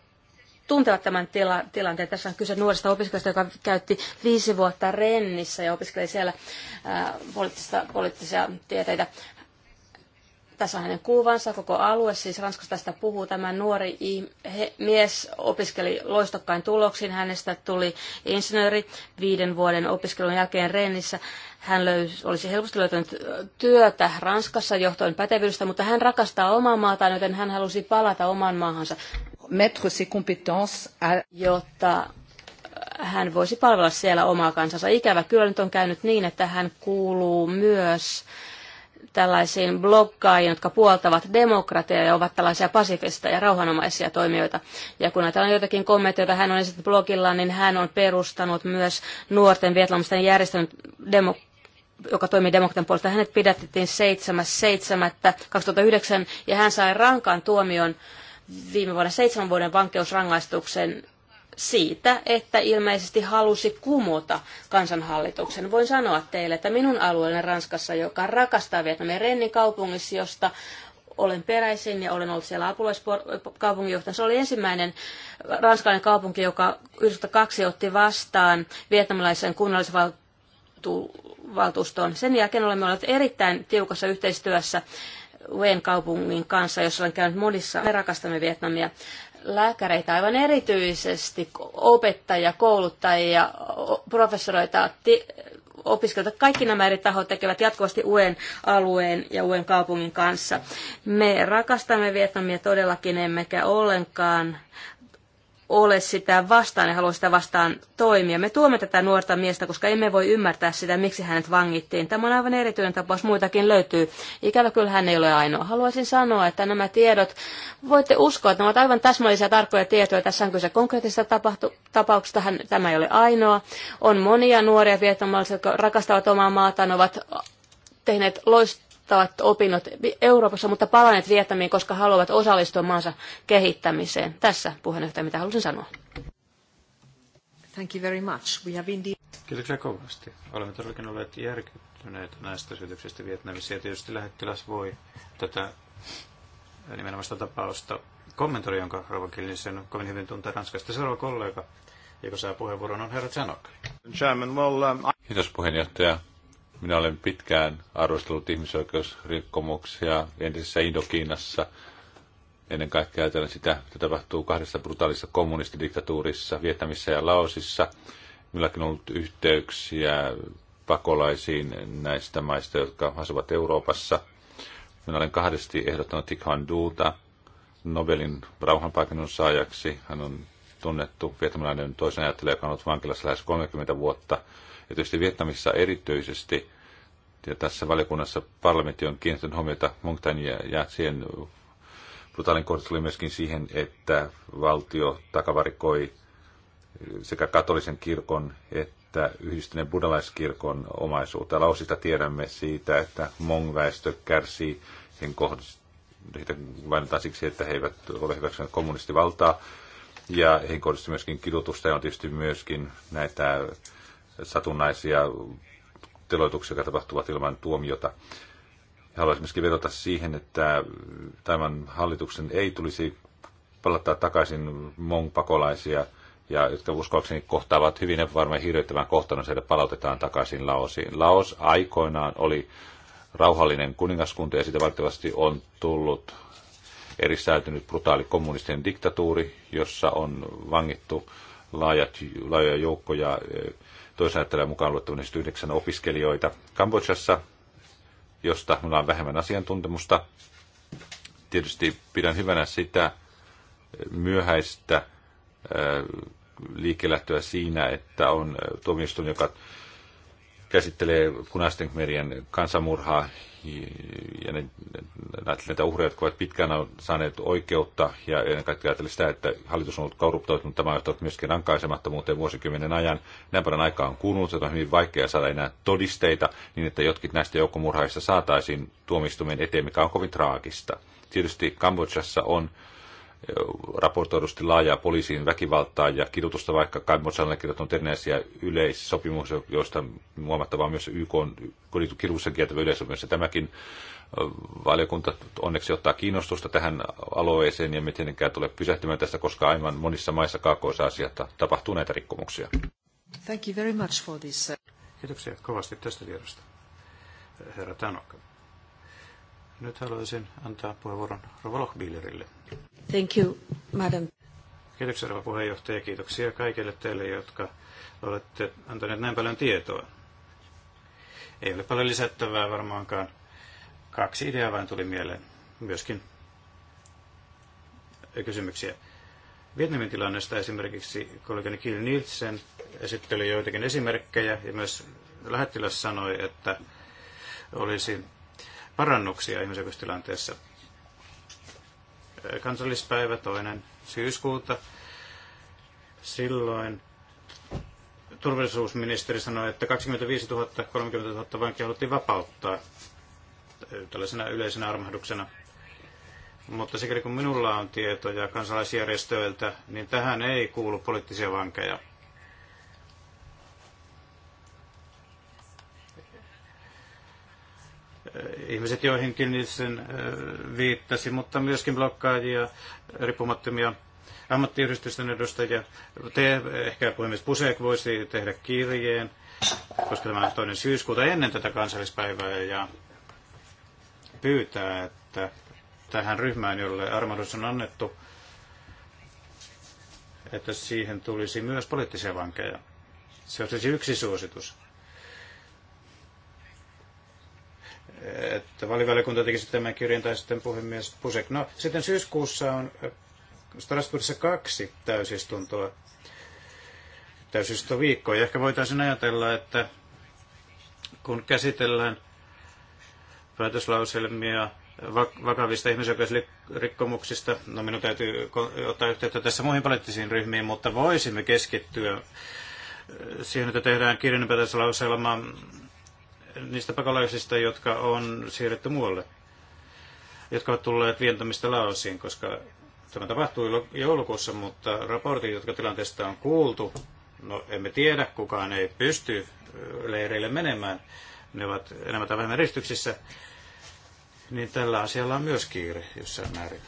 [SPEAKER 6] tuntevat tämän tila- tilanteen. Tässä on kyse nuoresta opiskelijasta, joka käytti viisi vuotta Rennissä ja opiskeli siellä ää, poliittisia tieteitä tässä on hänen kuvansa, koko alue, siis Ranskassa tästä puhuu tämä nuori mies, opiskeli loistokkain tuloksin hänestä tuli insinööri viiden vuoden opiskelun jälkeen Rennissä. Hän löysi olisi helposti löytänyt työtä Ranskassa johtuen pätevyydestä, mutta hän rakastaa omaa maataan, joten hän halusi palata oman maahansa. ses compétences Jotta hän voisi palvella siellä omaa kansansa. Ikävä kyllä nyt on käynyt niin, että hän kuuluu myös tällaisiin blokkaajiin, jotka puoltavat demokratiaa ja ovat tällaisia pasifista ja rauhanomaisia toimijoita. Ja kun näitä on joitakin kommentteja, joita hän on esittänyt blogillaan, niin hän on perustanut myös nuorten vietnamisten järjestön demokratiaa joka toimii demokratian puolesta. Hänet pidätettiin 7.7.2009 ja hän sai rankan tuomion viime vuonna seitsemän vuoden vankeusrangaistuksen siitä, että ilmeisesti halusi kumota kansanhallituksen. Voin sanoa teille, että minun alueelleni Ranskassa, joka rakastaa Vietnamin Rennin kaupungissa, josta olen peräisin ja olen ollut siellä apulaiskaupunginjohtajana. Se oli ensimmäinen ranskalainen kaupunki, joka kaksi otti vastaan vietnamilaisen kunnallisvaltuuston. Sen jälkeen olemme olleet erittäin tiukassa yhteistyössä Wen kaupungin kanssa, jossa olen käynyt monissa. Me rakastamme Vietnamia lääkäreitä aivan erityisesti, opettajia, kouluttajia, professoreita, opiskelijoita. Kaikki nämä eri tahot tekevät jatkuvasti uuden alueen ja uuden kaupungin kanssa. Me rakastamme Vietnamia todellakin, emmekä ollenkaan ole sitä vastaan ja halua sitä vastaan toimia. Me tuomme tätä nuorta miestä, koska emme voi ymmärtää sitä, miksi hänet vangittiin. Tämä on aivan erityinen tapaus, muitakin löytyy. Ikävä kyllä hän ei ole ainoa. Haluaisin sanoa, että nämä tiedot, voitte uskoa, että ne ovat aivan täsmällisiä tarkkoja tietoja. Tässä on kyse konkreettisesta tapahtu- tapauksesta, hän, tämä ei ole ainoa. On monia nuoria vietnamalaisia, jotka rakastavat omaa maataan, ovat tehneet loistavaa aloittavat opinnot Euroopassa, mutta palanneet Vietnamiin, koska haluavat osallistua maansa kehittämiseen. Tässä puheenjohtaja, mitä halusin sanoa.
[SPEAKER 1] Thank you very much. We have indeed...
[SPEAKER 2] Kiitoksia kovasti. Olemme todellakin olleet järkyttyneet näistä syytöksistä Vietnamissa ja tietysti lähettiläs voi tätä nimenomaista tapausta kommentoida, jonka Rova Kilnisen kovin hyvin tuntee Ranskasta. Seuraava kollega, joka saa puheenvuoron, on herra Chanok. Um,
[SPEAKER 3] Kiitos puheenjohtaja. Minä olen pitkään arvostellut ihmisoikeusrikkomuksia entisessä Indokiinassa. Ennen kaikkea ajatellen sitä, mitä tapahtuu kahdessa brutaalissa kommunistidiktatuurissa, Vietnamissa ja Laosissa. Milläkin on ollut yhteyksiä pakolaisiin näistä maista, jotka asuvat Euroopassa. Minä olen kahdesti ehdottanut Tikhan Duuta Nobelin rauhanpaikannon saajaksi. Hän on tunnettu vietnamilainen toisen ajattelija, joka on ollut vankilassa lähes 30 vuotta – ja tietysti Vietnamissa erityisesti, ja tässä valiokunnassa parlamentti on kiinnittänyt huomiota Mongtan ja, ja siihen brutaalin kohdistui myöskin siihen, että valtio takavarikoi sekä katolisen kirkon että yhdistyneen buddhalaiskirkon omaisuutta. Lausista tiedämme siitä, että mong-väestö kärsii sen kohdist- heitä vainotaan siksi, että he eivät ole hyväksyneet kommunistivaltaa. Ja heihin kohdistuu myöskin kidutusta ja on tietysti myöskin näitä satunnaisia teloituksia, jotka tapahtuvat ilman tuomiota. Haluaisin myöskin vedota siihen, että tämän hallituksen ei tulisi palattaa takaisin mongpakolaisia ja jotka uskoakseni kohtaavat hyvin varmaan hirveyttävän kohtalon, että palautetaan takaisin Laosiin. Laos aikoinaan oli rauhallinen kuningaskunta ja siitä valitettavasti on tullut eristäytynyt brutaali kommunistinen diktatuuri, jossa on vangittu laajat, laajoja joukkoja eh, toisaalta mukaan luettuna siis yhdeksän opiskelijoita Kambodžassa, josta minulla on vähemmän asiantuntemusta. Tietysti pidän hyvänä sitä myöhäistä liikelähtöä siinä, että on tuomioistuin, joka käsittelee punaisten merien kansanmurhaa ja ne, näitä uhreja, jotka ovat pitkään saaneet oikeutta ja ennen kaikkea ajatellen sitä, että hallitus on ollut korruptoitunut, tämä on johtanut myöskin rankaisemattomuuteen vuosikymmenen ajan. Näin paljon aikaa on kulunut, että on hyvin vaikea saada enää todisteita niin, että jotkin näistä joukkomurhaista saataisiin tuomistumien eteen, mikä on kovin traagista. Tietysti Kambodžassa on raportoidusti laajaa poliisiin väkivaltaa ja kidutusta, vaikka Kambodsa on kirjoittanut erinäisiä yleissopimuksia, joista huomattavaa myös YK on kidutuksen kieltävä yleissopimus. Tämäkin valiokunta onneksi ottaa kiinnostusta tähän alueeseen ja me tietenkään tule pysähtymään tästä, koska aivan monissa maissa kaakoisaasiassa tapahtuu näitä rikkomuksia.
[SPEAKER 2] Thank you very much for this. Uh, Kiitoksia kovasti tästä tiedosta. Herra Tanokka. Nyt haluaisin antaa puheenvuoron Rova Lochbielerille.
[SPEAKER 6] Thank you, madam.
[SPEAKER 2] Kiitoksia rouva puheenjohtaja kiitoksia kaikille teille, jotka olette antaneet näin paljon tietoa. Ei ole paljon lisättävää varmaankaan. Kaksi ideaa vain tuli mieleen. Myöskin kysymyksiä. Vietnamin tilannesta esimerkiksi kollegani Kiel Nielsen esitteli joitakin esimerkkejä ja myös lähettiläs sanoi, että olisi parannuksia ihmisoikeustilanteessa. Kansallispäivä toinen syyskuuta. Silloin turvallisuusministeri sanoi, että 25 000, 30 000 vankia haluttiin vapauttaa tällaisena yleisenä armahduksena. Mutta sikäli kun minulla on tietoja kansalaisjärjestöiltä, niin tähän ei kuulu poliittisia vankeja. ihmiset niin sen viittasi, mutta myöskin blokkaajia, riippumattomia ammattiyhdistysten edustajia. Te, ehkä puhemies Pusek voisi tehdä kirjeen, koska tämä on toinen syyskuuta ennen tätä kansallispäivää ja pyytää, että tähän ryhmään, jolle armahdus on annettu, että siihen tulisi myös poliittisia vankeja. Se olisi yksi suositus. että valivaliokunta tekisi tämän kirjan tai sitten puhemies Pusek. No, sitten syyskuussa on Strasbourgissa kaksi täysistuntoa, täysistuntoviikkoa. Ja ehkä voitaisiin ajatella, että kun käsitellään päätöslauselmia vakavista ihmisoikeusrikkomuksista. No minun täytyy ottaa yhteyttä tässä muihin poliittisiin ryhmiin, mutta voisimme keskittyä siihen, että tehdään kirjanpäätöslauselma niistä pakolaisista, jotka on siirretty muualle, jotka ovat tulleet vientämistä Laosiin, koska tämä tapahtui joulukuussa, mutta raportit, jotka tilanteesta on kuultu, no emme tiedä, kukaan ei pysty leireille menemään, ne ovat enemmän tai vähemmän ristyksissä, niin tällä asialla on myös kiire jossain määrin.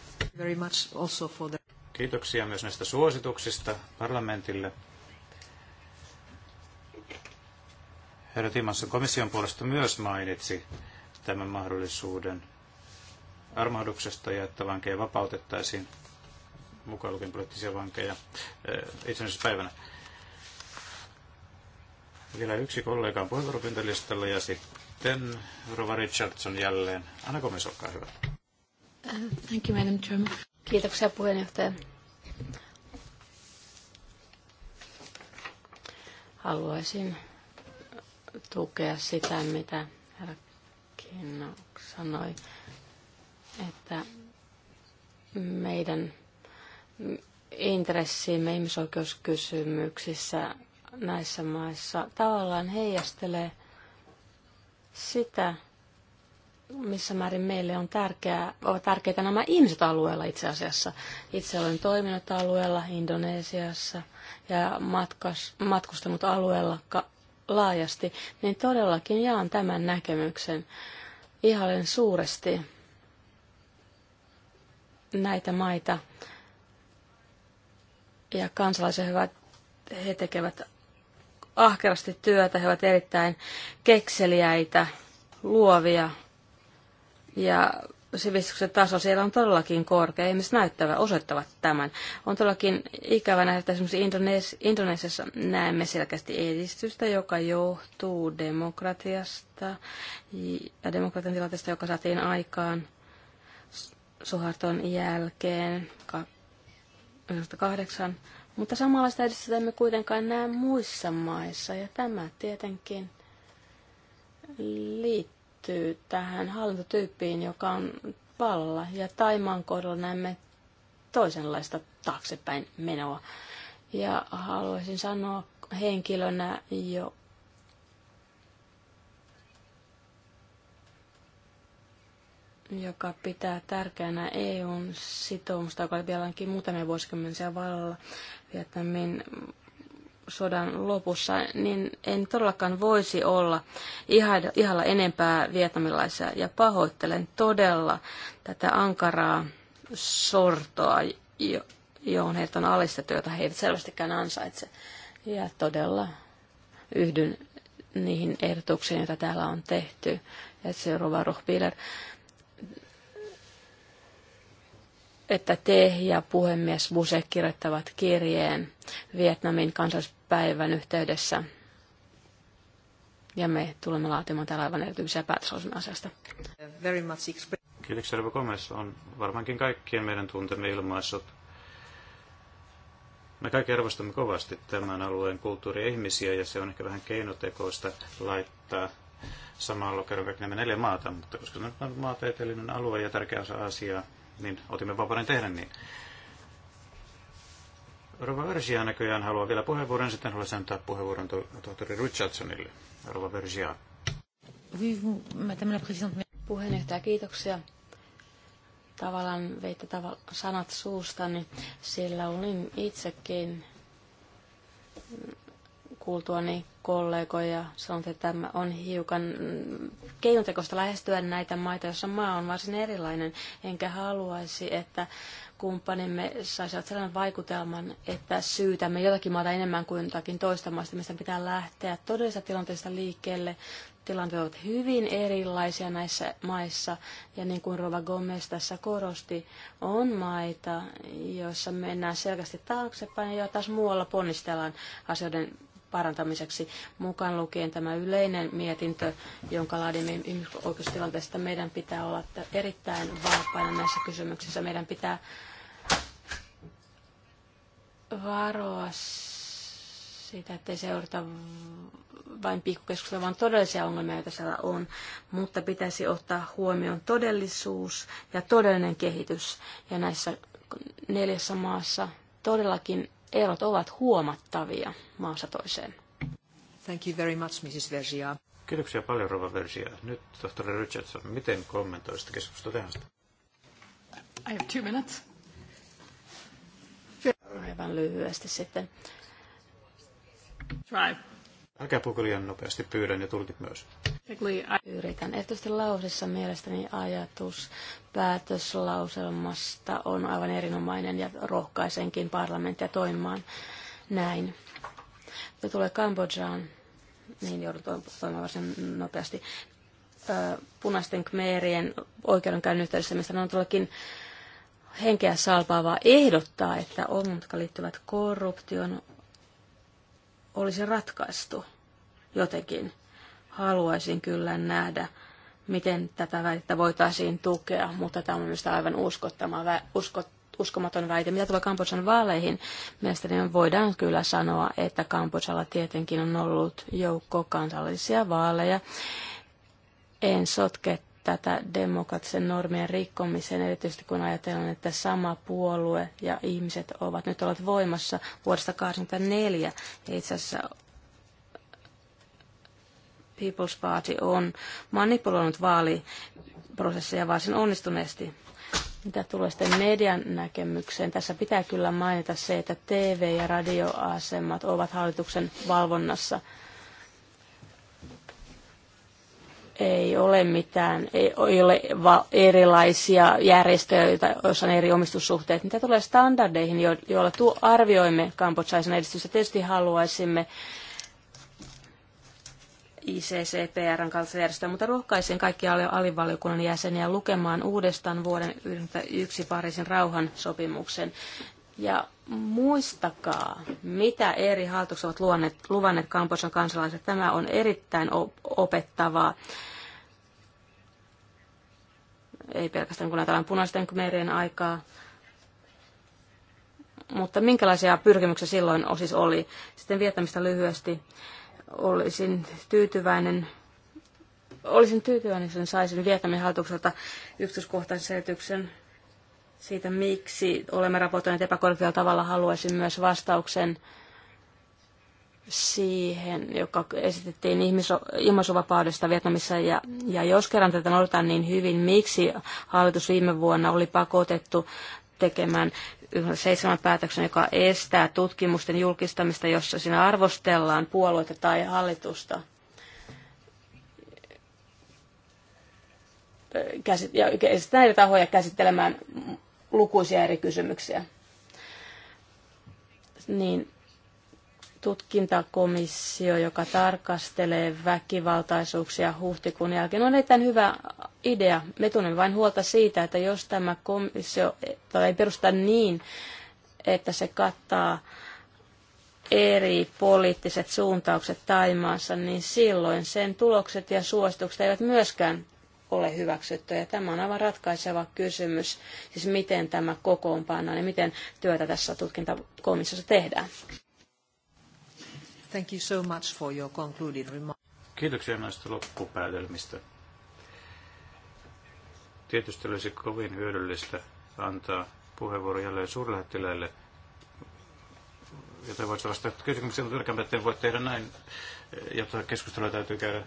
[SPEAKER 2] Kiitoksia myös näistä suosituksista parlamentille. Herra Timansson komission puolesta myös mainitsi tämän mahdollisuuden armahduksesta ja että vankeja vapautettaisiin mukaan lukien poliittisia vankeja eh, päivänä Vielä yksi kollega on puheenvuoropintalistalla ja sitten Rova Richardson jälleen. Anna Komis, olkaa hyvä. Thank you, Madam
[SPEAKER 6] Chairman. Kiitoksia puheenjohtaja. Haluaisin tukea sitä, mitä herra Kinno sanoi, että meidän intressiimme ihmisoikeuskysymyksissä näissä maissa tavallaan heijastelee sitä, missä määrin meille on tärkeää, tärkeitä nämä ihmiset alueella itse asiassa. Itse olen toiminut alueella Indonesiassa ja matkas, matkustanut alueella laajasti, niin todellakin jaan tämän näkemyksen. Ihailen suuresti näitä maita ja kansalaisen hyvät, he tekevät ahkerasti työtä, he ovat erittäin kekseliäitä, luovia ja sivistyksen taso siellä on todellakin korkea. Ihmiset näyttävät, osoittavat tämän. On todellakin ikävä nähdä, että esimerkiksi Indones- Indonesiassa näemme selkeästi edistystä, joka johtuu demokratiasta ja demokratian tilanteesta, joka saatiin aikaan Suharton jälkeen 2008. Mutta samanlaista edistystä emme kuitenkaan näe muissa maissa, ja tämä tietenkin liittyy liittyy tähän hallintotyyppiin, joka on pallolla. Ja Taimaan kohdalla näemme toisenlaista taaksepäin menoa. Ja haluaisin sanoa henkilönä jo joka pitää tärkeänä EUn sitoumusta, joka oli vieläkin muutamia vuosikymmeniä vallalla Vietnamin sodan lopussa, niin en todellakaan voisi olla ihalla enempää vietnamilaisia ja pahoittelen todella tätä ankaraa sortoa, johon heitä on alistettu, jota he eivät selvästikään ansaitse. Ja todella yhdyn niihin ehdotuksiin, joita täällä on tehty. Et se Rova Ruhpiler että te ja puhemies Buse kirjoittavat kirjeen Vietnamin kansallispäivän yhteydessä. Ja me tulemme laatimaan täällä aivan
[SPEAKER 1] erityisiä päätöslausumme asiasta.
[SPEAKER 2] Kiitoksia, Rova On varmaankin kaikkien meidän tuntemme ilmaissut. Me kaikki arvostamme kovasti tämän alueen kulttuuria ihmisiä ja se on ehkä vähän keinotekoista laittaa samaan lokeroon kaikki nämä neljä maata, mutta koska se on maateetellinen alue ja tärkeä osa asiaa, niin otimme vapauden tehdä niin. Rova Vergia näköjään haluaa vielä puheenvuoron, sitten haluaisin antaa puheenvuoron to- tohtori Richardsonille. Rova Vergia.
[SPEAKER 6] Puheenjohtaja, kiitoksia. Tavallaan veitte tav- sanat suustani, sillä olin itsekin kuultuani kollegoja sanonut, että tämä on hiukan mm, keinotekoista lähestyä näitä maita, joissa maa on varsin erilainen, enkä haluaisi, että kumppanimme saisivat sellainen vaikutelman, että syytämme jotakin maata enemmän kuin jotakin toista maasta, mistä pitää lähteä todellisesta tilanteesta liikkeelle. Tilanteet ovat hyvin erilaisia näissä maissa, ja niin kuin Rova Gomez tässä korosti, on maita, joissa mennään selkeästi taaksepäin, ja taas muualla ponnistellaan asioiden parantamiseksi, mukaan lukien tämä yleinen mietintö, jonka laadimme ihmisoikeustilanteesta. Meidän pitää olla erittäin valppaina näissä kysymyksissä. Meidän pitää varoa siitä, ettei seurata vain pikkukeskustelua, vaan todellisia ongelmia, joita siellä on, mutta pitäisi ottaa huomioon todellisuus ja todellinen kehitys. Ja näissä neljässä maassa todellakin erot ovat huomattavia
[SPEAKER 1] maassa toiseen. Thank you very much, Mrs. Vergia.
[SPEAKER 2] Kiitoksia paljon, Rova Vergia. Nyt tohtori Richardson, miten kommentoisit keskustelua tähän?
[SPEAKER 1] I have two
[SPEAKER 6] minutes. Aivan lyhyesti sitten. Try.
[SPEAKER 2] Älkää puhuko liian nopeasti, pyydän ja tulkit myös.
[SPEAKER 6] Yritän. Erityisesti lausessa mielestäni ajatus päätöslauselmasta on aivan erinomainen ja rohkaisenkin parlamenttia toimimaan näin. Mitä tulee Kambodžaan, niin joudun toimimaan varsin nopeasti. Punaisten kmeerien oikeudenkäynnin yhteydessä, mistä on tullakin henkeä salpaavaa ehdottaa, että ongelmat, jotka liittyvät korruption, olisi ratkaistu jotenkin haluaisin kyllä nähdä, miten tätä väitettä voitaisiin tukea, mutta tämä on mielestäni aivan uskot, uskomaton väite. Mitä tulee Kambodsan vaaleihin, mielestäni niin voidaan kyllä sanoa, että Kambodsalla tietenkin on ollut joukko kansallisia vaaleja. En sotke tätä demokraattisen normien rikkomiseen, erityisesti kun ajatellaan, että sama puolue ja ihmiset ovat nyt olleet voimassa vuodesta 1984 itse asiassa People's Party on manipuloinut vaaliprosesseja varsin onnistuneesti. Mitä tulee sitten median näkemykseen, tässä pitää kyllä mainita se, että TV- ja radioasemat ovat hallituksen valvonnassa. Ei ole mitään, ei ole erilaisia järjestöjä, joissa on eri omistussuhteet. Mitä tulee standardeihin, joilla tuo arvioimme kampotsaisen edistystä, tietysti haluaisimme, ICCPRn kaltaista järjestöä, mutta rohkaisen kaikkia alivaliokunnan jäseniä lukemaan uudestaan vuoden 1991 Pariisin rauhansopimuksen. Ja muistakaa, mitä eri hallitukset ovat luonneet, luvanneet Kamposan kansalaiset. Tämä on erittäin opettavaa. Ei pelkästään kun ajatellaan punaisten merien aikaa, mutta minkälaisia pyrkimyksiä silloin osis oli. Sitten viettämistä lyhyesti olisin tyytyväinen olisin tyytyväinen, jos saisin Vietnamin hallitukselta yksityiskohtaisen selityksen siitä, miksi olemme raportoineet epäkorkealla tavalla. Haluaisin myös vastauksen siihen, joka esitettiin ihmiso- ilmaisuvapaudesta Vietnamissa. Ja, ja jos kerran tätä noudataan niin hyvin, miksi hallitus viime vuonna oli pakotettu tekemään seitsemän päätöksen, joka estää tutkimusten julkistamista, jossa siinä arvostellaan puolueita tai hallitusta. ja estää näitä tahoja käsittelemään lukuisia eri kysymyksiä. Niin tutkintakomissio, joka tarkastelee väkivaltaisuuksia huhtikuun jälkeen, on erittäin hyvä idea. Me tunnen vain huolta siitä, että jos tämä komissio ei perusta niin, että se kattaa eri poliittiset suuntaukset Taimaansa, niin silloin sen tulokset ja suositukset eivät myöskään ole hyväksytty. tämä on aivan ratkaiseva kysymys, siis miten tämä kokoonpannaan ja miten työtä tässä tutkintakomissiossa tehdään.
[SPEAKER 1] Thank you so much for your remarks.
[SPEAKER 2] Kiitoksia näistä loppupäätelmistä. Tietysti olisi kovin hyödyllistä antaa puheenvuoro jälleen suurlähettiläille, jota voisi vastata kysymyksiä, mutta ylkäämme, että voi tehdä näin, jotta keskustelua täytyy käydä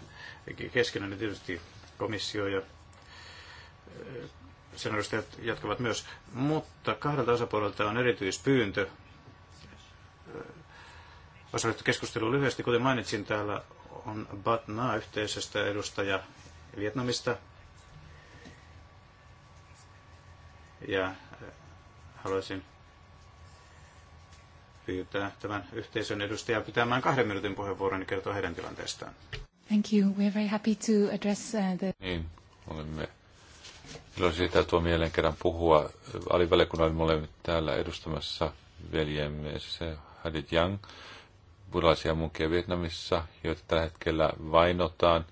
[SPEAKER 2] keskenään, niin tietysti komissio ja eh, sen edustajat jatkavat myös. Mutta kahdelta osapuolelta on erityispyyntö eh, osallistu keskusteluun lyhyesti. Kuten mainitsin, täällä on Bat Na yhteisöstä edustaja Vietnamista. Ja äh, haluaisin pyytää tämän yhteisön edustajaa
[SPEAKER 3] pitämään kahden minuutin puheenvuoron ja kertoa heidän tilanteestaan.
[SPEAKER 2] Thank you. We're very happy to address uh,
[SPEAKER 4] the...
[SPEAKER 3] Niin, olemme iloisia siitä tuo mieleen kerran puhua. Alivaliokunnalla me olemme täällä edustamassa veljemme se Hadid Young, buddhalaisia munkkeja Vietnamissa, joita tällä hetkellä vainotaan.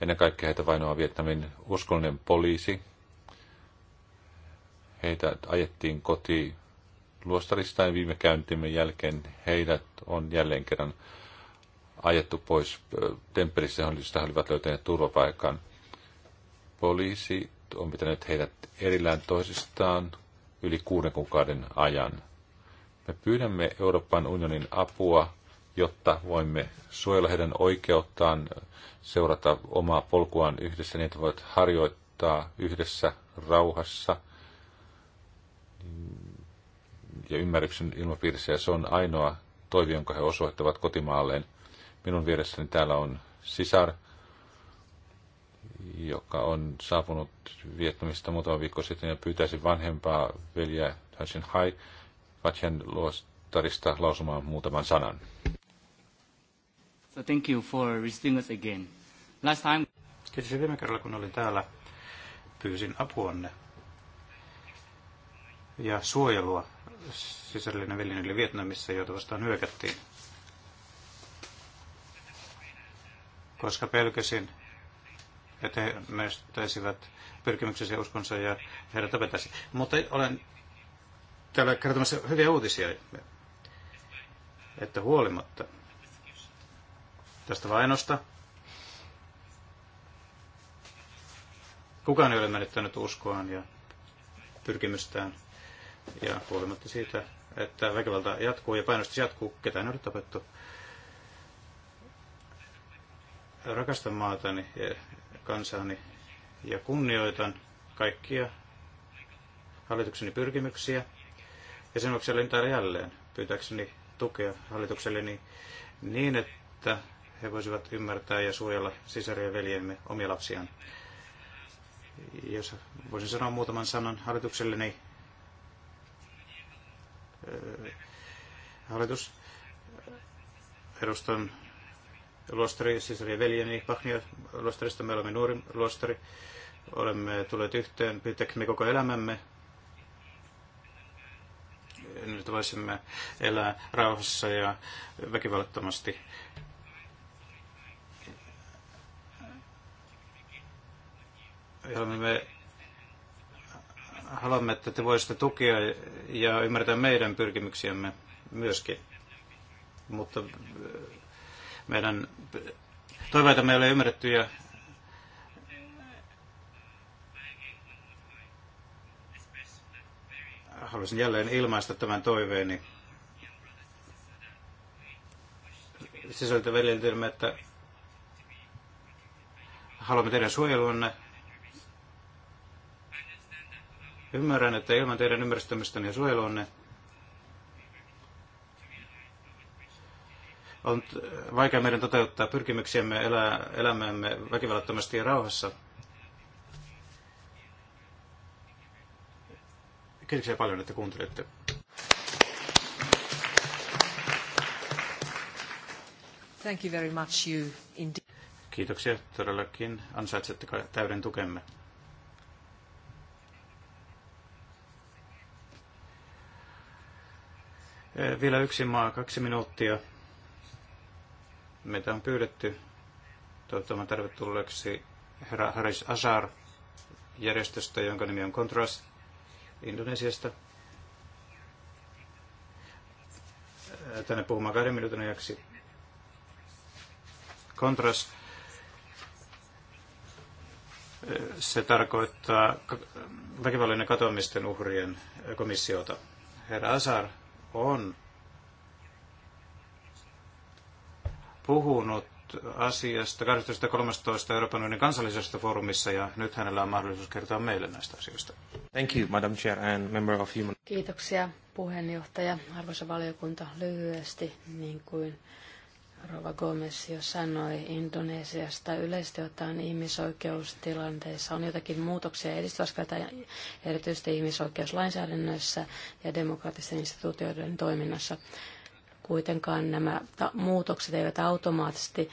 [SPEAKER 3] Ennen kaikkea heitä vainoaa Vietnamin uskollinen poliisi. Heitä ajettiin kotiin luostaristain viime käyntimme jälkeen. Heidät on jälleen kerran ajettu pois temppelissä, josta he olivat löytäneet turvapaikan. Poliisi on pitänyt heidät erillään toisistaan yli kuuden kuukauden ajan. Me pyydämme Euroopan unionin apua jotta voimme suojella heidän oikeuttaan seurata omaa polkuaan yhdessä, niin että voit harjoittaa yhdessä rauhassa ja ymmärryksen ilmapiirissä, ja se on ainoa toivi, jonka he osoittavat kotimaalleen. Minun vieressäni täällä on sisar, joka on saapunut viettämistä muutama viikko sitten ja pyytäisi vanhempaa veljeä Hashin Hai Vatjan luostarista lausumaan muutaman sanan.
[SPEAKER 5] So thank you for visiting us again. Last time... Kiitos
[SPEAKER 2] viime kerralla, kun olin täällä, pyysin apuanne ja suojelua sisällinen veljen veljeni Vietnamissa, joita vastaan hyökättiin. Koska pelkäsin, että he menestäisivät pyrkimyksensä ja uskonsa ja heidät tapettaisiin. Mutta olen täällä kertomassa hyviä uutisia, että huolimatta – tästä vainosta. Kukaan ei ole menettänyt uskoaan ja pyrkimystään. Ja huolimatta siitä, että väkivalta jatkuu ja painostus jatkuu, ketään ei ole tapettu. Rakastan maatani ja kansani ja kunnioitan kaikkia hallitukseni pyrkimyksiä. Ja sen vuoksi olen täällä jälleen pyytäkseni tukea hallitukselleni niin, että he voisivat ymmärtää ja suojella sisaria ja veljemme omia lapsiaan. Jos voisin sanoa muutaman sanan hallitukselle, niin äh, hallitus edustan luostari, sisari ja veljeni Pahnia luostarista. Me olemme nuori luostari. Olemme tulleet yhteen Pytekmi koko elämämme. Nyt voisimme elää rauhassa ja väkivallattomasti johon me haluamme, että te voisitte tukea ja ymmärtää meidän pyrkimyksiämme myöskin. Mutta meidän toiveita meillä ei ymmärretty ja haluaisin jälleen ilmaista tämän toiveeni Sisältä sisältöveljeltelmä, että haluamme teidän suojelunne Ymmärrän, että ilman teidän ymmärrystämistäni ja suojeluanne on vaikea meidän toteuttaa pyrkimyksiämme elää elämäämme väkivallattomasti ja rauhassa. Kiitoksia paljon, että kuuntelette.
[SPEAKER 1] Thank you very much, you indeed.
[SPEAKER 2] Kiitoksia todellakin. Ansaitsette täyden tukemme. Vielä yksi maa, kaksi minuuttia. Meitä on pyydetty toivottavasti tervetulleeksi herra Haris Azar järjestöstä, jonka nimi on Contras Indonesiasta. Tänne puhumaan kahden minuutin ajaksi. Contras, se tarkoittaa väkivallinen katoamisten uhrien komissiota. Herra Azar on puhunut asiasta 12.13. Euroopan unionin kansallisesta foorumissa ja nyt hänellä on mahdollisuus kertoa meille näistä asioista. Thank you, Madam Chair and Member of
[SPEAKER 4] Human.
[SPEAKER 6] Kiitoksia puheenjohtaja, arvoisa valiokunta, lyhyesti niin kuin Rova Gomes jo sanoi Indonesiasta yleisesti ottaen ihmisoikeustilanteissa on jotakin muutoksia edistysaskelta erityisesti ihmisoikeuslainsäädännössä ja demokraattisten instituutioiden toiminnassa. Kuitenkaan nämä muutokset eivät automaattisesti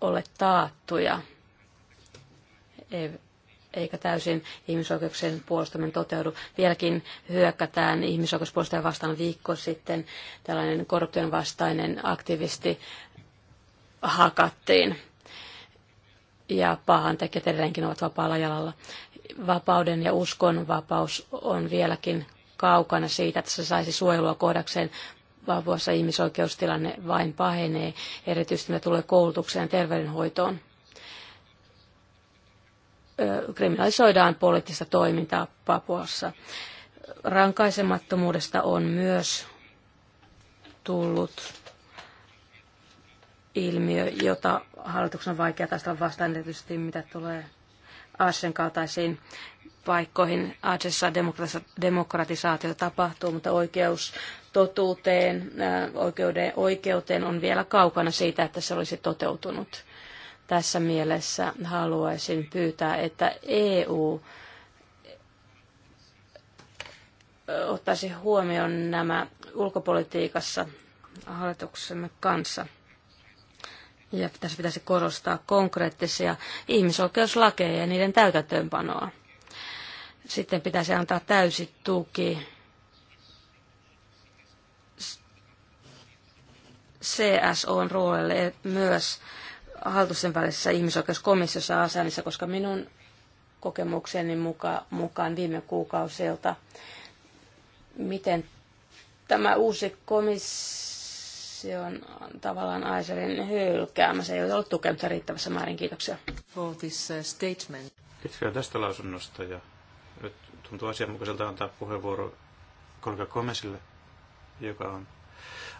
[SPEAKER 6] ole taattuja eikä täysin ihmisoikeuksien puolustaminen toteudu. Vieläkin hyökkätään ihmisoikeuspuolustajan vastaan viikko sitten tällainen korruption vastainen aktivisti hakattiin. Ja pahan tekijät edelleenkin ovat vapaalla jalalla. Vapauden ja uskon vapaus on vieläkin kaukana siitä, että se saisi suojelua kohdakseen Vapuassa ihmisoikeustilanne vain pahenee, erityisesti mitä tulee koulutukseen ja terveydenhoitoon kriminalisoidaan poliittista toimintaa Papuassa. Rankaisemattomuudesta on myös tullut ilmiö, jota hallituksen on vaikea taistella vastaan, tietysti mitä tulee Aasian kaltaisiin paikkoihin. Aasiassa demokratisaatio tapahtuu, mutta oikeus totuuteen, oikeuteen on vielä kaukana siitä, että se olisi toteutunut. Tässä mielessä haluaisin pyytää, että EU ottaisi huomioon nämä ulkopolitiikassa hallituksemme kanssa. Ja tässä pitäisi korostaa konkreettisia ihmisoikeuslakeja ja niiden täytäntöönpanoa. Sitten pitäisi antaa täysi tuki CSOn roolille myös hallitusten välisessä ihmisoikeuskomissiossa Asanissa, koska minun kokemukseni muka, mukaan viime kuukausilta, miten tämä uusi komissio on tavallaan Aiserin hylkäämä. Se ei ole ollut tukenut riittävässä määrin. Kiitoksia. For this
[SPEAKER 1] uh, statement.
[SPEAKER 2] Kiitoksia tästä lausunnosta ja nyt tuntuu asianmukaiselta antaa puheenvuoro kollega Komesille, joka on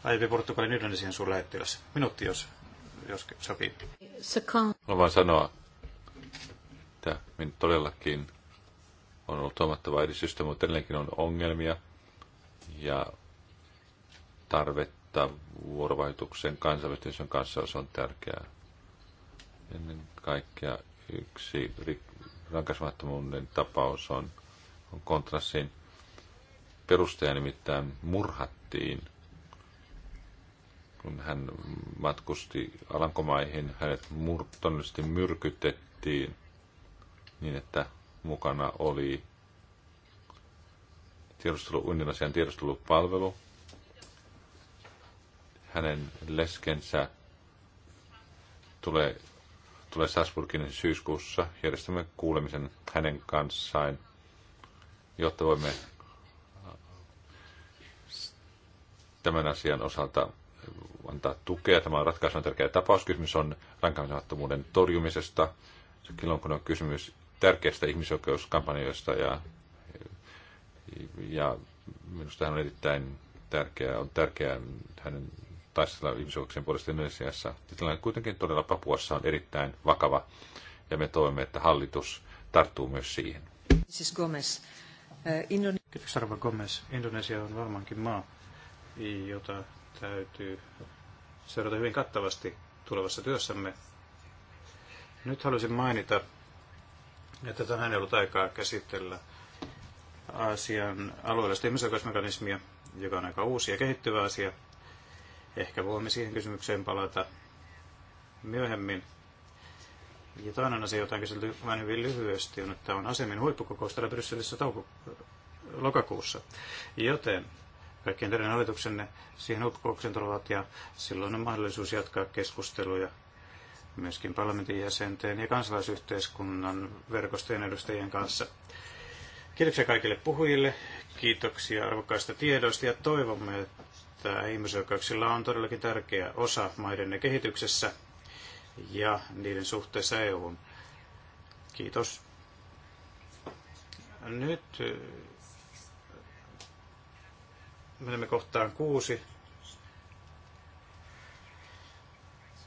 [SPEAKER 2] aiempi Portugalin Indonesian suurlähettiläs. Minuutti, jos jos sopii.
[SPEAKER 4] Haluan
[SPEAKER 3] vain sanoa, että minun todellakin on ollut huomattava edistystä, mutta edelleenkin on ongelmia ja tarvetta vuorovaikutuksen kansainvälisen kanssa se on tärkeää. Ennen kaikkea yksi rankasmattomuuden tapaus on, on kontrassin perustaja nimittäin murhattiin kun hän matkusti Alankomaihin, hänet murtonnisesti myrkytettiin niin, että mukana oli tiedustelu, Unilasian tiedustelupalvelu, hänen leskensä tulee, tulee Salzburgin syyskuussa. Järjestämme kuulemisen hänen kanssaan, jotta voimme tämän asian osalta antaa tukea. Tämä on ratkaisun tärkeä tapaus. Kysymys on rankaisemattomuuden torjumisesta. Silloin kun on kysymys tärkeästä ihmisoikeuskampanjoista ja, ja minusta hän on erittäin tärkeää, on tärkeää hänen taistella ihmisoikeuksien puolesta Indonesiassa. Tilanne kuitenkin todella Papuassa on erittäin vakava ja me toivomme, että hallitus tarttuu myös siihen.
[SPEAKER 1] Siis Gomez. Äh, Indone- Kiitos Arva
[SPEAKER 2] Gomez. Indonesia on varmaankin maa, jota täytyy seurata hyvin kattavasti tulevassa työssämme. Nyt haluaisin mainita, että tähän ei ollut aikaa käsitellä asian alueellista ihmisoikeusmekanismia, joka on aika uusi ja kehittyvä asia. Ehkä voimme siihen kysymykseen palata myöhemmin. Ja toinen asia, jota on käsitelty vain hyvin lyhyesti, on, että on asemin huippukokous täällä Brysselissä touko- lokakuussa. Joten kaikkien teidän hallituksenne siihen huippukokouksen tulevat ja silloin on mahdollisuus jatkaa keskusteluja myöskin parlamentin jäsenten ja kansalaisyhteiskunnan verkostojen edustajien kanssa. Kiitoksia kaikille puhujille, kiitoksia arvokkaista tiedoista ja toivomme, että ihmisoikeuksilla on todellakin tärkeä osa maidenne kehityksessä ja niiden suhteessa EUhun. Kiitos. Nyt Menemme kohtaan kuusi.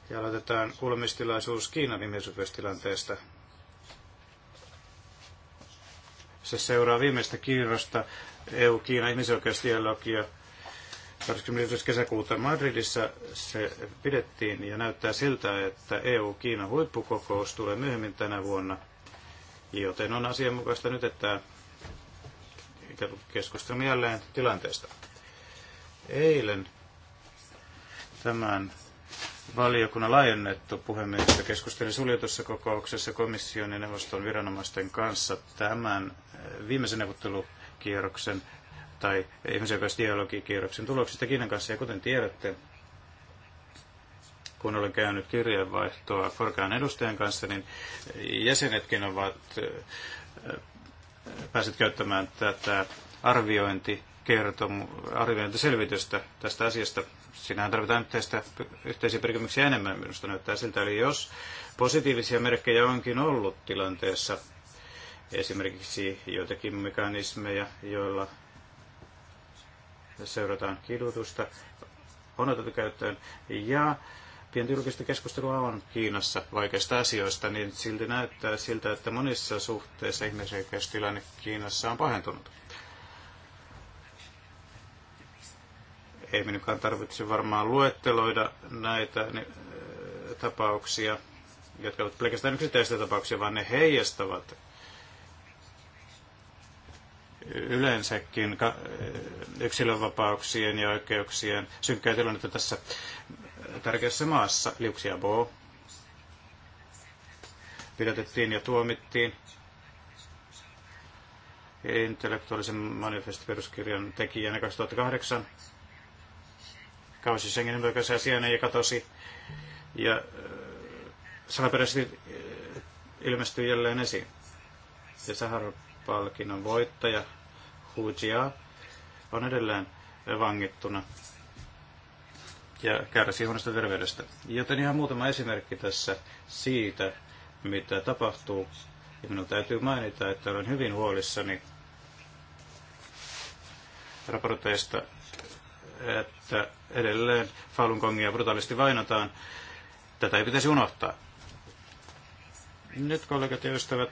[SPEAKER 2] Ja aloitetaan kuulemistilaisuus Kiinan ihmisoikeustilanteesta. Se seuraa viimeistä kiirrosta EU-Kiina ihmisoikeusdialogia 21. kesäkuuta Madridissa se pidettiin ja näyttää siltä, että EU-Kiina huippukokous tulee myöhemmin tänä vuonna, joten on asianmukaista nyt, että keskustelemme jälleen tilanteesta. Eilen tämän valiokunnan laajennettu puhemiehistö keskusteli suljetussa kokouksessa komission ja neuvoston viranomaisten kanssa tämän eh, viimeisen neuvottelukierroksen tai ihmisoikeusdialogikierroksen tuloksista Kiinan kanssa. Ja kuten tiedätte, kun olen käynyt kirjeenvaihtoa korkean edustajan kanssa, niin jäsenetkin ovat eh, eh, päässeet käyttämään tätä arviointi kertomu, arviointiselvitystä tästä asiasta. Sinähän tarvitaan yhteistä, yhteisiä pyrkimyksiä enemmän, minusta näyttää siltä. Eli jos positiivisia merkkejä onkin ollut tilanteessa, esimerkiksi joitakin mekanismeja, joilla seurataan kidutusta, on otettu käyttöön, ja pientä julkista keskustelua on Kiinassa vaikeista asioista, niin silti näyttää siltä, että monissa suhteissa ihmisoikeustilanne Kiinassa on pahentunut. Ei minunkaan tarvitse varmaan luetteloida näitä niin, tapauksia, jotka ovat pelkästään yksittäisiä tapauksia, vaan ne heijastavat yleensäkin yksilönvapauksien ja oikeuksien synkkää tilannetta tässä tärkeässä maassa. Liuksia Bo pidätettiin ja tuomittiin intellektuaalisen manifestiperuskirjan tekijänä 2008 kausi Schengenin asiana ja katosi. Ja äh, salaperäisesti äh, ilmestyi jälleen esiin. Ja Saharov-palkinnon voittaja Hu Jia on edelleen vangittuna ja kärsii huonosta terveydestä. Joten ihan muutama esimerkki tässä siitä, mitä tapahtuu. Ja minun täytyy mainita, että olen hyvin huolissani raporteista että edelleen Falun Gongia brutaalisti vainotaan. Tätä ei pitäisi unohtaa. Nyt kollegat ja ystävät,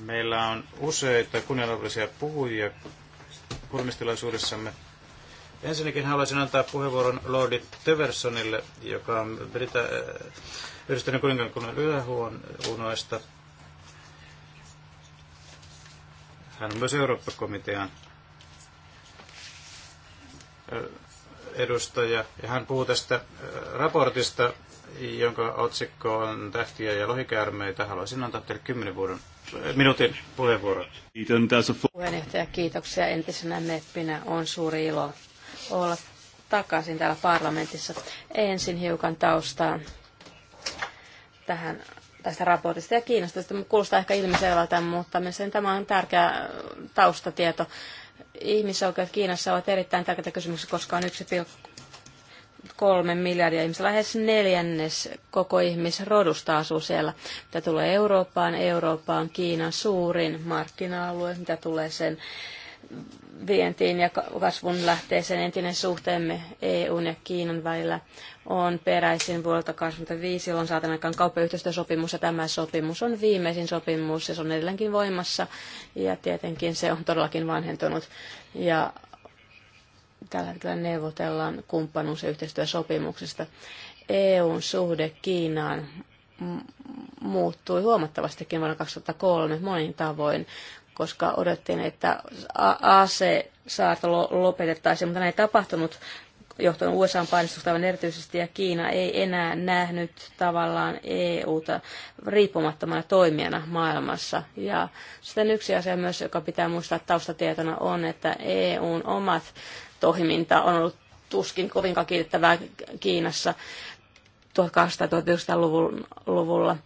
[SPEAKER 2] meillä on useita kunnianarvoisia puhujia kulmistilaisuudessamme. Ensinnäkin haluaisin antaa puheenvuoron Lordi Teversonille, joka on Brita- äh, Yhdistyneen kuningaskunnan ylähuonoista. Hän on myös Eurooppa-komitean edustaja, ja hän puhuu tästä äh, raportista, jonka otsikko on Tähtiä ja lohikäärmeitä. Haluaisin antaa teille 10 vuoden äh, minuutin puheenvuoro.
[SPEAKER 6] Puheenjohtaja, kiitoksia. Entisenä meppinä on suuri ilo olla takaisin täällä parlamentissa. Ensin hiukan taustaa tähän tästä raportista ja kiinnostusta. Kuulostaa ehkä ilmiselvältä, mutta sen tämä on tärkeä äh, taustatieto. Ihmisoikeudet Kiinassa ovat erittäin tärkeitä kysymyksiä, koska on 1,3 miljardia ihmistä. Lähes neljännes koko ihmisrodusta asuu siellä. Mitä tulee Eurooppaan, Eurooppa on Kiinan suurin markkina-alue, mitä tulee sen vientiin ja kasvun lähteeseen entinen suhteemme EUn ja Kiinan välillä on peräisin vuodelta 2005, jolloin saatan aikaan kauppayhteistyösopimus ja tämä sopimus on viimeisin sopimus ja se on edelleenkin voimassa ja tietenkin se on todellakin vanhentunut ja tällä hetkellä neuvotellaan kumppanuus- ja yhteistyösopimuksesta. EUn suhde Kiinaan muuttui huomattavastikin vuonna 2003 monin tavoin koska odottiin, että AC-saarto lopetettaisiin, mutta näin ei tapahtunut johtuen USA painostusta aivan erityisesti, ja Kiina ei enää nähnyt tavallaan EUta riippumattomana toimijana maailmassa. Ja sitten yksi asia myös, joka pitää muistaa taustatietona, on, että EUn omat toiminta on ollut tuskin kovin kiitettävää Kiinassa. 1800-1900-luvulla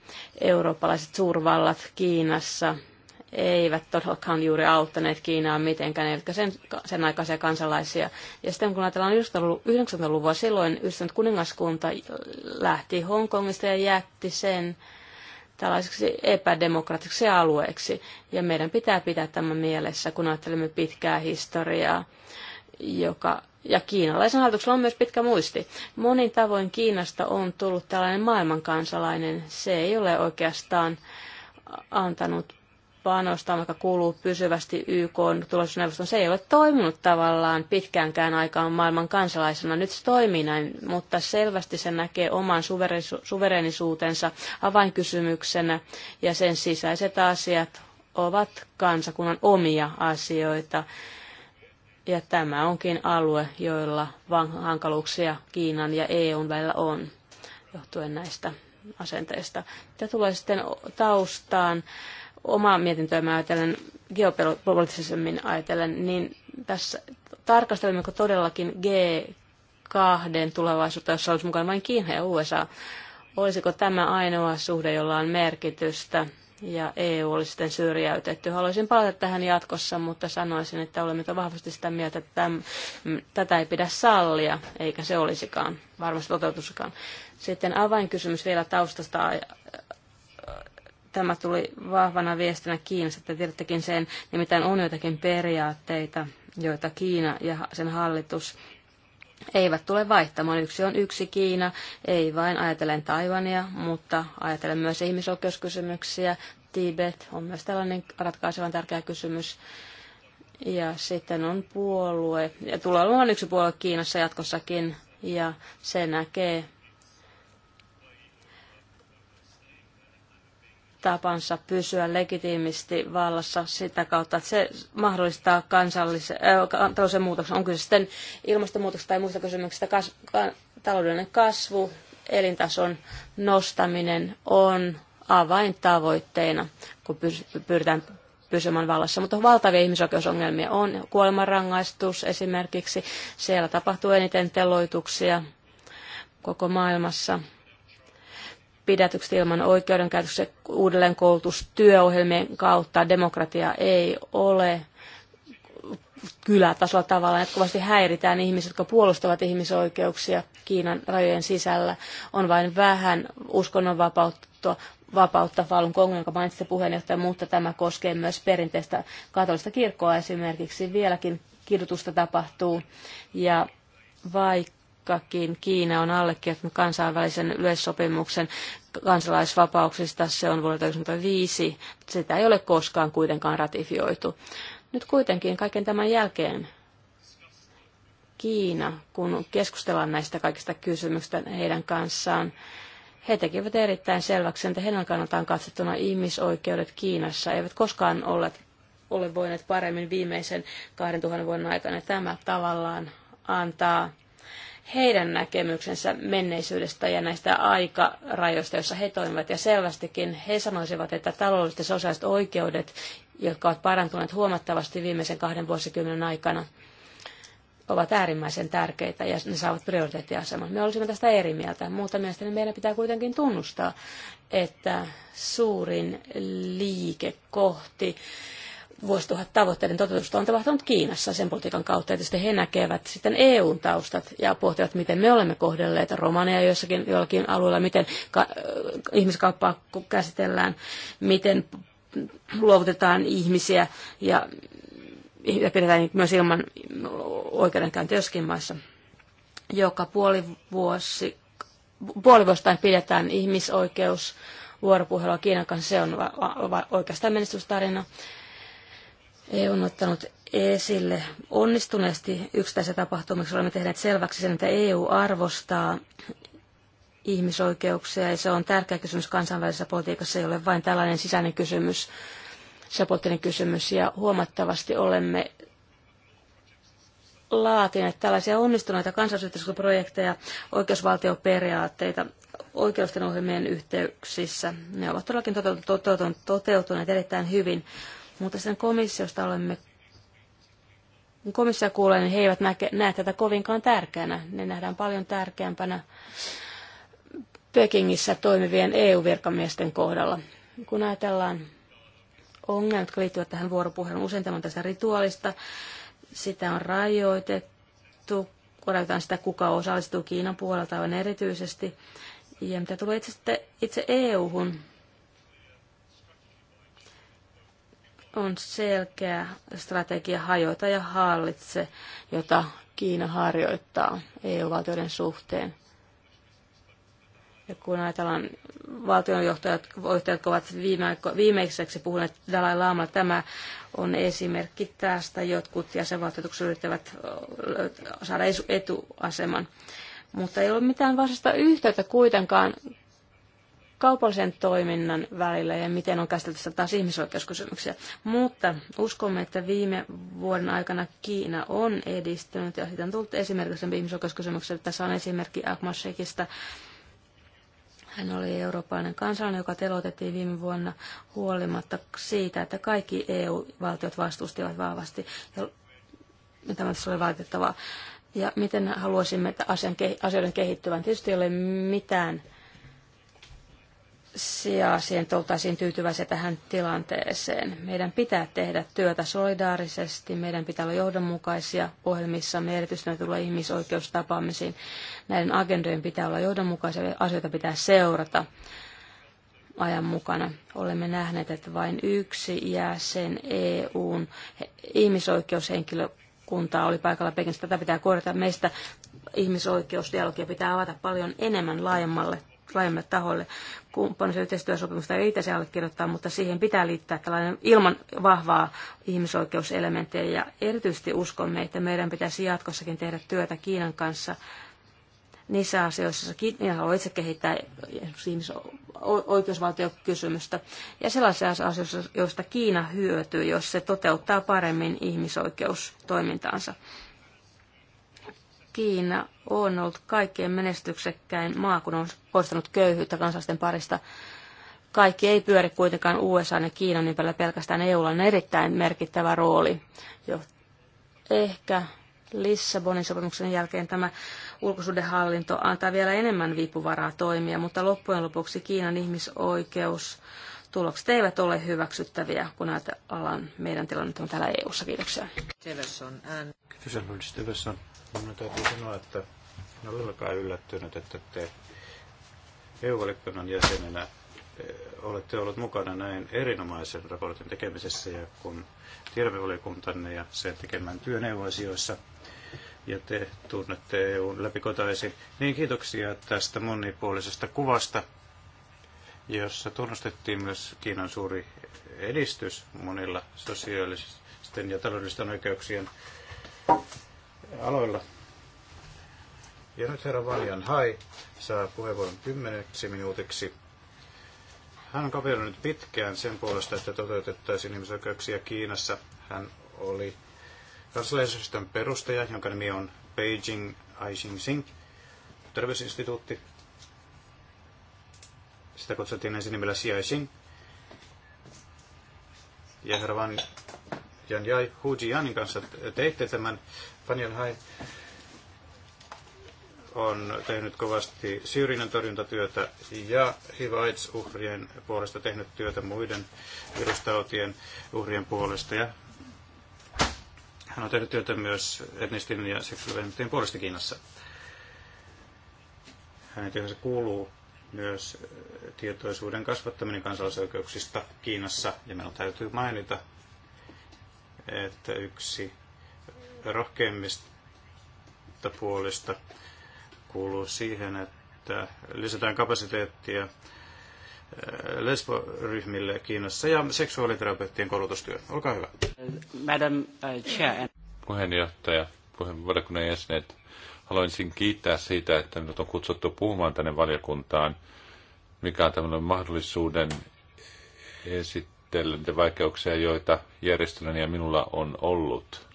[SPEAKER 6] eurooppalaiset suurvallat Kiinassa – eivät todellakaan juuri auttaneet Kiinaa mitenkään, eivätkä sen, sen aikaisia kansalaisia. Ja sitten kun ajatellaan 90-luvua, silloin yhdistynyt kuningaskunta lähti Hongkongista ja jätti sen tällaiseksi epädemokraattiseksi alueeksi. Ja meidän pitää pitää tämä mielessä, kun ajattelemme pitkää historiaa, joka ja kiinalaisen hallituksella on myös pitkä muisti. Monin tavoin Kiinasta on tullut tällainen maailmankansalainen. Se ei ole oikeastaan antanut panostaa, vaikka kuuluu pysyvästi YK tulosneuvoston. Se ei ole toiminut tavallaan pitkäänkään aikaan maailman kansalaisena. Nyt se toimii näin, mutta selvästi se näkee oman suverenisuutensa avainkysymyksenä ja sen sisäiset asiat ovat kansakunnan omia asioita. Ja tämä onkin alue, joilla hankaluuksia Kiinan ja EUn välillä on, johtuen näistä asenteista. Mitä tulee sitten taustaan, omaa mä ajatellen, geopoliittisemmin ajatellen, niin tässä tarkastelemmeko todellakin G2 tulevaisuutta, jossa olisi mukana vain Kiina ja USA. Olisiko tämä ainoa suhde, jolla on merkitystä ja EU olisi sitten syrjäytetty. Haluaisin palata tähän jatkossa, mutta sanoisin, että olemme vahvasti sitä mieltä, että täm, tätä ei pidä sallia, eikä se olisikaan, varmasti toteutuskaan. Sitten avainkysymys vielä taustasta Tämä tuli vahvana viestinä Kiinassa, että tiedättekin sen, nimittäin on joitakin periaatteita, joita Kiina ja sen hallitus eivät tule vaihtamaan. Yksi on yksi Kiina, ei vain ajatellen Taiwania, mutta ajatellen myös ihmisoikeuskysymyksiä. Tibet on myös tällainen ratkaisevan tärkeä kysymys. Ja sitten on puolue, ja tulee olemaan yksi puolue Kiinassa jatkossakin, ja se näkee tapansa pysyä legitiimisti vallassa sitä kautta, että se mahdollistaa kansallisen äh, muutoksen. Onko se sitten ilmastonmuutoksesta tai muista kysymyksistä, kas, ka, taloudellinen kasvu, elintason nostaminen on avaintavoitteena, kun pyritään pysymään vallassa. Mutta valtavia ihmisoikeusongelmia on kuolemanrangaistus esimerkiksi. Siellä tapahtuu eniten teloituksia koko maailmassa pidätykset ilman oikeudenkäytöksiä, uudelleenkoulutus työohjelmien kautta. Demokratia ei ole kylätasolla tavallaan jatkuvasti häiritään ihmisiä, jotka puolustavat ihmisoikeuksia Kiinan rajojen sisällä. On vain vähän uskonnonvapautta vapautta Falun Gong, jonka mainitsitte puheenjohtaja, mutta tämä koskee myös perinteistä katolista kirkkoa esimerkiksi. Vieläkin kidutusta tapahtuu ja vaikka vaikkakin Kiina on allekirjoittanut kansainvälisen yleissopimuksen kansalaisvapauksista, se on vuodelta 1995, sitä ei ole koskaan kuitenkaan ratifioitu. Nyt kuitenkin kaiken tämän jälkeen Kiina, kun keskustellaan näistä kaikista kysymyksistä heidän kanssaan, he tekivät erittäin selväksi, että heidän kannaltaan katsottuna ihmisoikeudet Kiinassa eivät koskaan ole, ole voineet paremmin viimeisen 2000 vuoden aikana. Tämä tavallaan antaa heidän näkemyksensä menneisyydestä ja näistä aikarajoista, joissa he toimivat. Ja selvästikin he sanoisivat, että taloudelliset ja sosiaaliset oikeudet, jotka ovat parantuneet huomattavasti viimeisen kahden vuosikymmenen aikana, ovat äärimmäisen tärkeitä ja ne saavat prioriteettiaseman. Me olisimme tästä eri mieltä, mutta mielestäni meidän pitää kuitenkin tunnustaa, että suurin liike kohti vuosituhat tavoitteiden toteutusta on tapahtunut Kiinassa sen politiikan kautta. Ja tietysti he näkevät sitten EUn taustat ja pohtivat, miten me olemme kohdelleet romaneja joissakin, joillakin alueilla, miten ka- äh, ihmiskauppaa käsitellään, miten luovutetaan ihmisiä ja, ja pidetään myös ilman oikeudenkäyntiä joskin maissa. Joka puoli vuosi, puoli vuosittain pidetään ihmisoikeus, vuoropuhelua Kiinan kanssa, se on va- va- oikeastaan menestystarina EU on ottanut esille onnistuneesti tapahtumia, tapahtumissa. Olemme tehneet selväksi sen, että EU arvostaa ihmisoikeuksia ja se on tärkeä kysymys kansainvälisessä politiikassa, ei ole vain tällainen sisäinen kysymys, sisäpoliittinen kysymys ja huomattavasti olemme laatineet tällaisia onnistuneita kansallisyhteiskuntaprojekteja, oikeusvaltioperiaatteita oikeusten ohjelmien yhteyksissä. Ne ovat todellakin toteutuneet erittäin hyvin. Mutta sen komissiosta olemme komissio kuulee, niin he eivät näke, näe tätä kovinkaan tärkeänä. Ne nähdään paljon tärkeämpänä Pekingissä toimivien EU-virkamiesten kohdalla. Kun ajatellaan ongelmat, jotka liittyvät tähän vuoropuheluun, usein tämä on tästä rituaalista, sitä on rajoitettu, korjataan sitä, kuka osallistuu Kiinan puolelta aivan erityisesti. Ja mitä tulee itse, itse EU-hun, on selkeä strategia hajota ja hallitse, jota Kiina harjoittaa EU-valtioiden suhteen. Ja kun ajatellaan valtionjohtajat, jotka ovat viimeiseksi puhuneet Dalai Lama, tämä on esimerkki tästä. Jotkut jäsenvaltiot yrittävät saada etuaseman. Mutta ei ole mitään vastaista yhteyttä kuitenkaan kaupallisen toiminnan välillä ja miten on käsitelty taas ihmisoikeuskysymyksiä. Mutta uskomme, että viime vuoden aikana Kiina on edistynyt ja siitä on tullut esimerkiksi ihmisoikeuskysymyksiä. Tässä on esimerkki Akmal Hän oli eurooppalainen kansalainen, joka telotettiin viime vuonna huolimatta siitä, että kaikki EU-valtiot vastustivat vahvasti. Ja tämä oli valitettavaa. Ja miten haluaisimme että asian, asioiden kehittyvän? Tietysti ei ole mitään sijaa että oltaisiin tyytyväisiä tähän tilanteeseen. Meidän pitää tehdä työtä solidaarisesti, meidän pitää olla johdonmukaisia ohjelmissamme, erityisesti ne tulee ihmisoikeustapaamisiin. Näiden agendojen pitää olla johdonmukaisia, asioita pitää seurata ajan mukana. Olemme nähneet, että vain yksi jäsen EUn ihmisoikeushenkilö kuntaa oli paikalla Pekingissä. Tätä pitää korjata. Meistä ihmisoikeusdialogia pitää avata paljon enemmän laajemmalle laajemmalle taholle. Kumppanuus- ja yhteistyösopimusta ei itse allekirjoittaa, mutta siihen pitää liittää tällainen ilman vahvaa ihmisoikeuselementtiä. Ja erityisesti uskomme, että meidän pitäisi jatkossakin tehdä työtä Kiinan kanssa niissä asioissa, joissa Kiina haluaa itse kehittää ihmisoikeusvaltiokysymystä ja sellaisissa asioissa, joista Kiina hyötyy, jos se toteuttaa paremmin ihmisoikeustoimintaansa. Kiina on ollut kaikkein menestyksekkäin maa, kun on poistanut köyhyyttä kansalaisten parista. Kaikki ei pyöri kuitenkaan USA ja Kiinan ympärillä pelkästään EUlla on erittäin merkittävä rooli. Jo ehkä Lissabonin sopimuksen jälkeen tämä ulkosuhdehallinto antaa vielä enemmän viipuvaraa toimia, mutta loppujen lopuksi Kiinan ihmisoikeus tulokset eivät ole hyväksyttäviä, kun ajatellaan meidän tilannetta täällä EU-ssa. Kiitoksia.
[SPEAKER 2] Minun täytyy sanoa, että en ole ollenkaan yllättynyt, että te EU-valikunnan jäsenenä eh, olette ollut mukana näin erinomaisen raportin tekemisessä ja kun tiedämme valikuntanne ja sen tekemään työn EU-asioissa ja te tunnette EUn läpikotaisin, niin kiitoksia tästä monipuolisesta kuvasta, jossa tunnustettiin myös Kiinan suuri edistys monilla sosiaalisten ja taloudellisten oikeuksien aloilla. Ja nyt Valjan Hai saa puheenvuoron kymmeneksi minuutiksi. Hän on kaveroinut pitkään sen puolesta, että toteutettaisiin ihmisoikeuksia Kiinassa. Hän oli kansalaisuuden perustaja, jonka nimi on Beijing Aixing Sing, terveysinstituutti. Sitä kutsuttiin ensin nimellä Xiaixing. Ja herra Van Jan Jai Hu Jianin kanssa teitte tämän Daniel Hai on tehnyt kovasti syrjinnän torjuntatyötä ja hiv uhrien puolesta tehnyt työtä muiden virustautien uhrien puolesta. Ja hän on tehnyt työtä myös etnistin ja seksuaalivähemmistöjen puolesta Kiinassa. Hänen työhönsä kuuluu myös tietoisuuden kasvattaminen kansalaisoikeuksista Kiinassa. Ja meillä täytyy mainita, että yksi rohkeimmista puolista kuuluu siihen, että lisätään kapasiteettia äh, lesboryhmille Kiinassa ja seksuaaliterapeuttien koulutustyö.
[SPEAKER 5] Olkaa hyvä. Madam äh, Chair.
[SPEAKER 3] Puheenjohtaja, puheenvuorokunnan jäsenet, haluaisin kiittää siitä, että nyt on kutsuttu puhumaan tänne valiokuntaan, mikä on tämmöinen mahdollisuuden esitellä vaikeuksia, joita järjestelmän ja minulla on ollut.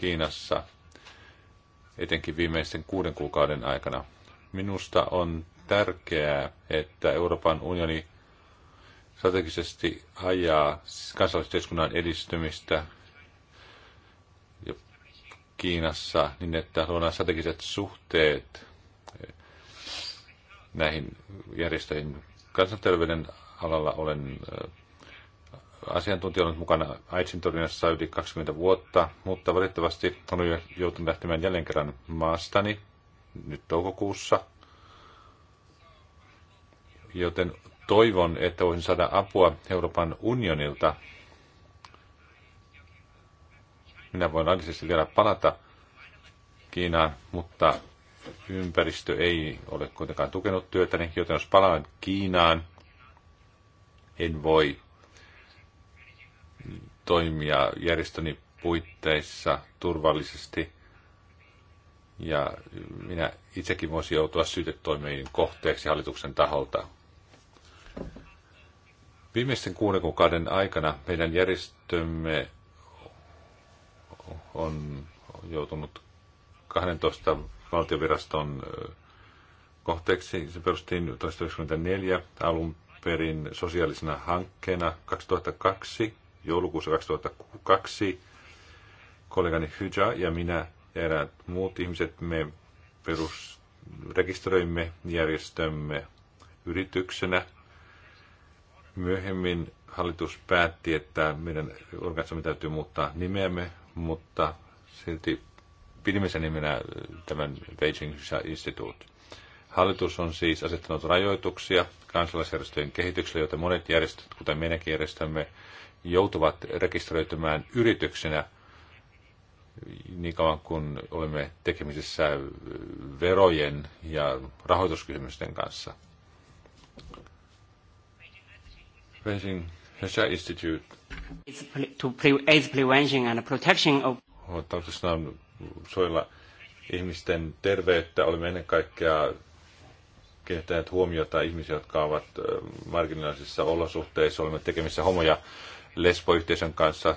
[SPEAKER 3] Kiinassa, etenkin viimeisten kuuden kuukauden aikana. Minusta on tärkeää, että Euroopan unioni strategisesti ajaa kansalaisyhteiskunnan edistymistä ja Kiinassa niin, että luodaan strategiset suhteet näihin järjestöihin. Kansanterveyden alalla olen asiantuntijoina mukana Aitsin torjunnassa yli 20 vuotta, mutta valitettavasti jo joutunut lähtemään jälleen kerran maastani nyt toukokuussa. Joten toivon, että voisin saada apua Euroopan unionilta. Minä voin laillisesti vielä palata Kiinaan, mutta ympäristö ei ole kuitenkaan tukenut työtäni, joten jos palaan Kiinaan, en voi toimia järjestöni puitteissa turvallisesti. Ja minä itsekin voisin joutua syytetoimiin kohteeksi hallituksen taholta. Viimeisten kuuden kuukauden aikana meidän järjestömme on joutunut 12 valtioviraston kohteeksi. Se perustiin 1994 alun perin sosiaalisena hankkeena 2002 joulukuussa 2002 kollegani Hyja ja minä ja eräät muut ihmiset, me perus, rekisteröimme järjestömme yrityksenä. Myöhemmin hallitus päätti, että meidän organisaatiomme täytyy muuttaa nimeämme, mutta silti pidimme sen nimenä tämän Beijing Institute. Hallitus on siis asettanut rajoituksia kansalaisjärjestöjen kehitykselle, joten monet järjestöt, kuten meidänkin järjestämme, joutuvat rekisteröitymään yrityksenä niin kauan kuin olemme tekemisissä verojen ja rahoituskysymysten kanssa. Beijing Hesha Institute.
[SPEAKER 5] To AIDS prevention and protection of...
[SPEAKER 3] Tarkoituksena on suojella ihmisten terveyttä. Olemme ennen kaikkea kiinnittäneet huomiota ihmisiä, jotka ovat marginaalisissa olosuhteissa. Olemme tekemissä homoja lesboyhteisön kanssa,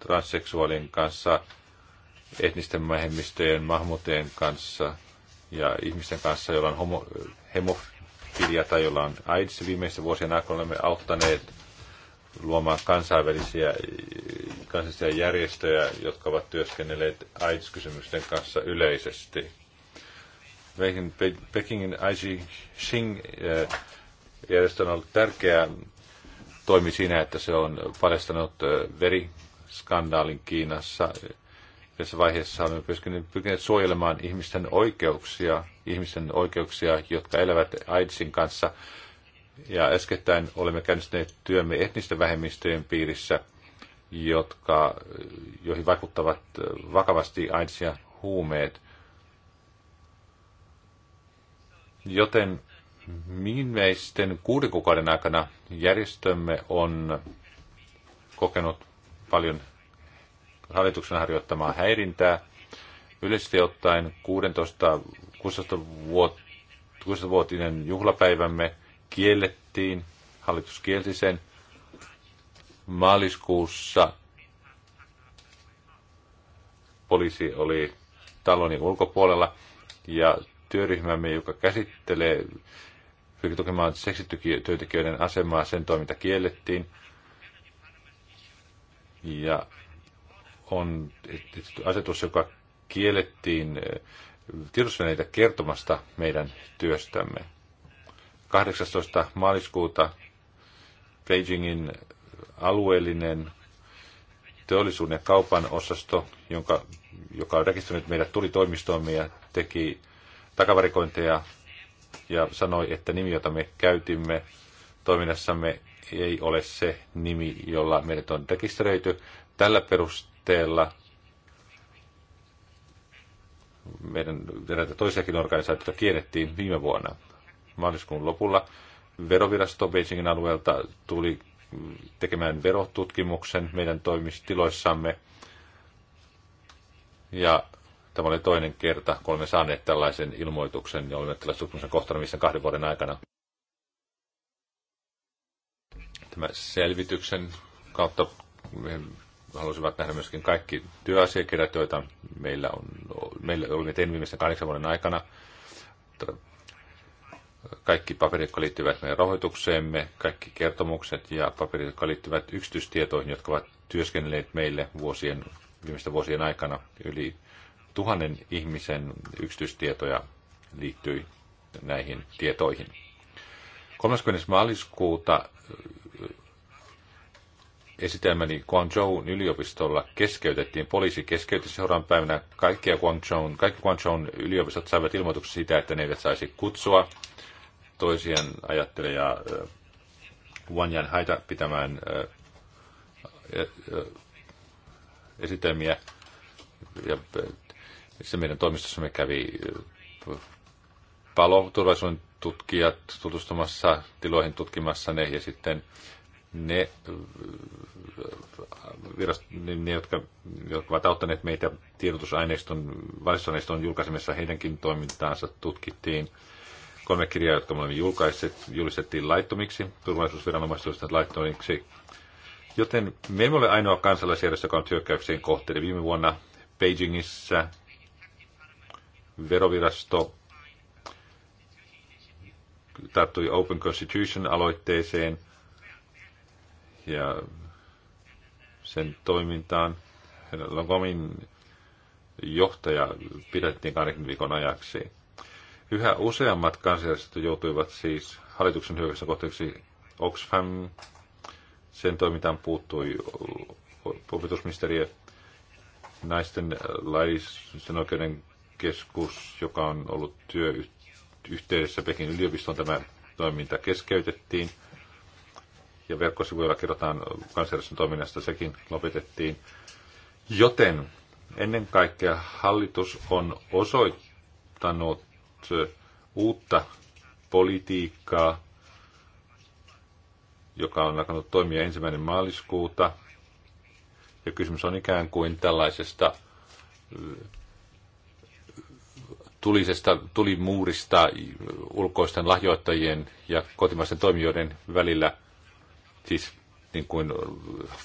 [SPEAKER 3] transseksuaalien kanssa, etnisten vähemmistöjen, mahmuteen kanssa ja ihmisten kanssa, joilla on homo, hemofilia tai joilla on AIDS. Viimeisten vuosien aikana olemme auttaneet luomaan kansainvälisiä, kansainvälisiä järjestöjä, jotka ovat työskennelleet AIDS-kysymysten kanssa yleisesti. Pekingin Aising eh, järjestö on ollut tärkeä toimi siinä, että se on paljastanut veriskandaalin Kiinassa. Tässä vaiheessa olemme pyrkineet suojelemaan ihmisten oikeuksia, ihmisten oikeuksia, jotka elävät AIDSin kanssa. Ja äskettäin olemme käynnistäneet työmme etnisten vähemmistöjen piirissä, jotka, joihin vaikuttavat vakavasti AIDS ja huumeet. Joten Viimeisten kuuden kuukauden aikana järjestömme on kokenut paljon hallituksen harjoittamaa häirintää. Yleisesti ottaen 16, 16-vuotinen juhlapäivämme kiellettiin, hallitus kielsi sen. Maaliskuussa poliisi oli talonin ulkopuolella ja työryhmämme, joka käsittelee pyrki tukemaan seksityöntekijöiden asemaa, sen toiminta kiellettiin. Ja on asetus, joka kiellettiin eh, tiedotusvälineitä kertomasta meidän työstämme. 18. maaliskuuta Beijingin alueellinen teollisuuden ja kaupan osasto, jonka, joka on rekisteröinyt meidät, tuli ja teki takavarikointeja ja sanoi, että nimi, jota me käytimme toiminnassamme, ei ole se nimi, jolla meidät on rekisteröity. Tällä perusteella meidän eräitä toisiakin organisaatioita kiellettiin viime vuonna. Maaliskuun lopulla verovirasto Beijingin alueelta tuli tekemään verotutkimuksen meidän toimistiloissamme. Ja Tämä oli toinen kerta, kun olemme saaneet tällaisen ilmoituksen ja olemme tällaisen tutkimuksen kohtana missä kahden vuoden aikana. Tämä selvityksen kautta me halusivat nähdä myöskin kaikki työasiakirjat, joita meillä on, meillä olemme tehneet viimeisen kahdeksan vuoden aikana. Kaikki paperit, jotka liittyvät meidän rahoitukseemme, kaikki kertomukset ja paperit, jotka liittyvät yksityistietoihin, jotka ovat työskennelleet meille vuosien, viimeisten vuosien aikana yli tuhannen ihmisen yksityistietoja liittyi näihin tietoihin. 30. maaliskuuta äh, esitelmäni Guangzhoun yliopistolla keskeytettiin. Poliisi keskeytti seuraavan päivänä kaikkia Guangzhoun, kaikki Guangzhoun yliopistot saivat ilmoituksen siitä, että ne eivät saisi kutsua toisien ajattelijaa äh, Wanyan Haita pitämään äh, esitelmiä ja se meidän toimistossamme kävi paloturvallisuuden tutkijat tutustumassa tiloihin tutkimassa ne ja sitten ne, virast, ne jotka, jotka ovat auttaneet meitä tiedotusaineiston, valistusaineiston julkaisemissa, heidänkin toimintaansa tutkittiin. Kolme kirjaa, jotka me olemme julkaisseet, julistettiin laittomiksi, turvallisuusviranomaiset julistettiin laittomiksi. Joten me emme ole ainoa kansalaisjärjestö, joka on hyökkäyksien kohteena. Viime vuonna Beijingissä verovirasto tarttui Open Constitution-aloitteeseen ja sen toimintaan. Longomin johtaja pidettiin 20 viikon ajaksi. Yhä useammat kansalaiset joutuivat siis hallituksen hyökkäyksen kohteeksi Oxfam. Sen toimintaan puuttui opetusministeriö naisten laillisen oikeuden keskus, joka on ollut työyhteydessä Pekin yliopistoon, tämä toiminta keskeytettiin. Ja verkkosivuilla kerrotaan kansallisen toiminnasta, sekin lopetettiin. Joten ennen kaikkea hallitus on osoittanut uutta politiikkaa, joka on alkanut toimia ensimmäinen maaliskuuta. Ja kysymys on ikään kuin tällaisesta tulisesta, tulimuurista ulkoisten lahjoittajien ja kotimaisten toimijoiden välillä, siis niin kuin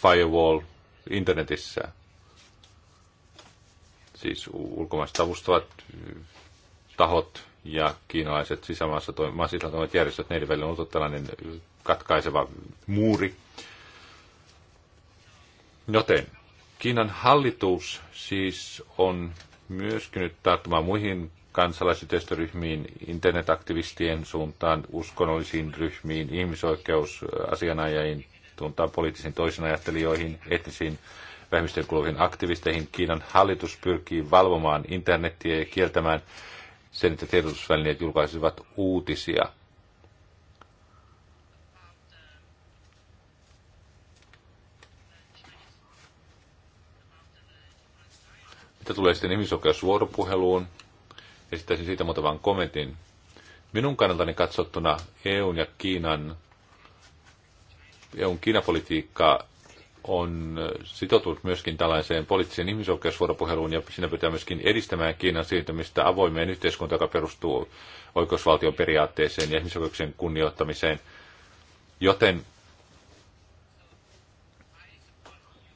[SPEAKER 3] firewall internetissä. Siis ulkomaiset avustavat tahot ja kiinalaiset sisämaassa toimivat järjestöt, neiden välillä on ollut tällainen katkaiseva muuri. Joten Kiinan hallitus siis on myöskin nyt tarttumaan muihin kansalaisyhteistyöryhmiin, internetaktivistien suuntaan, uskonnollisiin ryhmiin, ihmisoikeusasianajajiin, suuntaan poliittisiin toisinajattelijoihin, etnisiin vähemmistöjen kuuluviin aktivisteihin. Kiinan hallitus pyrkii valvomaan internettiä ja kieltämään sen, että tiedotusvälineet julkaisivat uutisia. Mitä tulee sitten ihmisoikeusvuoropuheluun, Esittäisin siitä muutaman kommentin. Minun kannaltani katsottuna EUn ja Kiinan, EUn Kiinapolitiikka on sitoutunut myöskin tällaiseen poliittiseen ihmisoikeusvuoropuheluun ja siinä pitää myöskin edistämään Kiinan siirtymistä avoimeen yhteiskuntaan, joka perustuu oikeusvaltion periaatteeseen ja ihmisoikeuksien kunnioittamiseen. Joten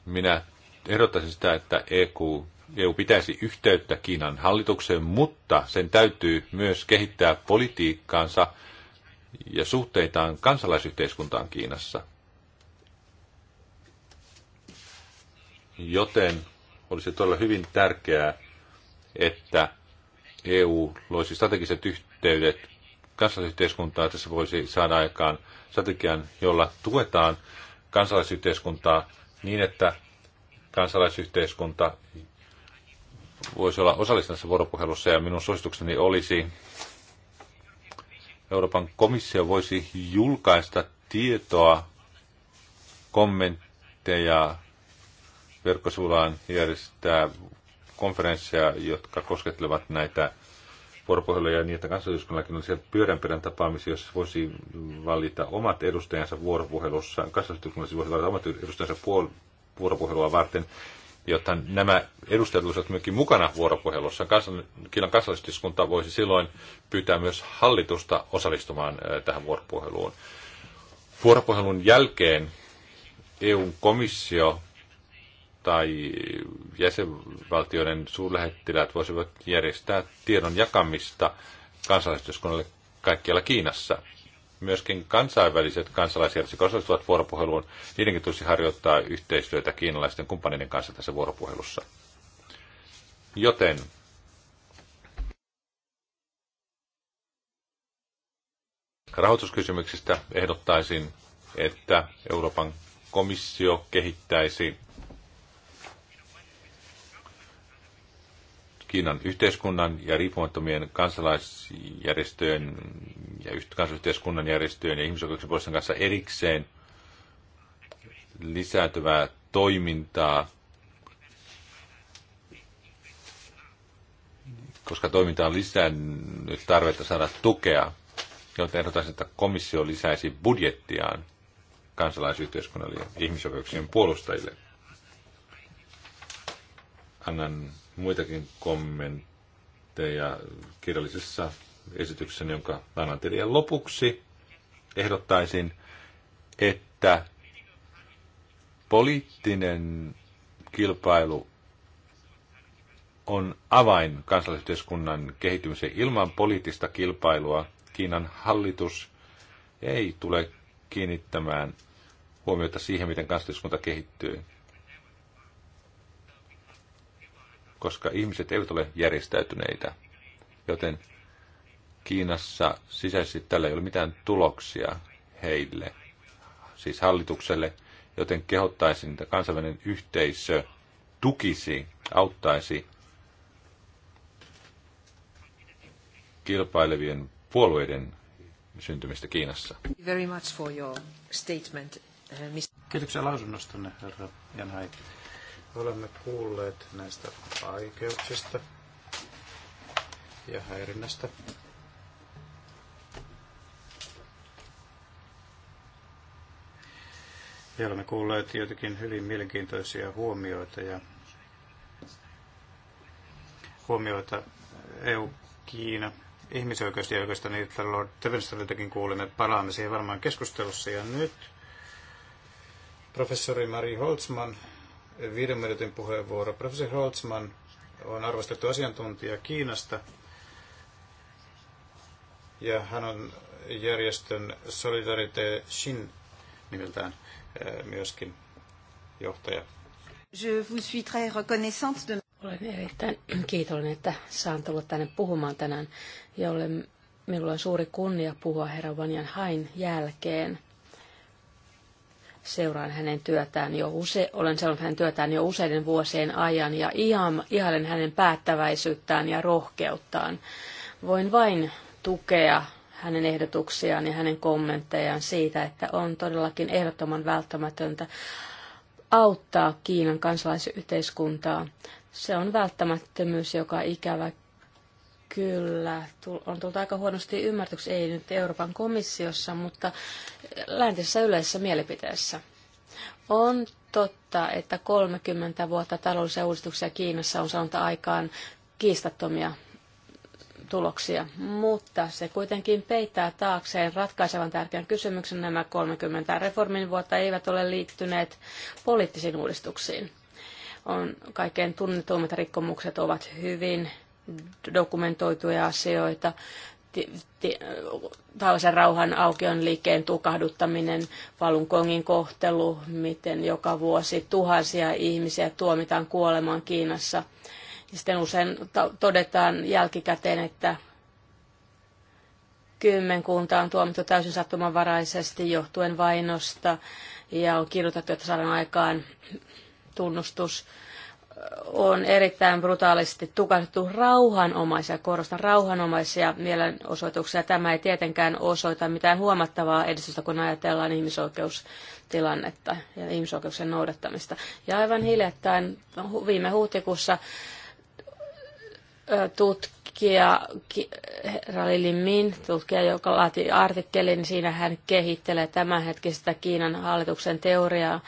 [SPEAKER 3] minä ehdottaisin sitä, että EQ EU pitäisi yhteyttä Kiinan hallitukseen, mutta sen täytyy myös kehittää politiikkaansa ja suhteitaan kansalaisyhteiskuntaan Kiinassa. Joten olisi todella hyvin tärkeää, että EU loisi strategiset yhteydet kansalaisyhteiskuntaa, että se voisi saada aikaan strategian, jolla tuetaan kansalaisyhteiskuntaa niin, että kansalaisyhteiskunta voisi olla osallistumassa vuoropuhelussa ja minun suositukseni olisi, Euroopan komissio voisi julkaista tietoa, kommentteja, verkkosivullaan järjestää konferensseja, jotka koskettelevat näitä vuoropuheluja niin, että kansallisuuskunnallakin olisi pyöränpidän tapaamisia, jos voisi valita omat edustajansa vuoropuhelussa. Kansallisyyskunnalliset voisi valita omat edustajansa puol- vuoropuhelua varten jotta nämä edustajat olisivat myöskin mukana vuoropuhelussa. Kiinan kansalliskunta voisi silloin pyytää myös hallitusta osallistumaan tähän vuoropuheluun. Vuoropuhelun jälkeen EU-komissio tai jäsenvaltioiden suurlähettiläät voisivat järjestää tiedon jakamista kansallistuskunnalle kaikkialla Kiinassa myöskin kansainväliset kansalaisjärjestöt osallistuvat vuoropuheluun, niidenkin tulisi harjoittaa yhteistyötä kiinalaisten kumppaneiden kanssa tässä vuoropuhelussa. Joten rahoituskysymyksistä ehdottaisin, että Euroopan komissio kehittäisi Kiinan yhteiskunnan ja riippumattomien kansalaisjärjestöjen ja kansalaisyhteiskunnan järjestöjen ja ihmisoikeuksien puolesta kanssa erikseen lisääntyvää toimintaa, koska toiminta on lisännyt tarvetta saada tukea, joten ehdotaisin, että komissio lisäisi budjettiaan kansalaisyhteiskunnalle ja ihmisoikeuksien puolustajille. Annan muitakin kommentteja kirjallisessa esityksessä, jonka annan teille lopuksi. Ehdottaisin, että poliittinen kilpailu on avain kansallisyhteiskunnan kehittymiseen. Ilman poliittista kilpailua Kiinan hallitus ei tule kiinnittämään huomiota siihen, miten kansalliskunta kehittyy. koska ihmiset eivät ole järjestäytyneitä. Joten Kiinassa sisäisesti tällä ei ole mitään tuloksia heille, siis hallitukselle, joten kehottaisin, että kansainvälinen yhteisö tukisi, auttaisi kilpailevien puolueiden syntymistä Kiinassa.
[SPEAKER 1] Very much for your statement, uh, Kiitoksia lausunnostanne,
[SPEAKER 2] herra Janhai. Olemme kuulleet näistä vaikeuksista ja häirinnästä. Ja olemme kuulleet joitakin hyvin mielenkiintoisia huomioita ja huomioita EU-Kiina ihmisoikeusjärjestöstä, niitä Lord Tevenstadiltakin kuulimme. Palaamme siihen varmaan keskustelussa. Ja nyt professori Mari Holtzman viiden minuutin puheenvuoro. Professori Holtzman on arvostettu asiantuntija Kiinasta ja hän on järjestön Solidarité Shin nimeltään eh, myöskin johtaja.
[SPEAKER 1] Je vous suis très reconnaissante de... Olen erittäin kiitollinen,
[SPEAKER 6] että saan tulla tänne puhumaan tänään ja olen, minulla on suuri kunnia puhua herra Vanjan Hain jälkeen. Seuraan hänen työtään jo use, olen seurannut hänen työtään jo useiden vuosien ajan ja ihailen hänen päättäväisyyttään ja rohkeuttaan. Voin vain tukea hänen ehdotuksiaan ja hänen kommenttejaan siitä, että on todellakin ehdottoman välttämätöntä auttaa Kiinan kansalaisyhteiskuntaa. Se on välttämättömyys, joka ikävä kyllä on tullut aika huonosti ymmärtyksi, ei nyt Euroopan komissiossa, mutta läntisessä yleisessä mielipiteessä. On totta, että 30 vuotta taloudellisia uudistuksia Kiinassa on saanut aikaan kiistattomia tuloksia, mutta se kuitenkin peittää taakseen ratkaisevan tärkeän kysymyksen. Nämä 30 reformin vuotta eivät ole liittyneet poliittisiin uudistuksiin. On kaikkein tunnetuimmat rikkomukset ovat hyvin dokumentoituja asioita, tällaisen rauhan aukion liikkeen tukahduttaminen, valunkongin kohtelu, miten joka vuosi tuhansia ihmisiä tuomitaan kuolemaan Kiinassa. Ja sitten usein todetaan jälkikäteen, että kymmenkunta on tuomittu täysin sattumanvaraisesti johtuen vainosta ja on kirjoitettu, että saadaan aikaan tunnustus on erittäin brutaalisti tukahdettu rauhanomaisia, korostan rauhanomaisia mielenosoituksia. Tämä ei tietenkään osoita mitään huomattavaa edistystä, kun ajatellaan ihmisoikeustilannetta ja ihmisoikeuksien noudattamista. Ja aivan hiljattain viime huhtikuussa tutkija Ralilin Min, tutkija, joka laati artikkelin, siinä hän kehittelee tämänhetkistä Kiinan hallituksen teoriaa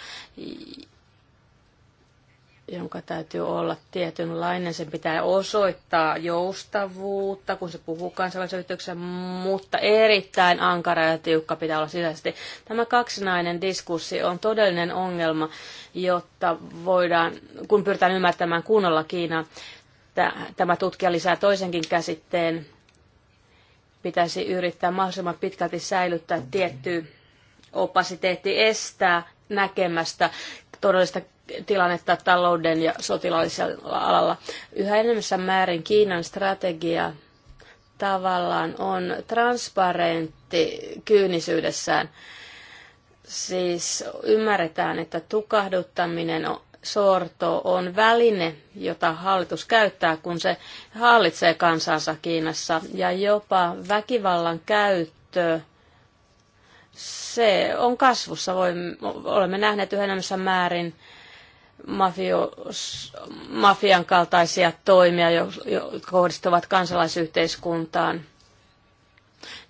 [SPEAKER 6] jonka täytyy olla tietynlainen. Sen pitää osoittaa joustavuutta, kun se puhuu kansainvälisen yhteyksen, mutta erittäin ankara ja tiukka pitää olla sisäisesti. Tämä kaksinainen diskurssi on todellinen ongelma, jotta voidaan, kun pyritään ymmärtämään kunnolla Kiinaa, tämä tutkija lisää toisenkin käsitteen. Pitäisi yrittää mahdollisimman pitkälti säilyttää tietty opasiteetti, estää näkemästä todellista tilannetta talouden ja sotilaallisella alalla. Yhä enemmän määrin Kiinan strategia tavallaan on transparentti kyynisyydessään. Siis ymmärretään, että tukahduttaminen, sorto on väline, jota hallitus käyttää, kun se hallitsee kansansa Kiinassa. Ja jopa väkivallan käyttö, se on kasvussa. Voimme, olemme nähneet yhä määrin mafios, mafian kaltaisia toimia, jotka kohdistuvat kansalaisyhteiskuntaan.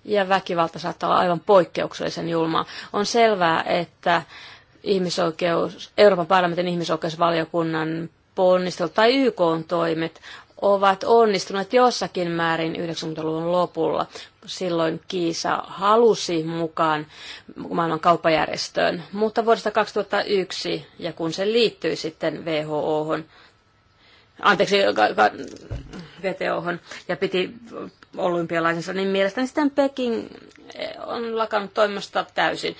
[SPEAKER 6] Ja väkivalta saattaa olla aivan poikkeuksellisen julmaa. On selvää, että ihmisoikeus, Euroopan parlamentin ihmisoikeusvaliokunnan ponnistelut tai YK on toimet ovat onnistuneet jossakin määrin 90-luvun lopulla. Silloin Kiisa halusi mukaan maailman kauppajärjestöön, mutta vuodesta 2001, ja kun se liittyi sitten WHOhon, anteeksi, WTO ja piti olympialaisensa, niin mielestäni sitten Peking on lakannut toimimasta täysin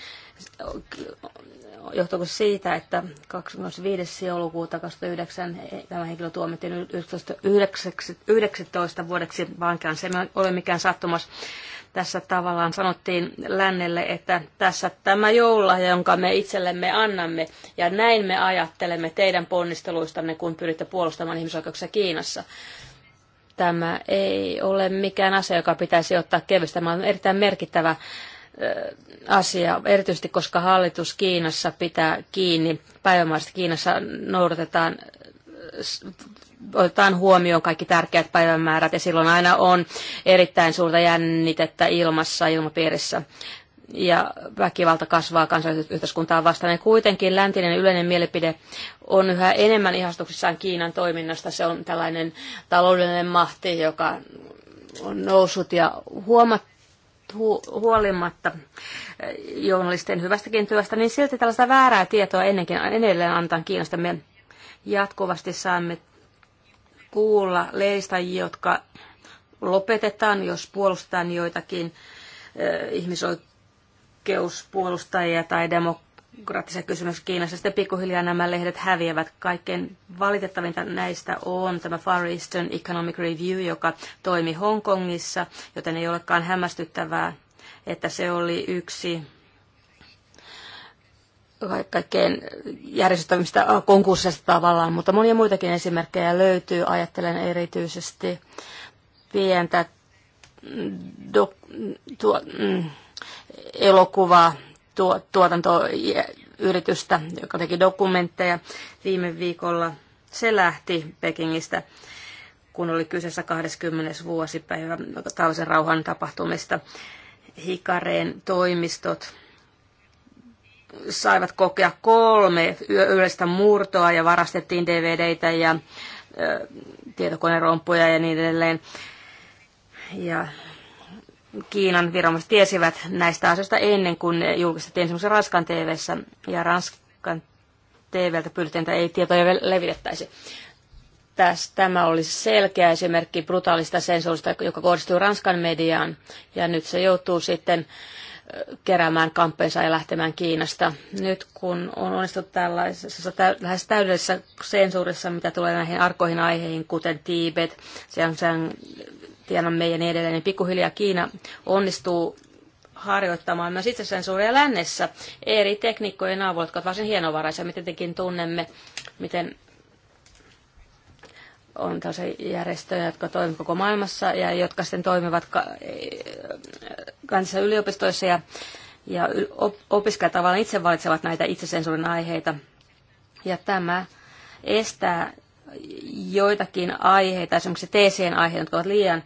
[SPEAKER 6] johtuuko se siitä, että 25. joulukuuta 2009 tämä henkilö tuomittiin 19, vuodeksi vankilaan. Se ei ole mikään sattumas. Tässä tavallaan sanottiin lännelle, että tässä tämä joula, jonka me itsellemme annamme, ja näin me ajattelemme teidän ponnisteluistanne, kun pyritte puolustamaan ihmisoikeuksia Kiinassa tämä ei ole mikään asia, joka pitäisi ottaa kevyesti. Tämä on erittäin merkittävä asia, erityisesti koska hallitus Kiinassa pitää kiinni, päivämäärästä Kiinassa noudatetaan otetaan huomioon kaikki tärkeät päivämäärät ja silloin aina on erittäin suurta jännitettä ilmassa, ilmapiirissä ja väkivalta kasvaa kansallisyhteiskuntaa vastaan. Ja kuitenkin läntinen yleinen mielipide on yhä enemmän ihastuksissaan Kiinan toiminnasta. Se on tällainen taloudellinen mahti, joka on noussut ja huomattu huolimatta eh, journalisten hyvästäkin työstä, niin silti tällaista väärää tietoa ennenkin edelleen antaa kiinnosta. Me jatkuvasti saamme kuulla leistä, jotka lopetetaan, jos puolustetaan joitakin eh, ihmisoikeuspuolustajia tai demok- demokraattisia kysymyksiä Kiinassa. Sitten pikkuhiljaa nämä lehdet häviävät. Kaikkein valitettavinta näistä on tämä Far Eastern Economic Review, joka toimi Hongkongissa, joten ei olekaan hämmästyttävää, että se oli yksi kaikkein järjestelmistä äh, konkurssista tavallaan, mutta monia muitakin esimerkkejä löytyy. Ajattelen erityisesti pientä mm, do, mm, tuo, mm, elokuvaa tuo, tuotantoyritystä, joka teki dokumentteja viime viikolla. Se lähti Pekingistä, kun oli kyseessä 20. vuosipäivä tausen rauhan tapahtumista. Hikareen toimistot saivat kokea kolme yleistä murtoa ja varastettiin DVDitä ja tietokoneromppuja ja niin edelleen. Ja Kiinan viranomaiset tiesivät näistä asioista ennen kuin ne julkistettiin esimerkiksi Ranskan tv ja Ranskan TVltä pyydettiin, että ei tietoja levitettäisi. Tästä, tämä olisi selkeä esimerkki brutaalista sensuurista, joka kohdistuu Ranskan mediaan, ja nyt se joutuu sitten keräämään kamppeensa ja lähtemään Kiinasta. Nyt kun on onnistunut tällaisessa tä- lähes täydellisessä sensuurissa, mitä tulee näihin arkoihin aiheihin, kuten Tiibet, sen Tiedämme ja niin edelleen, niin pikkuhiljaa Kiina onnistuu harjoittamaan myös sen suuria lännessä eri tekniikkojen avulla, jotka ovat varsin hienovaraisia. Me tietenkin tunnemme, miten on tällaisia järjestöjä, jotka toimivat koko maailmassa ja jotka sitten toimivat ka- kansallisissa yliopistoissa ja, ja opiskelijat tavallaan itse valitsevat näitä itsesensuurin aiheita. Ja tämä estää joitakin aiheita, esimerkiksi TCn aiheita, jotka ovat liian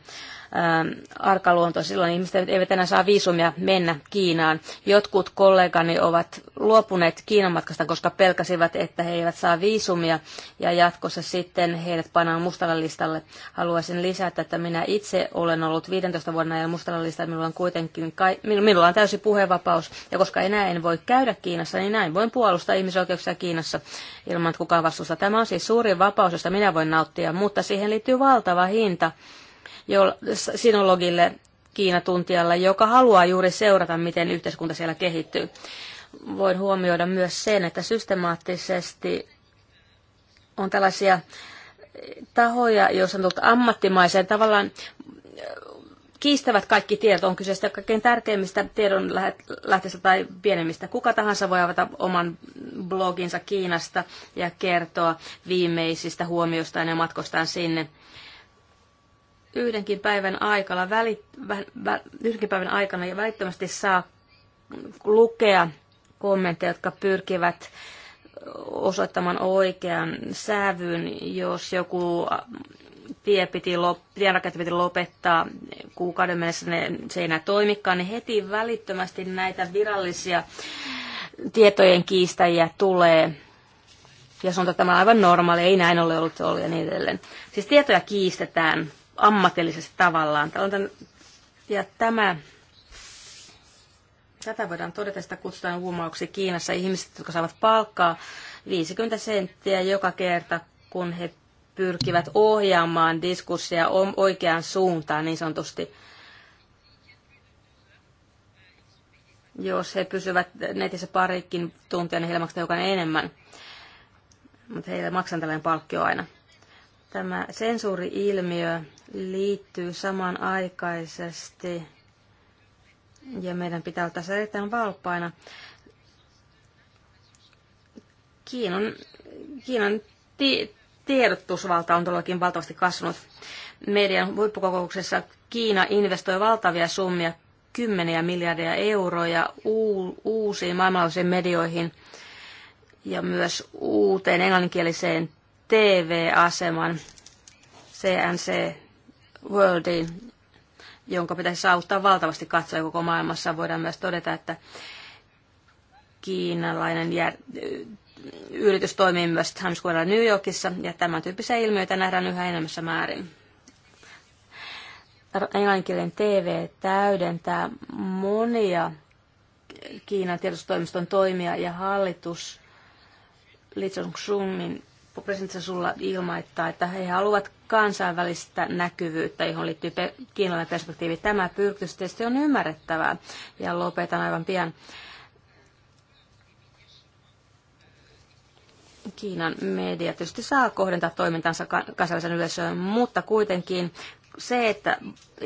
[SPEAKER 6] Ähm, arkaluontoa. Silloin ihmiset eivät enää saa viisumia mennä Kiinaan. Jotkut kollegani ovat luopuneet Kiinan matkasta, koska pelkäsivät, että he eivät saa viisumia ja jatkossa sitten heidät pannaan mustalle listalle. Haluaisin lisätä, että minä itse olen ollut 15 vuonna ja mustalla listalla minulla on kuitenkin kai, minulla on täysi puhevapaus ja koska enää en voi käydä Kiinassa, niin näin voin puolustaa ihmisoikeuksia Kiinassa ilman, että kukaan vastustaa. Tämä on siis suuri vapaus, josta minä voin nauttia, mutta siihen liittyy valtava hinta sinologille Kiinatuntijalle, joka haluaa juuri seurata, miten yhteiskunta siellä kehittyy. Voin huomioida myös sen, että systemaattisesti on tällaisia tahoja, joissa on tullut ammattimaiseen tavallaan kiistävät kaikki tiedot, on kyseessä kaikkein tärkeimmistä tiedon lähteistä tai pienemmistä. Kuka tahansa voi avata oman bloginsa Kiinasta ja kertoa viimeisistä huomioistaan ja matkostaan sinne yhdenkin päivän aikana, välit, vä, vä, yhdenkin päivän aikana ja välittömästi saa lukea kommentteja, jotka pyrkivät osoittamaan oikean sävyn, jos joku tie piti, tienrakennetta piti lopettaa kuukauden mennessä, ne, se ei enää toimikaan, niin heti välittömästi näitä virallisia tietojen kiistäjiä tulee. Ja sanotaan, että tämä on aivan normaali, ei näin ole ollut, ollut ja niin edelleen. Siis tietoja kiistetään ammatillisesti tavallaan. Ja tämä, tätä voidaan todeta, sitä kutsutaan huumauksia Kiinassa ihmiset, jotka saavat palkkaa 50 senttiä joka kerta, kun he pyrkivät ohjaamaan diskurssia oikeaan suuntaan niin sanotusti. Jos he pysyvät netissä parikin tuntia, niin heille maksetaan jokainen enemmän. Mutta heille maksan tällainen palkkio aina. Tämä sensuuri-ilmiö liittyy samanaikaisesti ja meidän pitää olla tässä erittäin valppaina. Kiinan, Kiinan ti- tiedotusvalta on todellakin valtavasti kasvanut. Median huippukokouksessa Kiina investoi valtavia summia, kymmeniä miljardia euroja uusiin maailmanlaajuisiin medioihin ja myös uuteen englanninkieliseen TV-aseman CNC Worldiin, jonka pitäisi saavuttaa valtavasti katsoja koko maailmassa. Voidaan myös todeta, että kiinalainen jär... yritys toimii myös Times Squarella New Yorkissa, ja tämän tyyppisiä ilmiöitä nähdään yhä enemmässä määrin. Englanninkielinen TV täydentää monia Kiinan tiedostoimiston toimia ja hallitus Li Chongqingin presidentti sulla ilmoittaa, että he haluavat kansainvälistä näkyvyyttä, johon liittyy pe- kiinalainen perspektiivi. Tämä pyrkitys tietysti on ymmärrettävää ja lopetan aivan pian. Kiinan media tietysti saa kohdentaa toimintansa kansainvälisen yleisöön, mutta kuitenkin se, että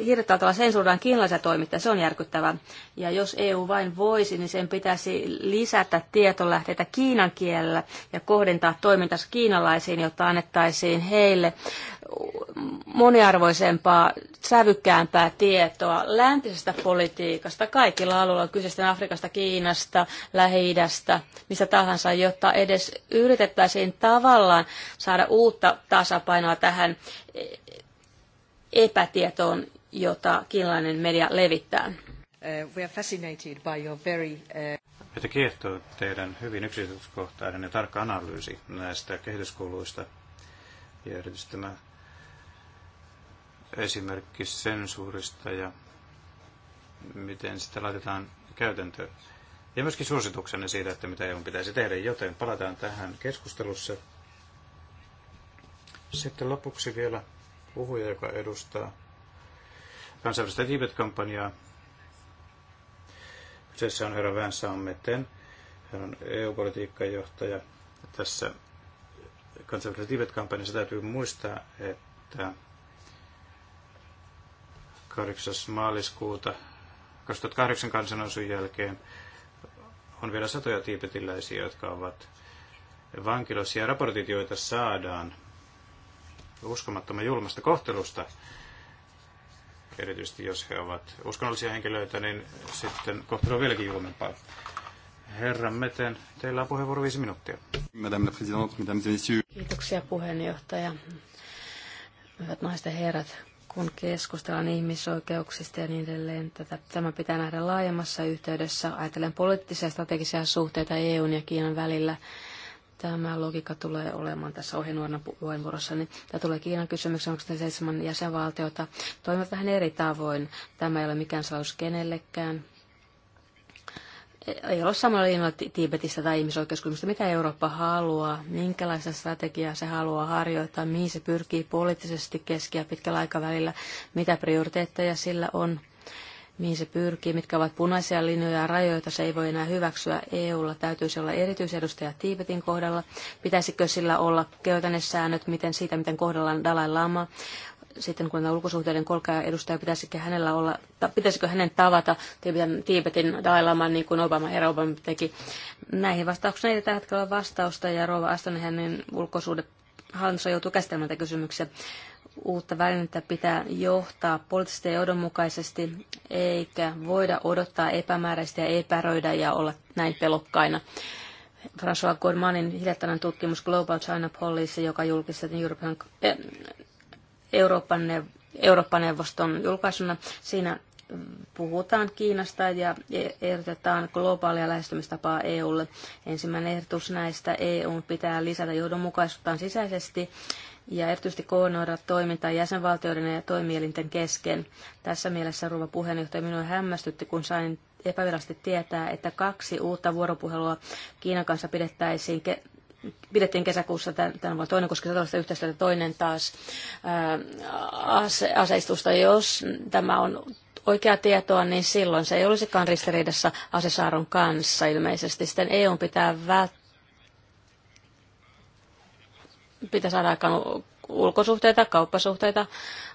[SPEAKER 6] hirtautua tavalla sensuroidaan kiinalaisia toimittajia, se on järkyttävää. Ja jos EU vain voisi, niin sen pitäisi lisätä tietolähteitä kiinan kielellä ja kohdentaa toimintansa kiinalaisiin, jotta annettaisiin heille moniarvoisempaa, sävykkäämpää tietoa läntisestä politiikasta kaikilla alueilla, kyseistä Afrikasta, Kiinasta, Lähi-idästä, mistä tahansa, jotta edes yritettäisiin tavallaan saada uutta tasapainoa tähän epätietoon, jota kiinalainen media levittää.
[SPEAKER 1] Uh, we are fascinated by your very, uh...
[SPEAKER 2] Meitä kiehtoo teidän hyvin yksityiskohtainen ja tarkka analyysi näistä kehityskuluista ja erityisesti tämä esimerkki sensuurista ja miten sitä laitetaan käytäntöön. Ja myöskin suosituksenne siitä, että mitä EU pitäisi tehdä, joten palataan tähän keskustelussa. Sitten lopuksi vielä puhuja, joka edustaa kansainvälistä Tibet-kampanjaa. Kyseessä on herra Vänsa Ammeten. Hän on eu johtaja. Tässä kansainvälisessä Tibet-kampanjassa täytyy muistaa, että 8. maaliskuuta 2008 kansanousun jälkeen on vielä satoja tiipetiläisiä, jotka ovat vankilossa ja raportit, joita saadaan uskomattoman julmasta kohtelusta, erityisesti jos he ovat uskonnollisia henkilöitä, niin sitten kohtelu on vieläkin julmempaa. Herra Meten, teillä on puheenvuoro viisi minuuttia.
[SPEAKER 3] Madame la
[SPEAKER 5] présidente, mesdames et messieurs.
[SPEAKER 6] Kiitoksia puheenjohtaja. Hyvät naiset ja herrat, kun keskustellaan ihmisoikeuksista ja niin edelleen, tätä, tämä pitää nähdä laajemmassa yhteydessä. Ajatellen poliittisia ja strategisia suhteita EUn ja Kiinan välillä. Tämä logiikka tulee olemaan tässä ohjenuorana puheenvuorossa. Niin tämä tulee Kiinan kysymykseen, onko seitsemän jäsenvaltiota toimivat vähän eri tavoin. Tämä ei ole mikään salaus kenellekään ei ole samalla linjalla Tiibetissä tai ihmisoikeuskysymystä, mitä Eurooppa haluaa, minkälaista strategiaa se haluaa harjoittaa, mihin se pyrkii poliittisesti keski- ja pitkällä aikavälillä, mitä prioriteetteja sillä on mihin se pyrkii, mitkä ovat punaisia linjoja ja rajoita, se ei voi enää hyväksyä. EUlla täytyisi olla erityisedustaja Tiibetin kohdalla. Pitäisikö sillä olla käytännössäännöt, miten siitä, miten kohdellaan Dalai Lama? Sitten kun ulkosuhteiden kolkea edustaja, pitäisikö, hänellä olla, ta, pitäisikö hänen tavata Tiibetin, Dalai Laman, niin kuin Obama, herra Obama teki? Näihin vastauksiin ei tällä hetkellä ole vastausta, ja Rova Aston hänen ulkosuudet hallinnossa joutuu käsittelemään näitä kysymyksiä uutta välinettä pitää johtaa poliittisesti ja johdonmukaisesti, eikä voida odottaa epämääräistä ja epäröidä ja olla näin pelokkaina. François Gormanin hiljattainen tutkimus Global China Policy, joka julkistettiin eh, Euroopan, Euroopan, Euroopan neuvoston julkaisuna, siinä puhutaan Kiinasta ja e- ehdotetaan globaalia lähestymistapaa EUlle. Ensimmäinen ehdotus näistä EUn pitää lisätä johdonmukaisuuttaan sisäisesti ja erityisesti koordinoida toimintaa jäsenvaltioiden ja toimielinten kesken. Tässä mielessä ruva puheenjohtaja minua hämmästytti, kun sain epävirallisesti tietää, että kaksi uutta vuoropuhelua Kiinan kanssa pidettäisiin pidettiin kesäkuussa tämän vuonna toinen koska sotilaista yhteistyötä, toinen taas ää, ase, aseistusta. Jos tämä on oikea tietoa, niin silloin se ei olisikaan ristiriidassa asesaaron kanssa ilmeisesti. Sitten EU pitää välttää pitää saada aikaan ulkosuhteita, kauppasuhteita,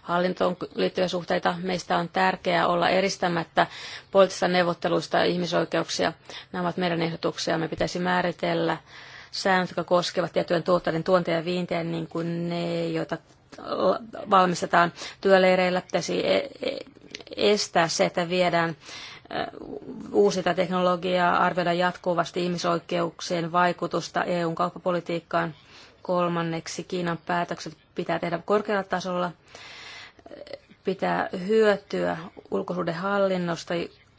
[SPEAKER 6] hallintoon liittyviä suhteita. Meistä on tärkeää olla eristämättä poliittisista neuvotteluista ihmisoikeuksia. Nämä ovat meidän ehdotuksia. Me pitäisi määritellä säännöt, jotka koskevat tiettyjen tuotteiden tuontia ja viintiä, niin kuin ne, joita valmistetaan työleireillä. Pitäisi e- e- estää se, että viedään uusita teknologiaa, arvioida jatkuvasti ihmisoikeuksien vaikutusta EUn kauppapolitiikkaan – Kolmanneksi Kiinan päätökset pitää tehdä korkealla tasolla. Pitää hyötyä ulkosuhdehallinnosta,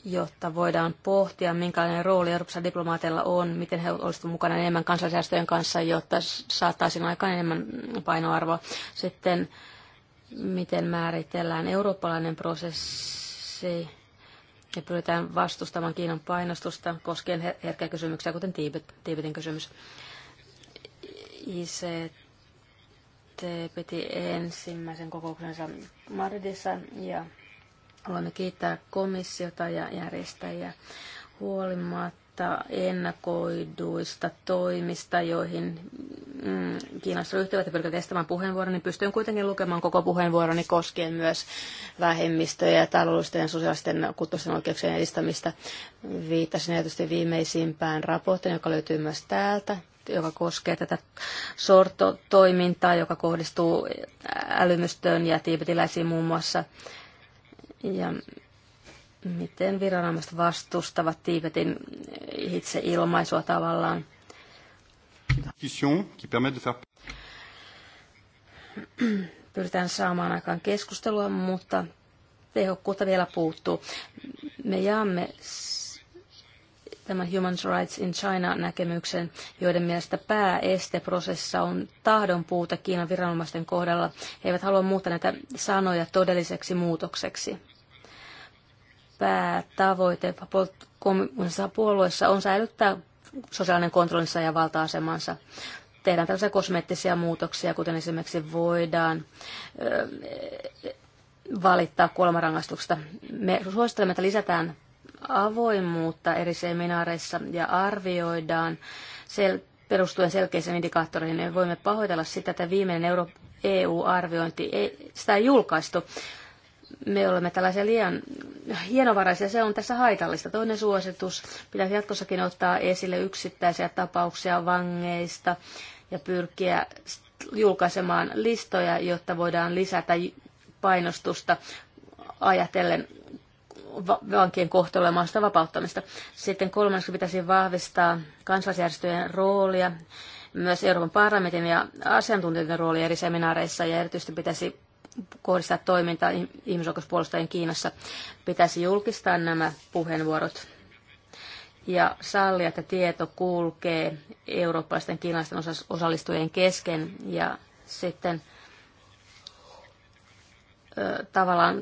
[SPEAKER 6] jotta voidaan pohtia, minkälainen rooli Euroopassa diplomaateilla on, miten he olisivat mukana enemmän kansallisjärjestöjen kanssa, jotta saataisiin aikaan enemmän painoarvoa. Sitten miten määritellään eurooppalainen prosessi ja pyritään vastustamaan Kiinan painostusta koskien herkkiä kysymyksiä, kuten Tiibetin kysymys. ICT piti ensimmäisen kokouksensa Madridissa ja haluamme kiittää komissiota ja järjestäjiä huolimatta ennakoiduista toimista, joihin mm, Kiinassa ryhtyvät ja pyrkivät estämään puheenvuoron, niin pystyn kuitenkin lukemaan koko puheenvuoroni koskien myös vähemmistöjä ja taloudellisten ja sosiaalisten kulttuuristen oikeuksien edistämistä. Viittasin tietysti viimeisimpään raporttiin, joka löytyy myös täältä joka koskee tätä sortotoimintaa, joka kohdistuu älymystöön ja tiibetiläisiin muun muassa. Ja miten viranomaiset vastustavat Tiibetin itseilmaisua tavallaan. Pyritään saamaan aikaan keskustelua, mutta tehokkuutta vielä puuttuu. Me jaamme tämän Human Rights in China-näkemyksen, joiden mielestä pääeste prosessissa on tahdon puuta Kiinan viranomaisten kohdalla. He eivät halua muuttaa näitä sanoja todelliseksi muutokseksi. Päätavoite kommunistisessa puolueessa on säilyttää sosiaalinen kontrollinsa ja valta-asemansa. Tehdään tällaisia kosmeettisia muutoksia, kuten esimerkiksi voidaan valittaa kuolemanrangaistuksesta. Me suosittelemme, että lisätään avoimuutta eri seminaareissa ja arvioidaan sel- perustuen selkeisiin indikaattoreihin. niin voimme pahoitella sitä, että viimeinen Euro- EU-arviointi, ei, sitä ei julkaistu. Me olemme tällaisia liian hienovaraisia, se on tässä haitallista. Toinen suositus, pitäisi jatkossakin ottaa esille yksittäisiä tapauksia vangeista ja pyrkiä julkaisemaan listoja, jotta voidaan lisätä painostusta ajatellen vankien kohtelemasta vapauttamista. Sitten kolmanneksi pitäisi vahvistaa kansalaisjärjestöjen roolia, myös Euroopan parlamentin ja asiantuntijoiden roolia eri seminaareissa ja erityisesti pitäisi kohdistaa toimintaa ihmisoikeuspuolustajien Kiinassa. Pitäisi julkistaa nämä puheenvuorot ja sallia, että tieto kulkee eurooppalaisten kiinalaisten osallistujien kesken ja sitten tavallaan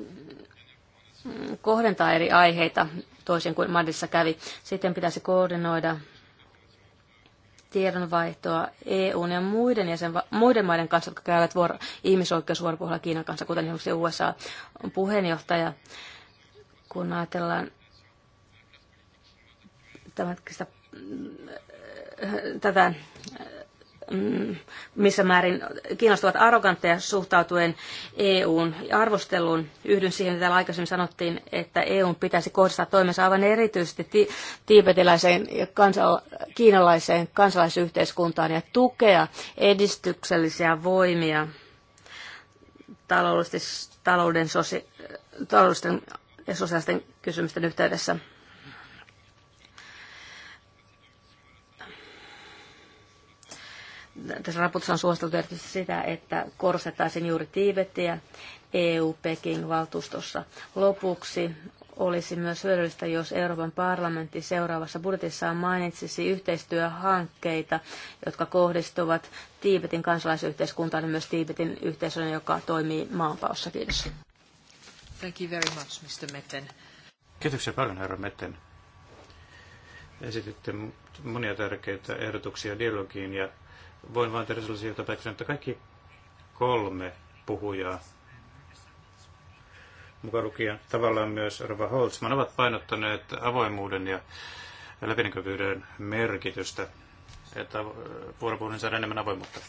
[SPEAKER 6] kohdentaa eri aiheita toisin kuin Madissa kävi. Sitten pitäisi koordinoida tiedonvaihtoa EUn ja muiden, jäsenva- muiden maiden kanssa, jotka käyvät vuoro- ihmisoikeusvuoropuhella Kiinan kanssa, kuten esimerkiksi USA puheenjohtaja. Kun ajatellaan tämän, tätä Mm, missä määrin kiinnostavat arrogantteja suhtautuen EUn arvosteluun. Yhdyn siihen, mitä täällä aikaisemmin sanottiin, että EUn pitäisi kohdistaa toimensa aivan erityisesti ti- tiibetiläiseen ja kansa- kiinalaiseen kansalaisyhteiskuntaan ja tukea edistyksellisiä voimia taloudellisten, talouden sosia- taloudellisten ja sosiaalisten kysymysten yhteydessä. tässä raportissa on suositeltu erityisesti sitä, että korostettaisiin juuri Tiibetiä EU-Peking-valtuustossa. Lopuksi olisi myös hyödyllistä, jos Euroopan parlamentti seuraavassa budjetissaan mainitsisi yhteistyöhankkeita, jotka kohdistuvat Tiibetin kansalaisyhteiskuntaan ja myös Tiibetin yhteisön, joka toimii maanpaossa. Kiitos.
[SPEAKER 1] Thank you very much, Mr. Metten.
[SPEAKER 2] Kiitoksia paljon, herra Metten. Esititte monia tärkeitä ehdotuksia dialogiin ja voin vain tehdä sellaisia johtopäätöksiä, että kaikki kolme puhujaa, mukaan lukien tavallaan myös Rova Holtzman, ovat painottaneet avoimuuden ja läpinäkyvyyden merkitystä, että vuoropuhelin saada enemmän avoimuutta.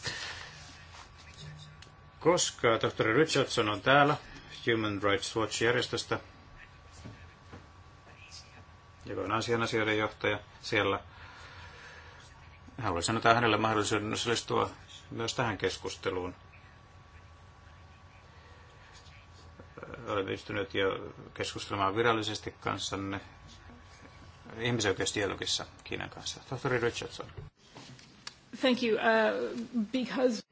[SPEAKER 2] Koska tohtori Richardson on täällä Human Rights Watch-järjestöstä, joka on asianasioiden johtaja siellä, haluaisin antaa hänelle mahdollisuuden osallistua myös tähän keskusteluun. Olen pystynyt jo keskustelemaan virallisesti kanssanne ihmisoikeusdialogissa Kiinan kanssa. Tohtori Richardson.
[SPEAKER 4] Thank you, uh, because...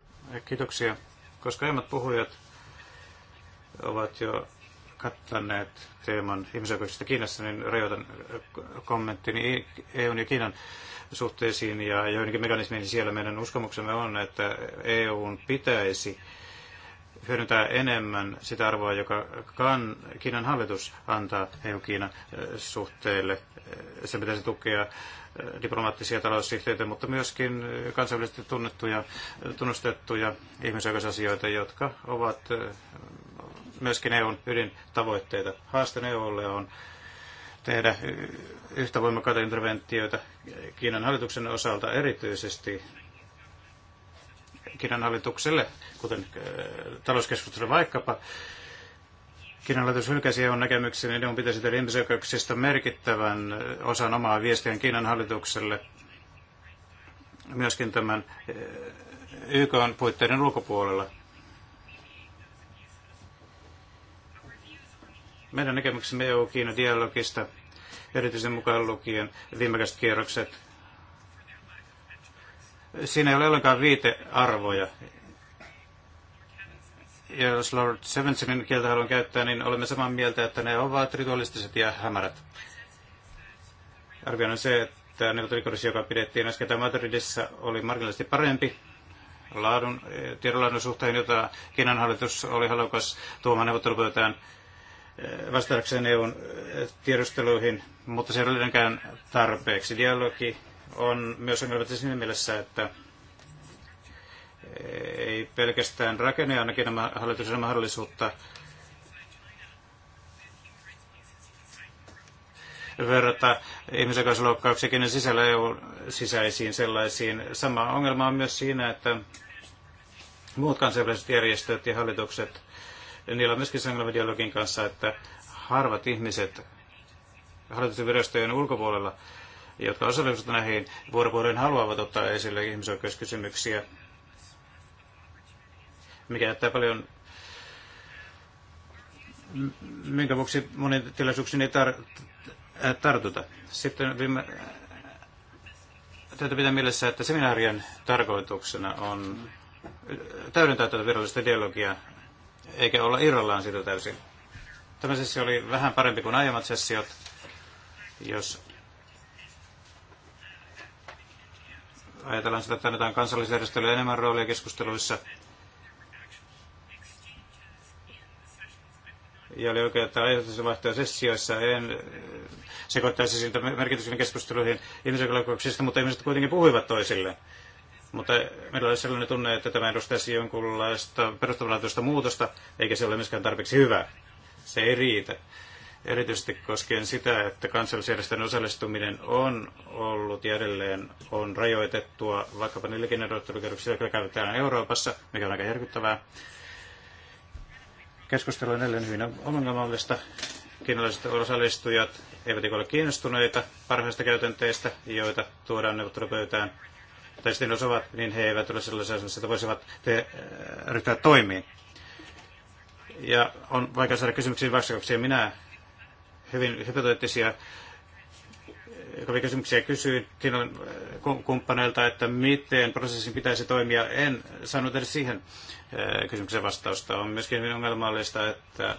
[SPEAKER 2] Kiitoksia. Koska aiemmat puhujat ovat jo kattaneet teeman ihmisoikeuksista Kiinassa, niin rajoitan äh, kommenttini EUn ja Kiinan suhteisiin ja joihinkin mekanismeihin siellä meidän uskomuksemme on, että EUn pitäisi hyödyntää enemmän sitä arvoa, joka kan, Kiinan hallitus antaa EU-Kiinan äh, suhteille. Äh, Se pitäisi tukea diplomaattisia taloussihteitä, mutta myöskin kansainvälisesti tunnettuja, tunnustettuja ihmisoikeusasioita, jotka ovat myöskin EUn ydintavoitteita. Haaste EUlle on tehdä yhtä voimakkaita interventioita Kiinan hallituksen osalta erityisesti Kiinan hallitukselle, kuten talouskeskustelulle vaikkapa. Kiinan hallitus hylkäsi EUn näkemyksen, niin EUn pitäisi tehdä ihmisoikeuksista merkittävän osan omaa viestiään Kiinan hallitukselle myöskin tämän YK on puitteiden ulkopuolella. Meidän näkemyksemme EU-Kiina-dialogista, erityisen mukaan lukien viimekäiset kierrokset, siinä ei ole ollenkaan viitearvoja. Ja jos Lord Sevensonin kieltä haluan käyttää, niin olemme samaa mieltä, että ne ovat ritualistiset ja hämärät. Arvioin on se, että neuvottelikorissa, joka pidettiin äsken Madridissa, oli marginaalisesti parempi laadun, tiedonlaadun suhteen, jota Kiinan hallitus oli halukas tuomaan neuvottelupöytään vastatakseen EUn eh, tiedusteluihin, mutta se ei ole tarpeeksi. Dialogi on myös ongelmat siinä mielessä, että eh, ei pelkästään rakenne ainakin nämä hallituksen mahdollisuutta verrata ihmisoikeusloukkauksiakin sisällä EUn sisäisiin sellaisiin. Sama ongelma on myös siinä, että muut kansainväliset järjestöt ja hallitukset – niillä on myöskin se dialogin kanssa, että harvat ihmiset hallituksen virastojen ulkopuolella, jotka osallistuvat näihin vuoropuheluihin, haluavat ottaa esille ihmisoikeuskysymyksiä, mikä jättää paljon minkä vuoksi monen tilaisuuksiin ei tar- äh, tartuta. Sitten viime, täytyy pitää mielessä, että seminaarien tarkoituksena on täydentää tätä virallista dialogia eikä olla irrallaan siitä täysin. Tämä sessio oli vähän parempi kuin aiemmat sessiot, jos ajatellaan sitä, että annetaan kansallisjärjestöille enemmän roolia keskusteluissa. Ja oli oikein, että ajatusvaihtoja sessioissa en sekoittaisi siltä merkityksen keskusteluihin ihmisoikeuksista, mutta ihmiset kuitenkin puhuivat toisille. Mutta meillä oli sellainen tunne, että tämä edustaisi jonkunlaista perustavanlaatuista muutosta, eikä se ole myöskään tarpeeksi hyvä. Se ei riitä. Erityisesti koskien sitä, että kansallisjärjestön osallistuminen on ollut ja edelleen on rajoitettua, vaikkapa niilläkin neuvottelukerroksilla, jotka käytetään Euroopassa, mikä on aika järkyttävää. Keskustelu on edelleen hyvin ongelmallista. Kiinalaiset osallistujat eivät ole kiinnostuneita parhaista käytänteistä, joita tuodaan neuvottelupöytään tai sitten jos ovat, niin he eivät ole sellaisessa asemassa, että voisivat te, äh, ryhtyä toimiin. Ja on vaikea saada kysymyksiin vastauksia. Minä hyvin hypoteettisia äh, kysymyksiä kysyin äh, kumppaneilta, että miten prosessin pitäisi toimia. En saanut edes siihen kysymyksen vastausta. On myöskin hyvin ongelmallista, että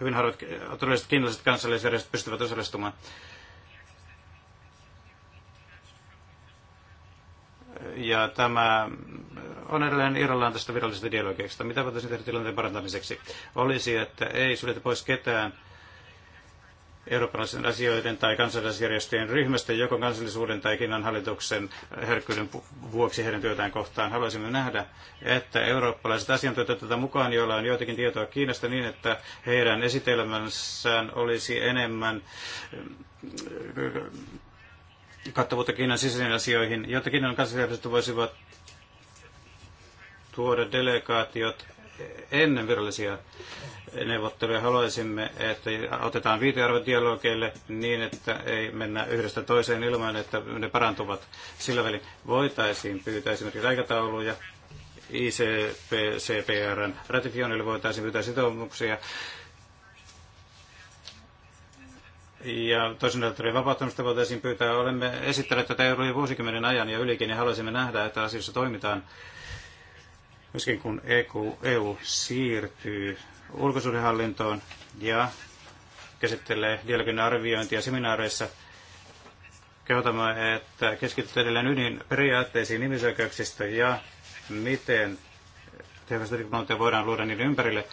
[SPEAKER 2] hyvin harvat todelliset kiinalaiset järjestöt pystyvät osallistumaan ja tämä on edelleen irrallaan tästä virallisesta dialogiasta. Mitä voitaisiin tehdä tilanteen parantamiseksi? Olisi, että ei suljeta pois ketään eurooppalaisen asioiden tai kansalaisjärjestöjen ryhmästä, joko kansallisuuden tai Kiinan hallituksen herkkyyden vuoksi heidän työtään kohtaan. Haluaisimme nähdä, että eurooppalaiset asiantuntijat tätä mukaan, joilla on joitakin tietoa Kiinasta niin, että heidän esitelmänsään olisi enemmän kattavuutta Kiinan sisäisiin asioihin, jotta Kiinan kansallisjärjestöt voisivat tuoda delegaatiot ennen virallisia neuvotteluja. Haluaisimme, että otetaan dialogeille niin, että ei mennä yhdestä toiseen ilman, että ne parantuvat sillä välin. Voitaisiin pyytää esimerkiksi aikatauluja ICPCPRn ratifioinnille voitaisiin pyytää sitoumuksia ja toisen sektorin vapauttamista voitaisiin pyytää. Olemme esittäneet tätä euroja vuosikymmenen ajan ja ylikin ja haluaisimme nähdä, että asioissa toimitaan myöskin kun EU, e EU siirtyy ulkosuhdehallintoon ja käsittelee dialogin arviointia seminaareissa. Kehotamme, että keskitytään edelleen periaatteisiin ihmisoikeuksista ja miten tehokasta diplomatiaa voidaan luoda niiden ympärille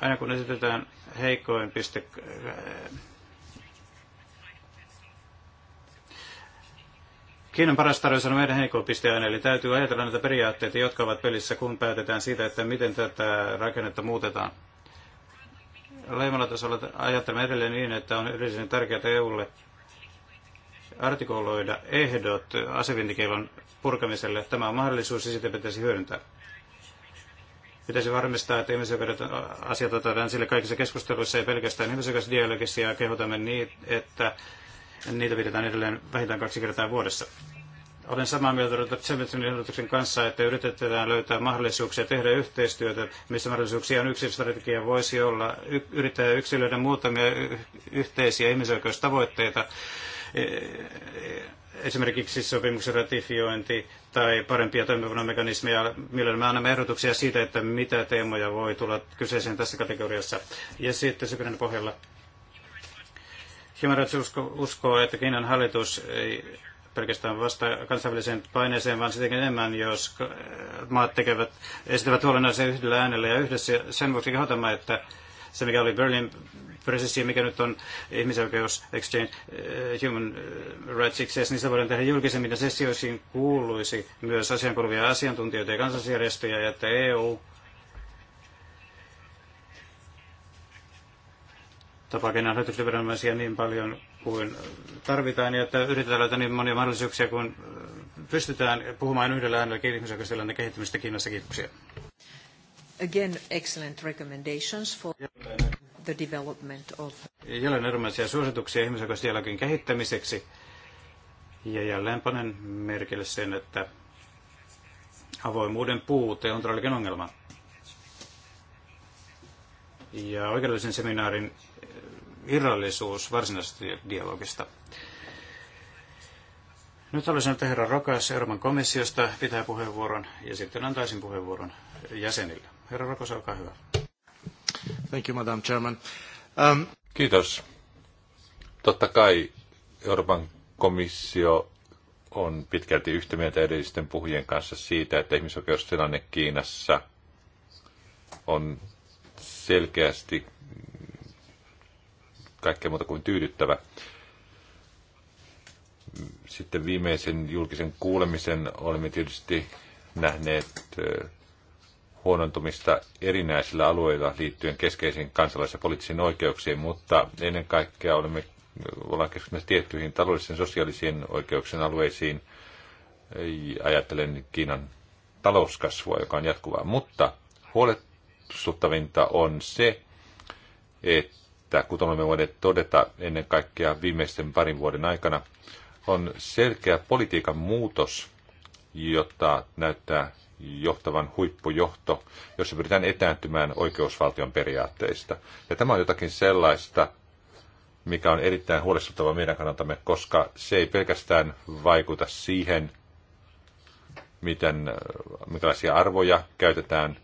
[SPEAKER 2] aina kun esitetään heikoin piste Kiinan paras tarjous on meidän heikoin piste aina, eli täytyy ajatella näitä periaatteita, jotka ovat pelissä, kun päätetään siitä, että miten tätä rakennetta muutetaan. Leimalla tasolla ajattelemme edelleen niin, että on erityisen tärkeää EUlle artikuloida ehdot asevientikielon purkamiselle. Tämä on mahdollisuus ja sitä pitäisi hyödyntää. Pitäisi varmistaa, että ihmisoikeudet asiat otetaan sille kaikissa keskusteluissa, ei pelkästään ihmisoikeusdialogissa, ja kehotamme niitä, että niitä pidetään edelleen vähintään kaksi kertaa vuodessa. Olen samaa mieltä Tsemetsin ehdotuksen kanssa, että yritetään löytää mahdollisuuksia tehdä yhteistyötä, missä mahdollisuuksia on yksi strategia voisi olla yrittää yksilöiden muutamia yhteisiä ihmisoikeustavoitteita e, e, esimerkiksi sopimuksen ratifiointi tai parempia toimivuuden mekanismeja, millä me annamme ehdotuksia siitä, että mitä teemoja voi tulla kyseeseen tässä kategoriassa. Ja sitten sykyden pohjalla Human usko, uskoo, että Kiinan hallitus ei pelkästään vasta kansainväliseen paineeseen, vaan sitäkin enemmän, jos maat tekevät, esittävät huolenaiset yhdellä äänellä ja yhdessä. Sen vuoksi kehotamme, että se mikä oli Berlin prosessia, mikä nyt on ihmisoikeus Exchange uh, Human eh, Rights Access, niin se voidaan tehdä julkisemmin, ja sessioisiin kuuluisi myös asiankuuluvia asiantuntijoita ja kansalaisjärjestöjä, ja että EU tapakenan hälytysviranomaisia niin paljon kuin tarvitaan, ja että yritetään löytää niin monia mahdollisuuksia kuin eh, pystytään puhumaan yhdellä äänellä ihmisoikeustilanteen kehittymistä Kiinassa. Kiitoksia.
[SPEAKER 1] Again, excellent recommendations for the development of...
[SPEAKER 2] Jälleen erilaisia suosituksia ihmisoikeusdialogin kehittämiseksi. Ja jälleen panen merkille sen, että avoimuuden puute on todellakin ongelma. Ja oikeudellisen seminaarin eh, irrallisuus varsinaisesta dialogista. Nyt haluaisin, että herra Rokas Euroopan komissiosta pitää puheenvuoron ja sitten antaisin puheenvuoron jäsenille. Herra Rokas, olkaa hyvä. Thank you, Madam
[SPEAKER 3] Chairman. Um... Kiitos. Totta kai Euroopan komissio on pitkälti yhtä mieltä edellisten puhujien kanssa siitä, että ihmisoikeustilanne Kiinassa on selkeästi kaikkea muuta kuin tyydyttävä. Sitten viimeisen julkisen kuulemisen olemme tietysti nähneet huonontumista erinäisillä alueilla liittyen keskeisiin kansalais- ja poliittisiin oikeuksiin, mutta ennen kaikkea olemme, ollaan keskittyneet tiettyihin taloudellisiin ja sosiaalisiin oikeuksien alueisiin. Ajattelen Kiinan talouskasvua, joka on jatkuvaa. Mutta huolestuttavinta on se, että kuten olemme voineet todeta ennen kaikkea viimeisten parin vuoden aikana, on selkeä politiikan muutos, jota näyttää johtavan huippujohto, jossa pyritään etääntymään oikeusvaltion periaatteista. Ja tämä on jotakin sellaista, mikä on erittäin huolestuttava meidän kannaltamme, koska se ei pelkästään vaikuta siihen, miten, minkälaisia arvoja käytetään,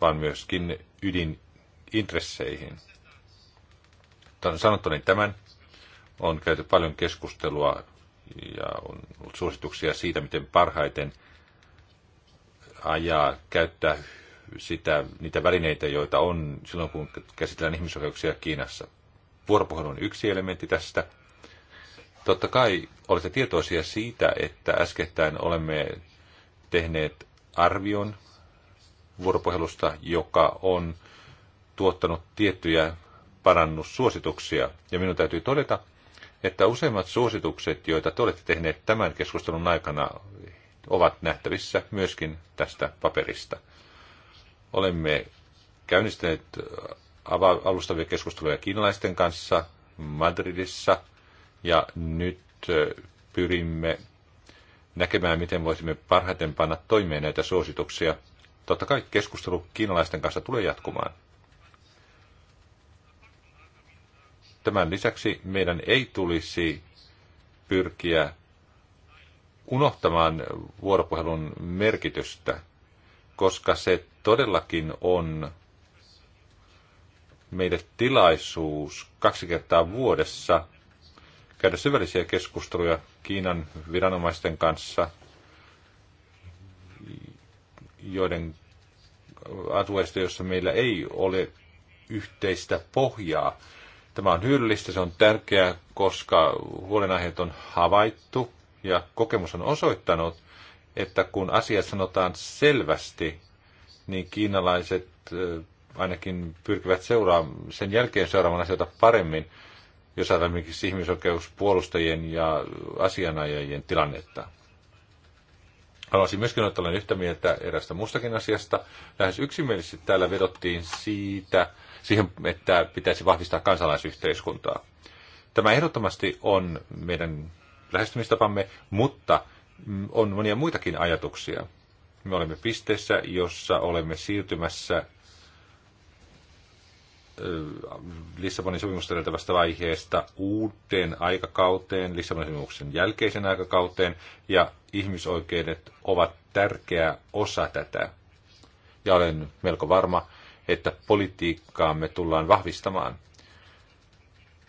[SPEAKER 3] vaan myöskin ydinintresseihin. sanottuani tämän, on käyty paljon keskustelua ja on ollut suosituksia siitä, miten parhaiten – ajaa, käyttää sitä, niitä välineitä, joita on silloin, kun käsitellään ihmisoikeuksia Kiinassa. Vuoropuhelu on yksi elementti tästä. Totta kai olette tietoisia siitä, että äskettäin olemme tehneet arvion vuoropuhelusta, joka on tuottanut tiettyjä parannussuosituksia. Ja minun täytyy todeta, että useimmat suositukset, joita te olette tehneet tämän keskustelun aikana, ovat nähtävissä myöskin tästä paperista. Olemme käynnistäneet alustavia keskusteluja kiinalaisten kanssa Madridissa ja nyt pyrimme näkemään, miten voisimme parhaiten panna toimeen näitä suosituksia. Totta kai keskustelu kiinalaisten kanssa tulee jatkumaan. Tämän lisäksi meidän ei tulisi pyrkiä unohtamaan vuoropuhelun merkitystä, koska se todellakin on meille tilaisuus kaksi kertaa vuodessa käydä syvällisiä keskusteluja Kiinan viranomaisten kanssa, joiden alueista, joissa meillä ei ole yhteistä pohjaa. Tämä on hyödyllistä, se on tärkeää, koska huolenaiheet on havaittu ja kokemus on osoittanut, että kun asia sanotaan selvästi, niin kiinalaiset ainakin pyrkivät seuraamaan, sen jälkeen seuraamaan asioita paremmin, jos ajatellaan esimerkiksi ihmisoikeuspuolustajien ja asianajajien tilannetta. Haluaisin myöskin olla yhtä mieltä erästä mustakin asiasta. Lähes yksimielisesti täällä vedottiin siitä, siihen, että pitäisi vahvistaa kansalaisyhteiskuntaa. Tämä ehdottomasti on meidän lähestymistapamme, mutta on monia muitakin ajatuksia. Me olemme pisteessä, jossa olemme siirtymässä Lissabonin sopimusta edeltävästä vaiheesta uuteen aikakauteen, Lissabonin sopimuksen jälkeisen aikakauteen, ja ihmisoikeudet ovat tärkeä osa tätä. Ja olen melko varma, että politiikkaamme tullaan vahvistamaan.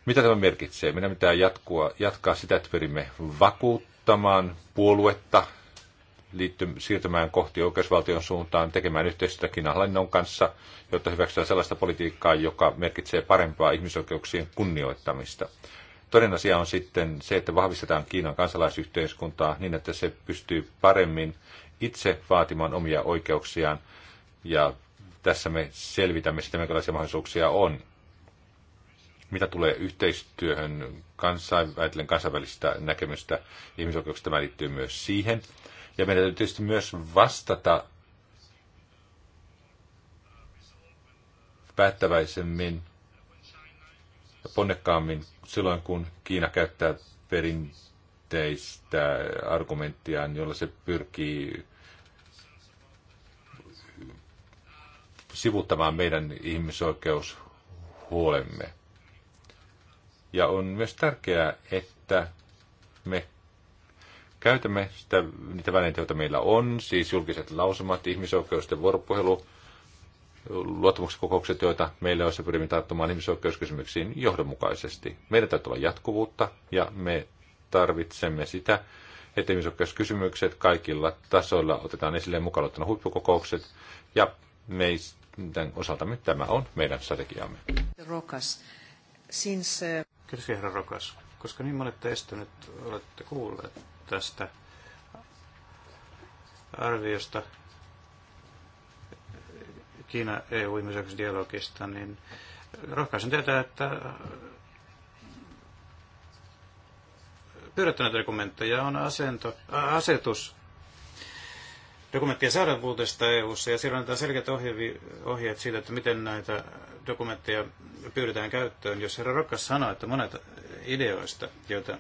[SPEAKER 3] Mitä tämä merkitsee? Minä pitää jatkua, jatkaa sitä, että pyrimme vakuuttamaan puoluetta, liitty, siirtymään kohti oikeusvaltion suuntaan, tekemään yhteistyötä Kiinan kanssa, jotta hyväksytään sellaista politiikkaa, joka merkitsee parempaa ihmisoikeuksien kunnioittamista. Toinen asia on sitten se, että vahvistetaan Kiinan kansalaisyhteiskuntaa niin, että se pystyy paremmin itse vaatimaan omia oikeuksiaan. Ja tässä me selvitämme sitä, minkälaisia mahdollisuuksia on. Mitä tulee yhteistyöhön kansain, kansainvälistä näkemystä ihmisoikeuksista, tämä liittyy myös siihen. Ja meidän täytyy tietysti myös vastata päättäväisemmin ja ponnekkaammin silloin, kun Kiina käyttää perinteistä argumenttiaan, jolla se pyrkii sivuttamaan meidän ihmisoikeushuolemme. Ja on myös tärkeää, että me käytämme sitä, niitä välineitä, joita meillä on, siis julkiset lausumat, ihmisoikeusten vuoropuhelu, luottamuksen joita meillä on, se pyrimme tarttumaan ihmisoikeuskysymyksiin johdonmukaisesti. Meidän täytyy olla jatkuvuutta ja me tarvitsemme sitä, että ihmisoikeuskysymykset kaikilla tasoilla otetaan esille mukaan ottanut huippukokoukset ja meidän osaltamme tämä on meidän strategiamme.
[SPEAKER 1] Rokas, since, uh,
[SPEAKER 2] Kirsi herra Rokas. Koska niin monet teistä nyt olette kuulleet tästä arviosta Kiina e eu dialogista, niin rohkaisen teitä, että pyydätte näitä dokumentteja. On asento, asetus dokumenttien saadavuudesta EU-ssa ja siellä on selkeät ohjeet siitä, että miten näitä dokumentteja pyydetään käyttöön, jos herra Rokkas sanoi, että monet ideoista, joita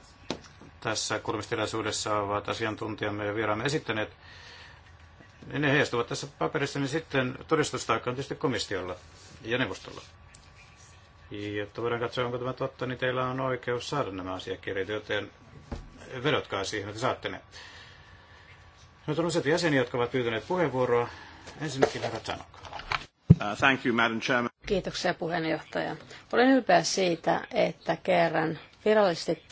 [SPEAKER 2] tässä kuulemistilaisuudessa ovat asiantuntijamme ja vieraamme esittäneet, niin ne heijastuvat tässä paperissa, niin sitten todistustaakka on tietysti komissiolla ja neuvostolla. Jotta voidaan katsoa, onko tämä totta, niin teillä on oikeus saada nämä asiakirjat, joten vedotkaa siihen, että saatte ne. Nyt on useita jäseniä, jotka ovat pyytäneet puheenvuoroa. Ensinnäkin herra Tanok. Uh, thank you, Madam Chairman.
[SPEAKER 6] Kiitoksia puheenjohtaja. Olen ylpeä siitä, että kerran virallisesti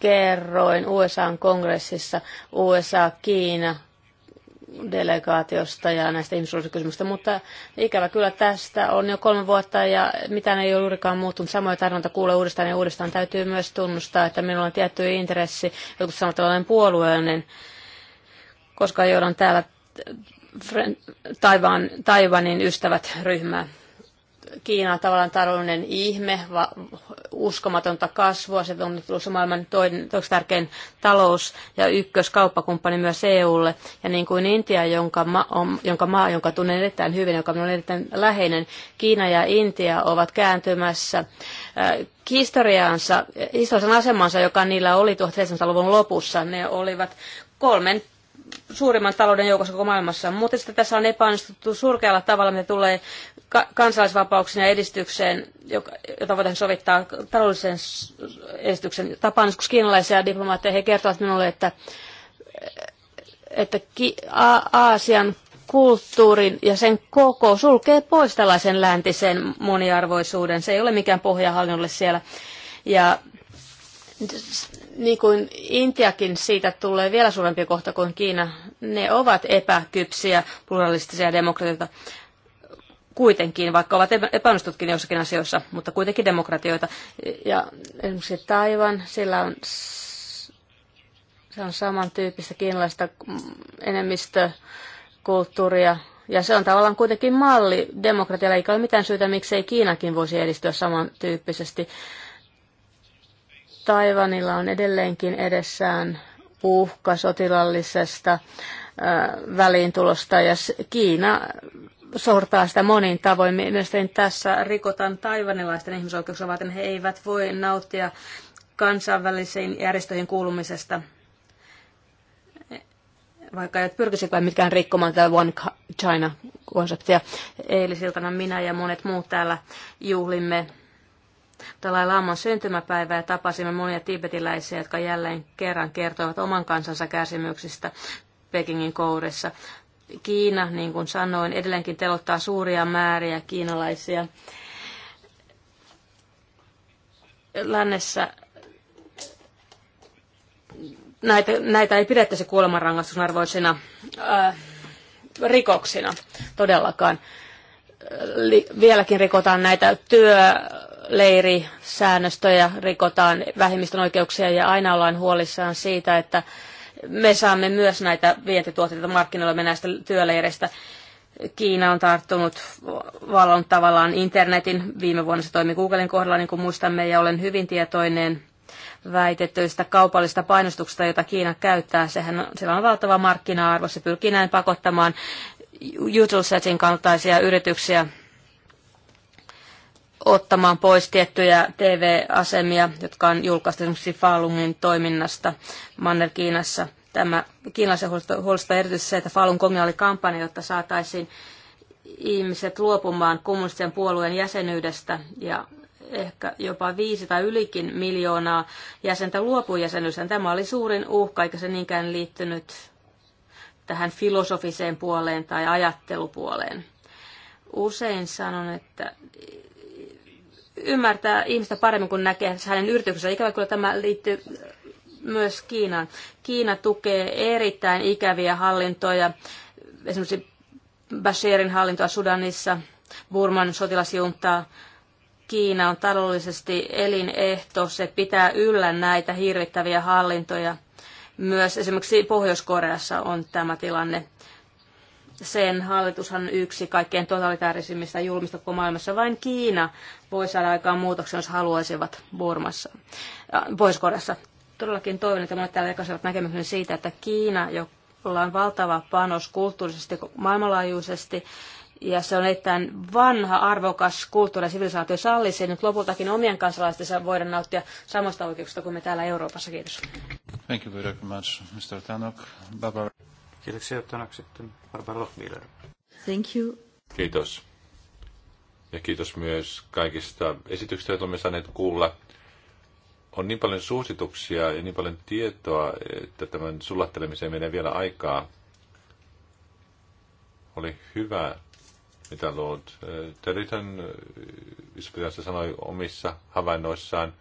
[SPEAKER 6] kerroin USA-kongressissa USA-Kiina delegaatiosta ja näistä ihmisoikeuskysymyksistä, mutta ikävä kyllä tästä on jo kolme vuotta ja mitään ei ole juurikaan muuttunut. Samoja tarinoita kuulee uudestaan ja uudestaan. Täytyy myös tunnustaa, että minulla on tietty intressi, jotkut sanovat, että olen puolueellinen, koska joudun täällä Taiwanin Taivanin ystävät ryhmä. Kiina on tavallaan taloudellinen ihme, va, uskomatonta kasvua, se on tullut maailman toinen, toinen tärkein talous ja ykköskauppakumppani myös EUlle. Ja niin kuin Intia, jonka, ma, on, jonka maa, jonka tunnen erittäin hyvin, joka on erittäin läheinen, Kiina ja Intia ovat kääntymässä äh, historiansa, historiallisen asemansa, joka niillä oli 1700-luvun lopussa. Ne olivat kolmen suurimman talouden joukossa koko maailmassa. Mutta sitten tässä on epäonnistuttu surkealla tavalla, mitä tulee ka- kansalaisvapauksien ja edistykseen, joka, jota voidaan sovittaa taloudellisen edistyksen. Tapaan joskus kiinalaisia diplomaatteja, he kertovat minulle, että, että ki- A- Aasian kulttuurin ja sen koko sulkee pois tällaisen läntisen moniarvoisuuden. Se ei ole mikään pohjahallinnolle siellä. Ja niin kuin Intiakin siitä tulee vielä suurempi kohta kuin Kiina, ne ovat epäkypsiä pluralistisia demokratioita kuitenkin, vaikka ovat epäonnistutkin jossakin asioissa, mutta kuitenkin demokratioita. Ja esimerkiksi Taivan, sillä on, se on samantyyppistä kiinalaista enemmistökulttuuria, ja se on tavallaan kuitenkin malli demokratialle, eikä ole mitään syytä, miksei Kiinakin voisi edistyä samantyyppisesti. Taivanilla on edelleenkin edessään uhka sotilallisesta väliintulosta ja Kiina sortaa sitä monin tavoin. Mielestäni tässä rikotaan taivanilaisten ihmisoikeuksia, vaan he eivät voi nauttia kansainvälisiin järjestöihin kuulumisesta, vaikka eivät pyrkisikään mitkään rikkomaan tätä One China-konseptia. Eilisiltana minä ja monet muut täällä juhlimme Dalai Laman syntymäpäivä ja tapasimme monia tibetiläisiä, jotka jälleen kerran kertoivat oman kansansa kärsimyksistä Pekingin kourissa. Kiina, niin kuin sanoin, edelleenkin telottaa suuria määriä kiinalaisia. Lännessä näitä, näitä ei pidettäisi kuolemanrangaistusarvoisina äh, rikoksina todellakaan. Äh, li, vieläkin rikotaan näitä työ leirisäännöstöjä, rikotaan vähemmistön oikeuksia ja aina ollaan huolissaan siitä, että me saamme myös näitä vientituotteita markkinoille näistä työleireistä. Kiina on tarttunut valon tavallaan internetin. Viime vuonna se toimi Googlen kohdalla, niin kuin muistamme, ja olen hyvin tietoinen väitetyistä kaupallista painostuksista, jota Kiina käyttää. Sehän on, sillä on valtava markkina-arvo. Se pyrkii näin pakottamaan usual kaltaisia yrityksiä ottamaan pois tiettyjä TV-asemia, jotka on julkaistu esimerkiksi Falunin toiminnasta Manner-Kiinassa. Tämä kiinalaisen huolesta erityisesti se, että Falun Gongia oli kampanja, jotta saataisiin ihmiset luopumaan kommunistisen puolueen jäsenyydestä ja ehkä jopa viisi tai ylikin miljoonaa jäsentä luopui jäsenyydestä. Tämä oli suurin uhka, eikä se niinkään liittynyt tähän filosofiseen puoleen tai ajattelupuoleen. Usein sanon, että ymmärtää ihmistä paremmin, kun näkee hänen yrityksensä. Ikävä kyllä tämä liittyy myös Kiinaan. Kiina tukee erittäin ikäviä hallintoja, esimerkiksi Bashirin hallintoa Sudanissa, Burman sotilasjuntaa. Kiina on taloudellisesti elinehto, se pitää yllä näitä hirvittäviä hallintoja. Myös esimerkiksi Pohjois-Koreassa on tämä tilanne sen hallitushan on yksi kaikkein totalitaarisimmista julmista koko maailmassa. Vain Kiina voi saada aikaan muutoksen, jos haluaisivat Burmassa, äh, Pohjois-Koreassa. Todellakin toivon, että monet täällä jakaisivat näkemyksen siitä, että Kiina, jolla on valtava panos kulttuurisesti, maailmanlaajuisesti, ja se on erittäin vanha, arvokas kulttuuri ja sivilisaatio sallisi nyt lopultakin omien kansalaistensa voida nauttia samasta oikeuksista kuin me täällä Euroopassa. Kiitos.
[SPEAKER 2] Thank you very much, Mr. Tanok. Barbara. Kiitoksia Tanak sitten Barbara Lochmiller. Thank you.
[SPEAKER 3] Kiitos. Ja kiitos myös kaikista esityksistä, joita olemme saaneet kuulla. On niin paljon suosituksia ja niin paljon tietoa, että tämän sulattelemiseen menee vielä aikaa. Oli hyvä, mitä Lord eh, Territon iso eh, sanoi omissa havainnoissaan,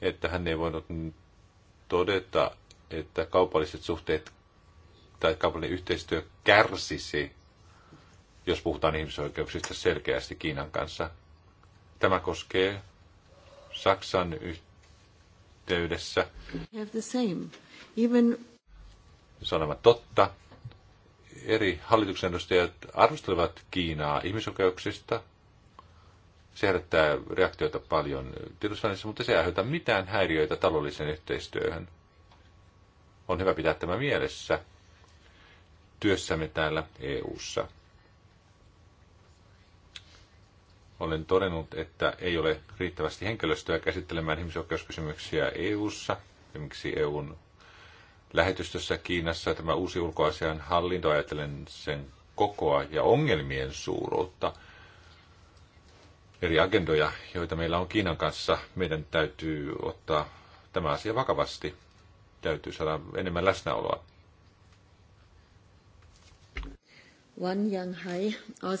[SPEAKER 3] että hän ei voinut todeta, että kaupalliset suhteet että kaupallinen yhteistyö kärsisi, jos puhutaan ihmisoikeuksista selkeästi Kiinan kanssa. Tämä koskee Saksan yhteydessä. Even... Sanomat totta. Eri hallituksen edustajat arvostelevat Kiinaa ihmisoikeuksista. Se herättää reaktioita paljon tiedotusvälineissä, mutta se ei aiheuta mitään häiriöitä taloudelliseen yhteistyöhön. On hyvä pitää tämä mielessä työssämme täällä EU:ssa. Olen todennut, että ei ole riittävästi henkilöstöä käsittelemään ihmisoikeuskysymyksiä EU:ssa, esimerkiksi EUn lähetystössä Kiinassa tämä uusi ulkoasian hallinto, ajatellen sen kokoa ja ongelmien suuruutta, eri agendoja, joita meillä on Kiinan kanssa, meidän täytyy ottaa tämä asia vakavasti. Täytyy saada enemmän läsnäoloa.
[SPEAKER 6] Ja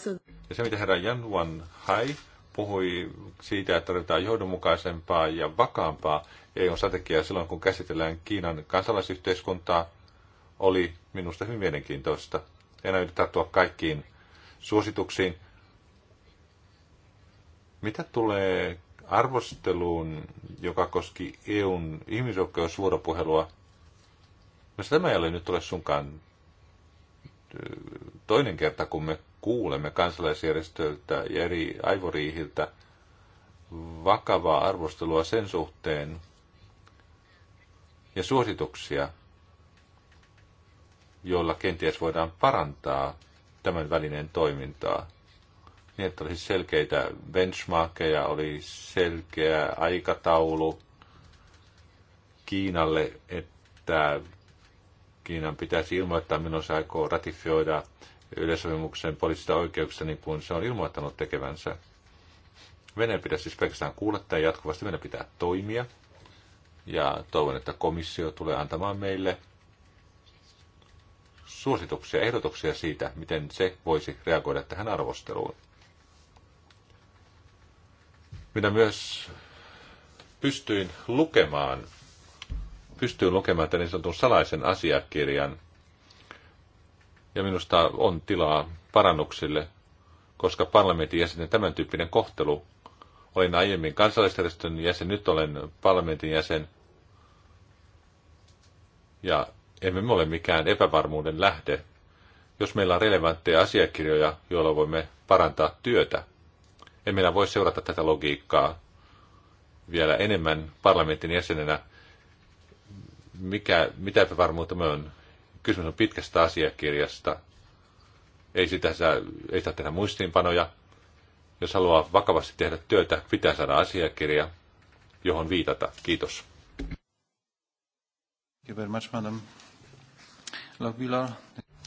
[SPEAKER 3] se, mitä herra Yan Wan Hai puhui siitä, että tarvitaan johdonmukaisempaa ja vakaampaa EU-strategiaa silloin, kun käsitellään Kiinan kansalaisyhteiskuntaa, oli minusta hyvin mielenkiintoista. En yritä tarttua kaikkiin suosituksiin. Mitä tulee arvosteluun, joka koski EUn ihmisoikeusvuoropuhelua, myös no, tämä ei ole nyt ole sunkaan toinen kerta, kun me kuulemme kansalaisjärjestöltä ja eri aivoriihiltä vakavaa arvostelua sen suhteen ja suosituksia, joilla kenties voidaan parantaa tämän välineen toimintaa. Niin, että olisi selkeitä benchmarkeja, oli selkeä aikataulu Kiinalle, että Kiinan pitäisi ilmoittaa, milloin se aikoo ratifioida yleissopimuksen poliittista oikeuksista, niin kuin se on ilmoittanut tekevänsä. Venäjä pitäisi siis pelkästään kuulla tämä jatkuvasti, meidän pitää toimia. Ja toivon, että komissio tulee antamaan meille suosituksia, ehdotuksia siitä, miten se voisi reagoida tähän arvosteluun. Minä myös pystyin lukemaan pystyy lukemaan tämän niin sanotun salaisen asiakirjan. Ja minusta on tilaa parannuksille, koska parlamentin jäsenen tämän tyyppinen kohtelu. Olin aiemmin kansallisjärjestön jäsen, nyt olen parlamentin jäsen. Ja emme me ole mikään epävarmuuden lähde, jos meillä on relevantteja asiakirjoja, joilla voimme parantaa työtä. Emme voi seurata tätä logiikkaa vielä enemmän parlamentin jäsenenä mikä, mitä varmuutta me on. Kysymys on pitkästä asiakirjasta. Ei sitä saa, ei saa tehdä muistiinpanoja. Jos haluaa vakavasti tehdä työtä, pitää saada asiakirja, johon viitata. Kiitos.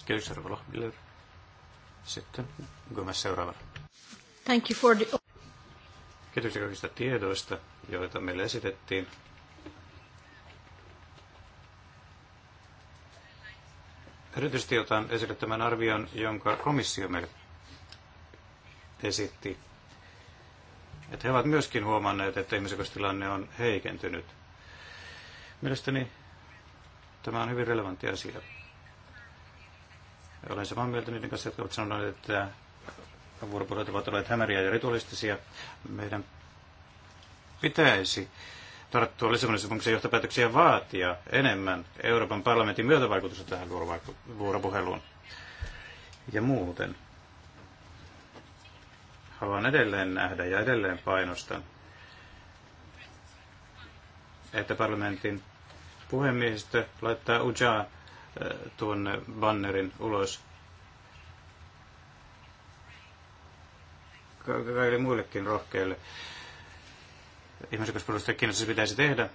[SPEAKER 2] Kiitos, Sitten Gomez seuraavana.
[SPEAKER 6] Thank you for the...
[SPEAKER 2] Kiitoksia kaikista tiedoista, joita meille esitettiin. Erityisesti otan esille tämän arvion, jonka komissio meille esitti. Että he ovat myöskin huomanneet, että ihmisoikeustilanne on heikentynyt. Mielestäni tämä on hyvin relevantti asia. Olen samaa mieltä niiden kanssa, jotka ovat sanoneet, että vuoropuolet ovat olleet hämäriä ja ritualistisia. Meidän pitäisi tarttua Lissabonin sopimuksen johtopäätöksiä vaatia enemmän Euroopan parlamentin myötävaikutusta tähän vuoropuheluun ja muuten. Haluan edelleen nähdä ja edelleen painostan, että parlamentin puhemiehistö laittaa Ujaa äh, tuonne bannerin ulos kaikille muillekin rohkeille ihmisoikeuspuolesta se pitäisi tehdä.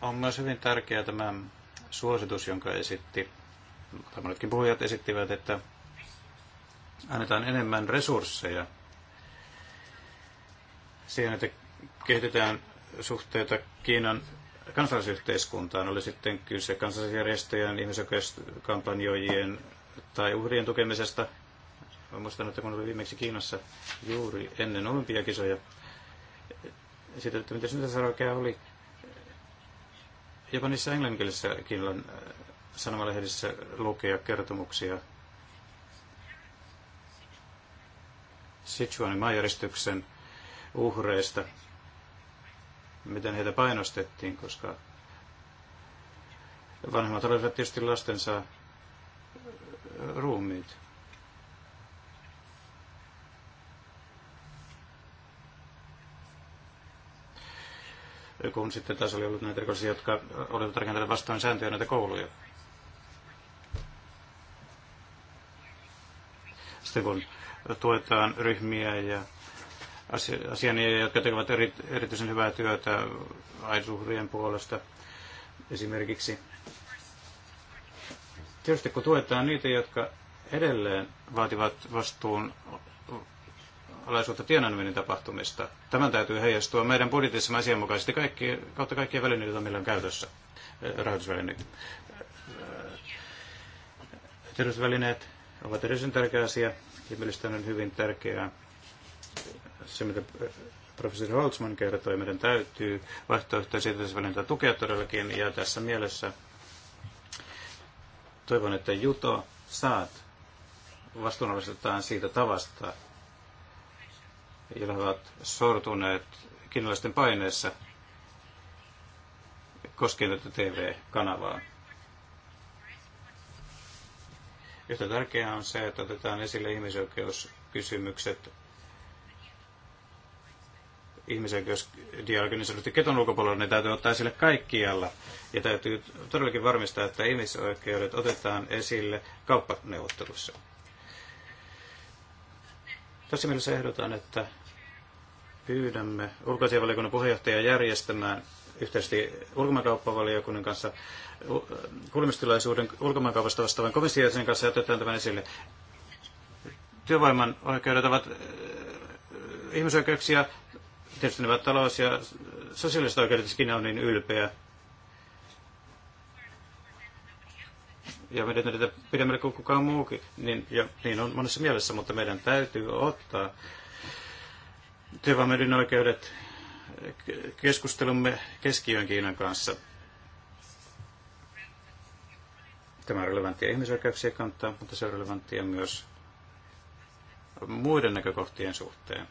[SPEAKER 2] On myös hyvin tärkeää tämä suositus, jonka esitti, tai monetkin puhujat esittivät, että annetaan enemmän resursseja siihen, että kehitetään suhteita Kiinan kansalaisyhteiskuntaan, oli sitten kyse kansalaisjärjestöjen, ihmisoikeuskampanjoijien tai uhrien tukemisesta – Muistan, että kun olin viimeksi Kiinassa juuri ennen olympiakisoja, siitä, että mitä syntysairaukea oli, jopa niissä englanninkielisissä Kiinan äh, sanomalehdissä lukea kertomuksia Sichuanin majoristyksen uhreista, miten heitä painostettiin, koska vanhemmat olivat tietysti lastensa äh, ruumiit. kun sitten taas oli ollut näitä rikollisia, jotka olivat rakentaneet vastoin sääntöjä näitä kouluja. Sitten kun tuetaan ryhmiä ja asiania, jotka tekevät eri, erityisen hyvää työtä aisuhrien puolesta esimerkiksi. Tietysti kun tuetaan niitä, jotka edelleen vaativat vastuun alaisuutta Tiananmenin tapahtumista. Tämän täytyy heijastua meidän budjetissamme asianmukaisesti kaikki, kautta kaikkien välineitä, joita meillä on käytössä, rahoitusvälineet. Tiedotusvälineet ovat erityisen tärkeä asia ja mielestäni on hyvin tärkeää se, mitä professori Holtzman kertoi, meidän täytyy vaihtoehtoisia tiedotusvälineitä tukea todellakin ja tässä mielessä toivon, että Juto saat vastuunalaistetaan siitä tavasta, joilla he ovat sortuneet kiinalaisten paineessa koskien tätä TV-kanavaa. Yhtä tärkeää on se, että otetaan esille ihmisoikeuskysymykset ihmisoikeusdialogin niin sanotusti keton ulkopuolella, ne täytyy ottaa esille kaikkialla. Ja täytyy todellakin varmistaa, että ihmisoikeudet otetaan esille kauppaneuvottelussa. Tässä mielessä ehdotan, että pyydämme ulkoasianvaliokunnan puheenjohtajaa järjestämään yhteisesti ulkomaankauppavaliokunnan kanssa kuulemistilaisuuden ulkomaankaupasta vastaavan komission kanssa ja otetaan tämän esille. Työvoiman oikeudet ovat ihmisoikeuksia, tietysti ne ovat talous- ja sosiaaliset ne on niin ylpeä. Ja meidän näitä pidemmälle kuin kukaan muukin, niin, ja, niin on monessa mielessä, mutta meidän täytyy ottaa työvoimaiden oikeudet keskustelumme keskiöön Kiinan kanssa. Tämä on relevanttia ihmisoikeuksien kantaa, mutta se on relevanttia myös muiden näkökohtien suhteen.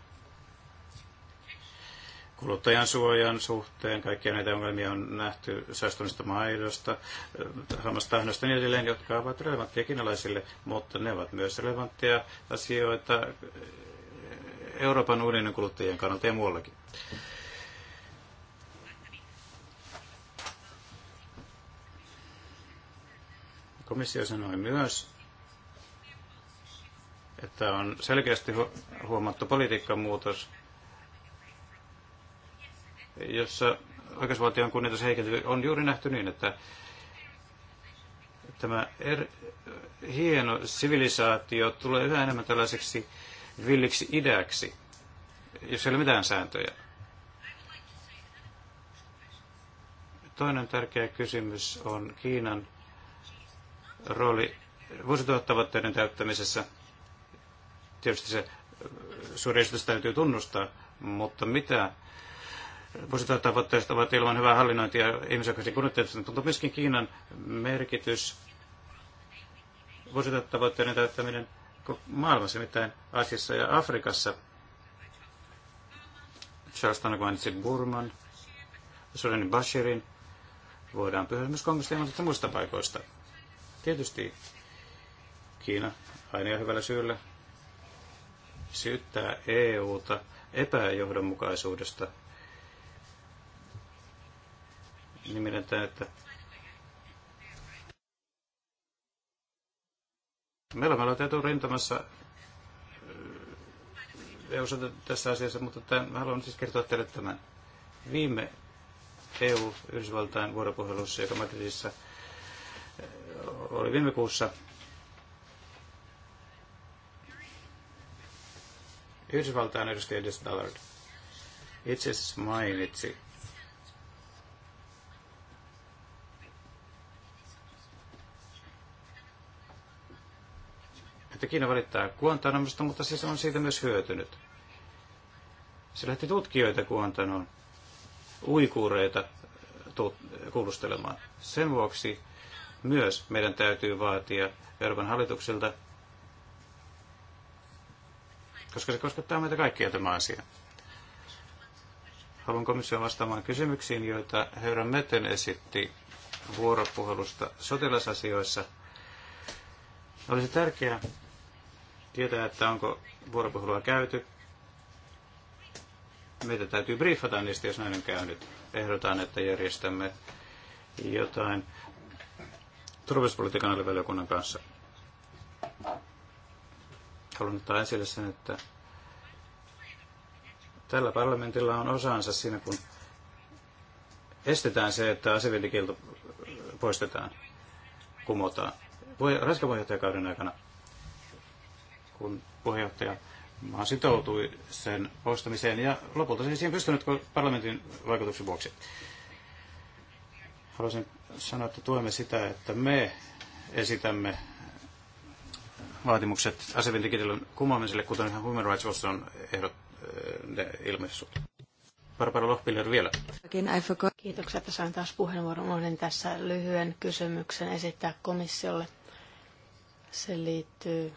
[SPEAKER 2] Kuluttajan suojan suhteen, kaikkia näitä ongelmia on nähty säästöllisestä maidosta, hammastahnasta ja niin edelleen, jotka ovat relevantteja kiinalaisille, mutta ne ovat myös relevantteja asioita Euroopan unionin kuluttajien kannalta ja muuallakin. Komissio sanoi myös, että on selkeästi huomattu politiikan muutos, jossa oikeusvaltion kunnioitus heikentyy. On juuri nähty niin, että tämä er, hieno sivilisaatio tulee yhä enemmän tällaiseksi villiksi ideaksi. jos ei ole mitään sääntöjä. Toinen tärkeä kysymys on Kiinan rooli vuosituhattavoitteiden täyttämisessä. Tietysti se suuri esitys täytyy tunnustaa, mutta mitä vuosituhattavoitteet ovat ilman hyvää hallinnointia ja ihmisoikeuksien kunnioittamista, mutta myöskin Kiinan merkitys vuosituhattavoitteiden täyttäminen – maailmassa, mitään Aasiassa ja Afrikassa. Charles Tanaka mainitsi Burman, Sudanin Bashirin. Voidaan pyhä myös Kongosta ja monista muista paikoista. Tietysti Kiina aina hyvällä syyllä syyttää EUta epäjohdonmukaisuudesta. Nimenetään, niin että Me olemme olleet rintamassa äh, eu tässä asiassa, mutta tämän, mä haluan siis kertoa teille tämän. Viime EU-Yhdysvaltain vuoropuhelussa, joka Madridissa äh, oli viime kuussa, Yhdysvaltain edustaja Dallard itse asiassa mainitsi että Kiina valittaa Guantanamosta, mutta siis on siitä myös hyötynyt. Se lähti tutkijoita Guantanoon, uikuureita kuulustelemaan. Sen vuoksi myös meidän täytyy vaatia Euroopan hallituksilta, koska se koskettaa meitä kaikkia tämä asia. Haluan komission vastaamaan kysymyksiin, joita Herra Meten esitti vuoropuhelusta sotilasasioissa. Olisi tärkeää, tietää, että onko vuoropuhelua käyty. Meitä täytyy briefata niistä, jos näin on käynyt. Ehdotan, että järjestämme jotain turvallisuuspolitiikan alivaliokunnan kanssa. Haluan ottaa esille sen, että tällä parlamentilla on osansa siinä, kun estetään se, että asevientikielto poistetaan, kumotaan. Ranskan puheenjohtajakauden aikana kun puheenjohtaja maa sitoutui sen poistamiseen ja lopulta se ei siihen pystynyt parlamentin vaikutuksen vuoksi. Haluaisin sanoa, että tuemme sitä, että me esitämme vaatimukset asevintikirjallon kumoamiselle, kuten ihan Human Rights Watch on ehdot, ne ilmaissut. Barbara Lohpiller vielä.
[SPEAKER 6] Kiitoksia, että sain taas puheenvuoron. Olen tässä lyhyen kysymyksen esittää komissiolle. Se liittyy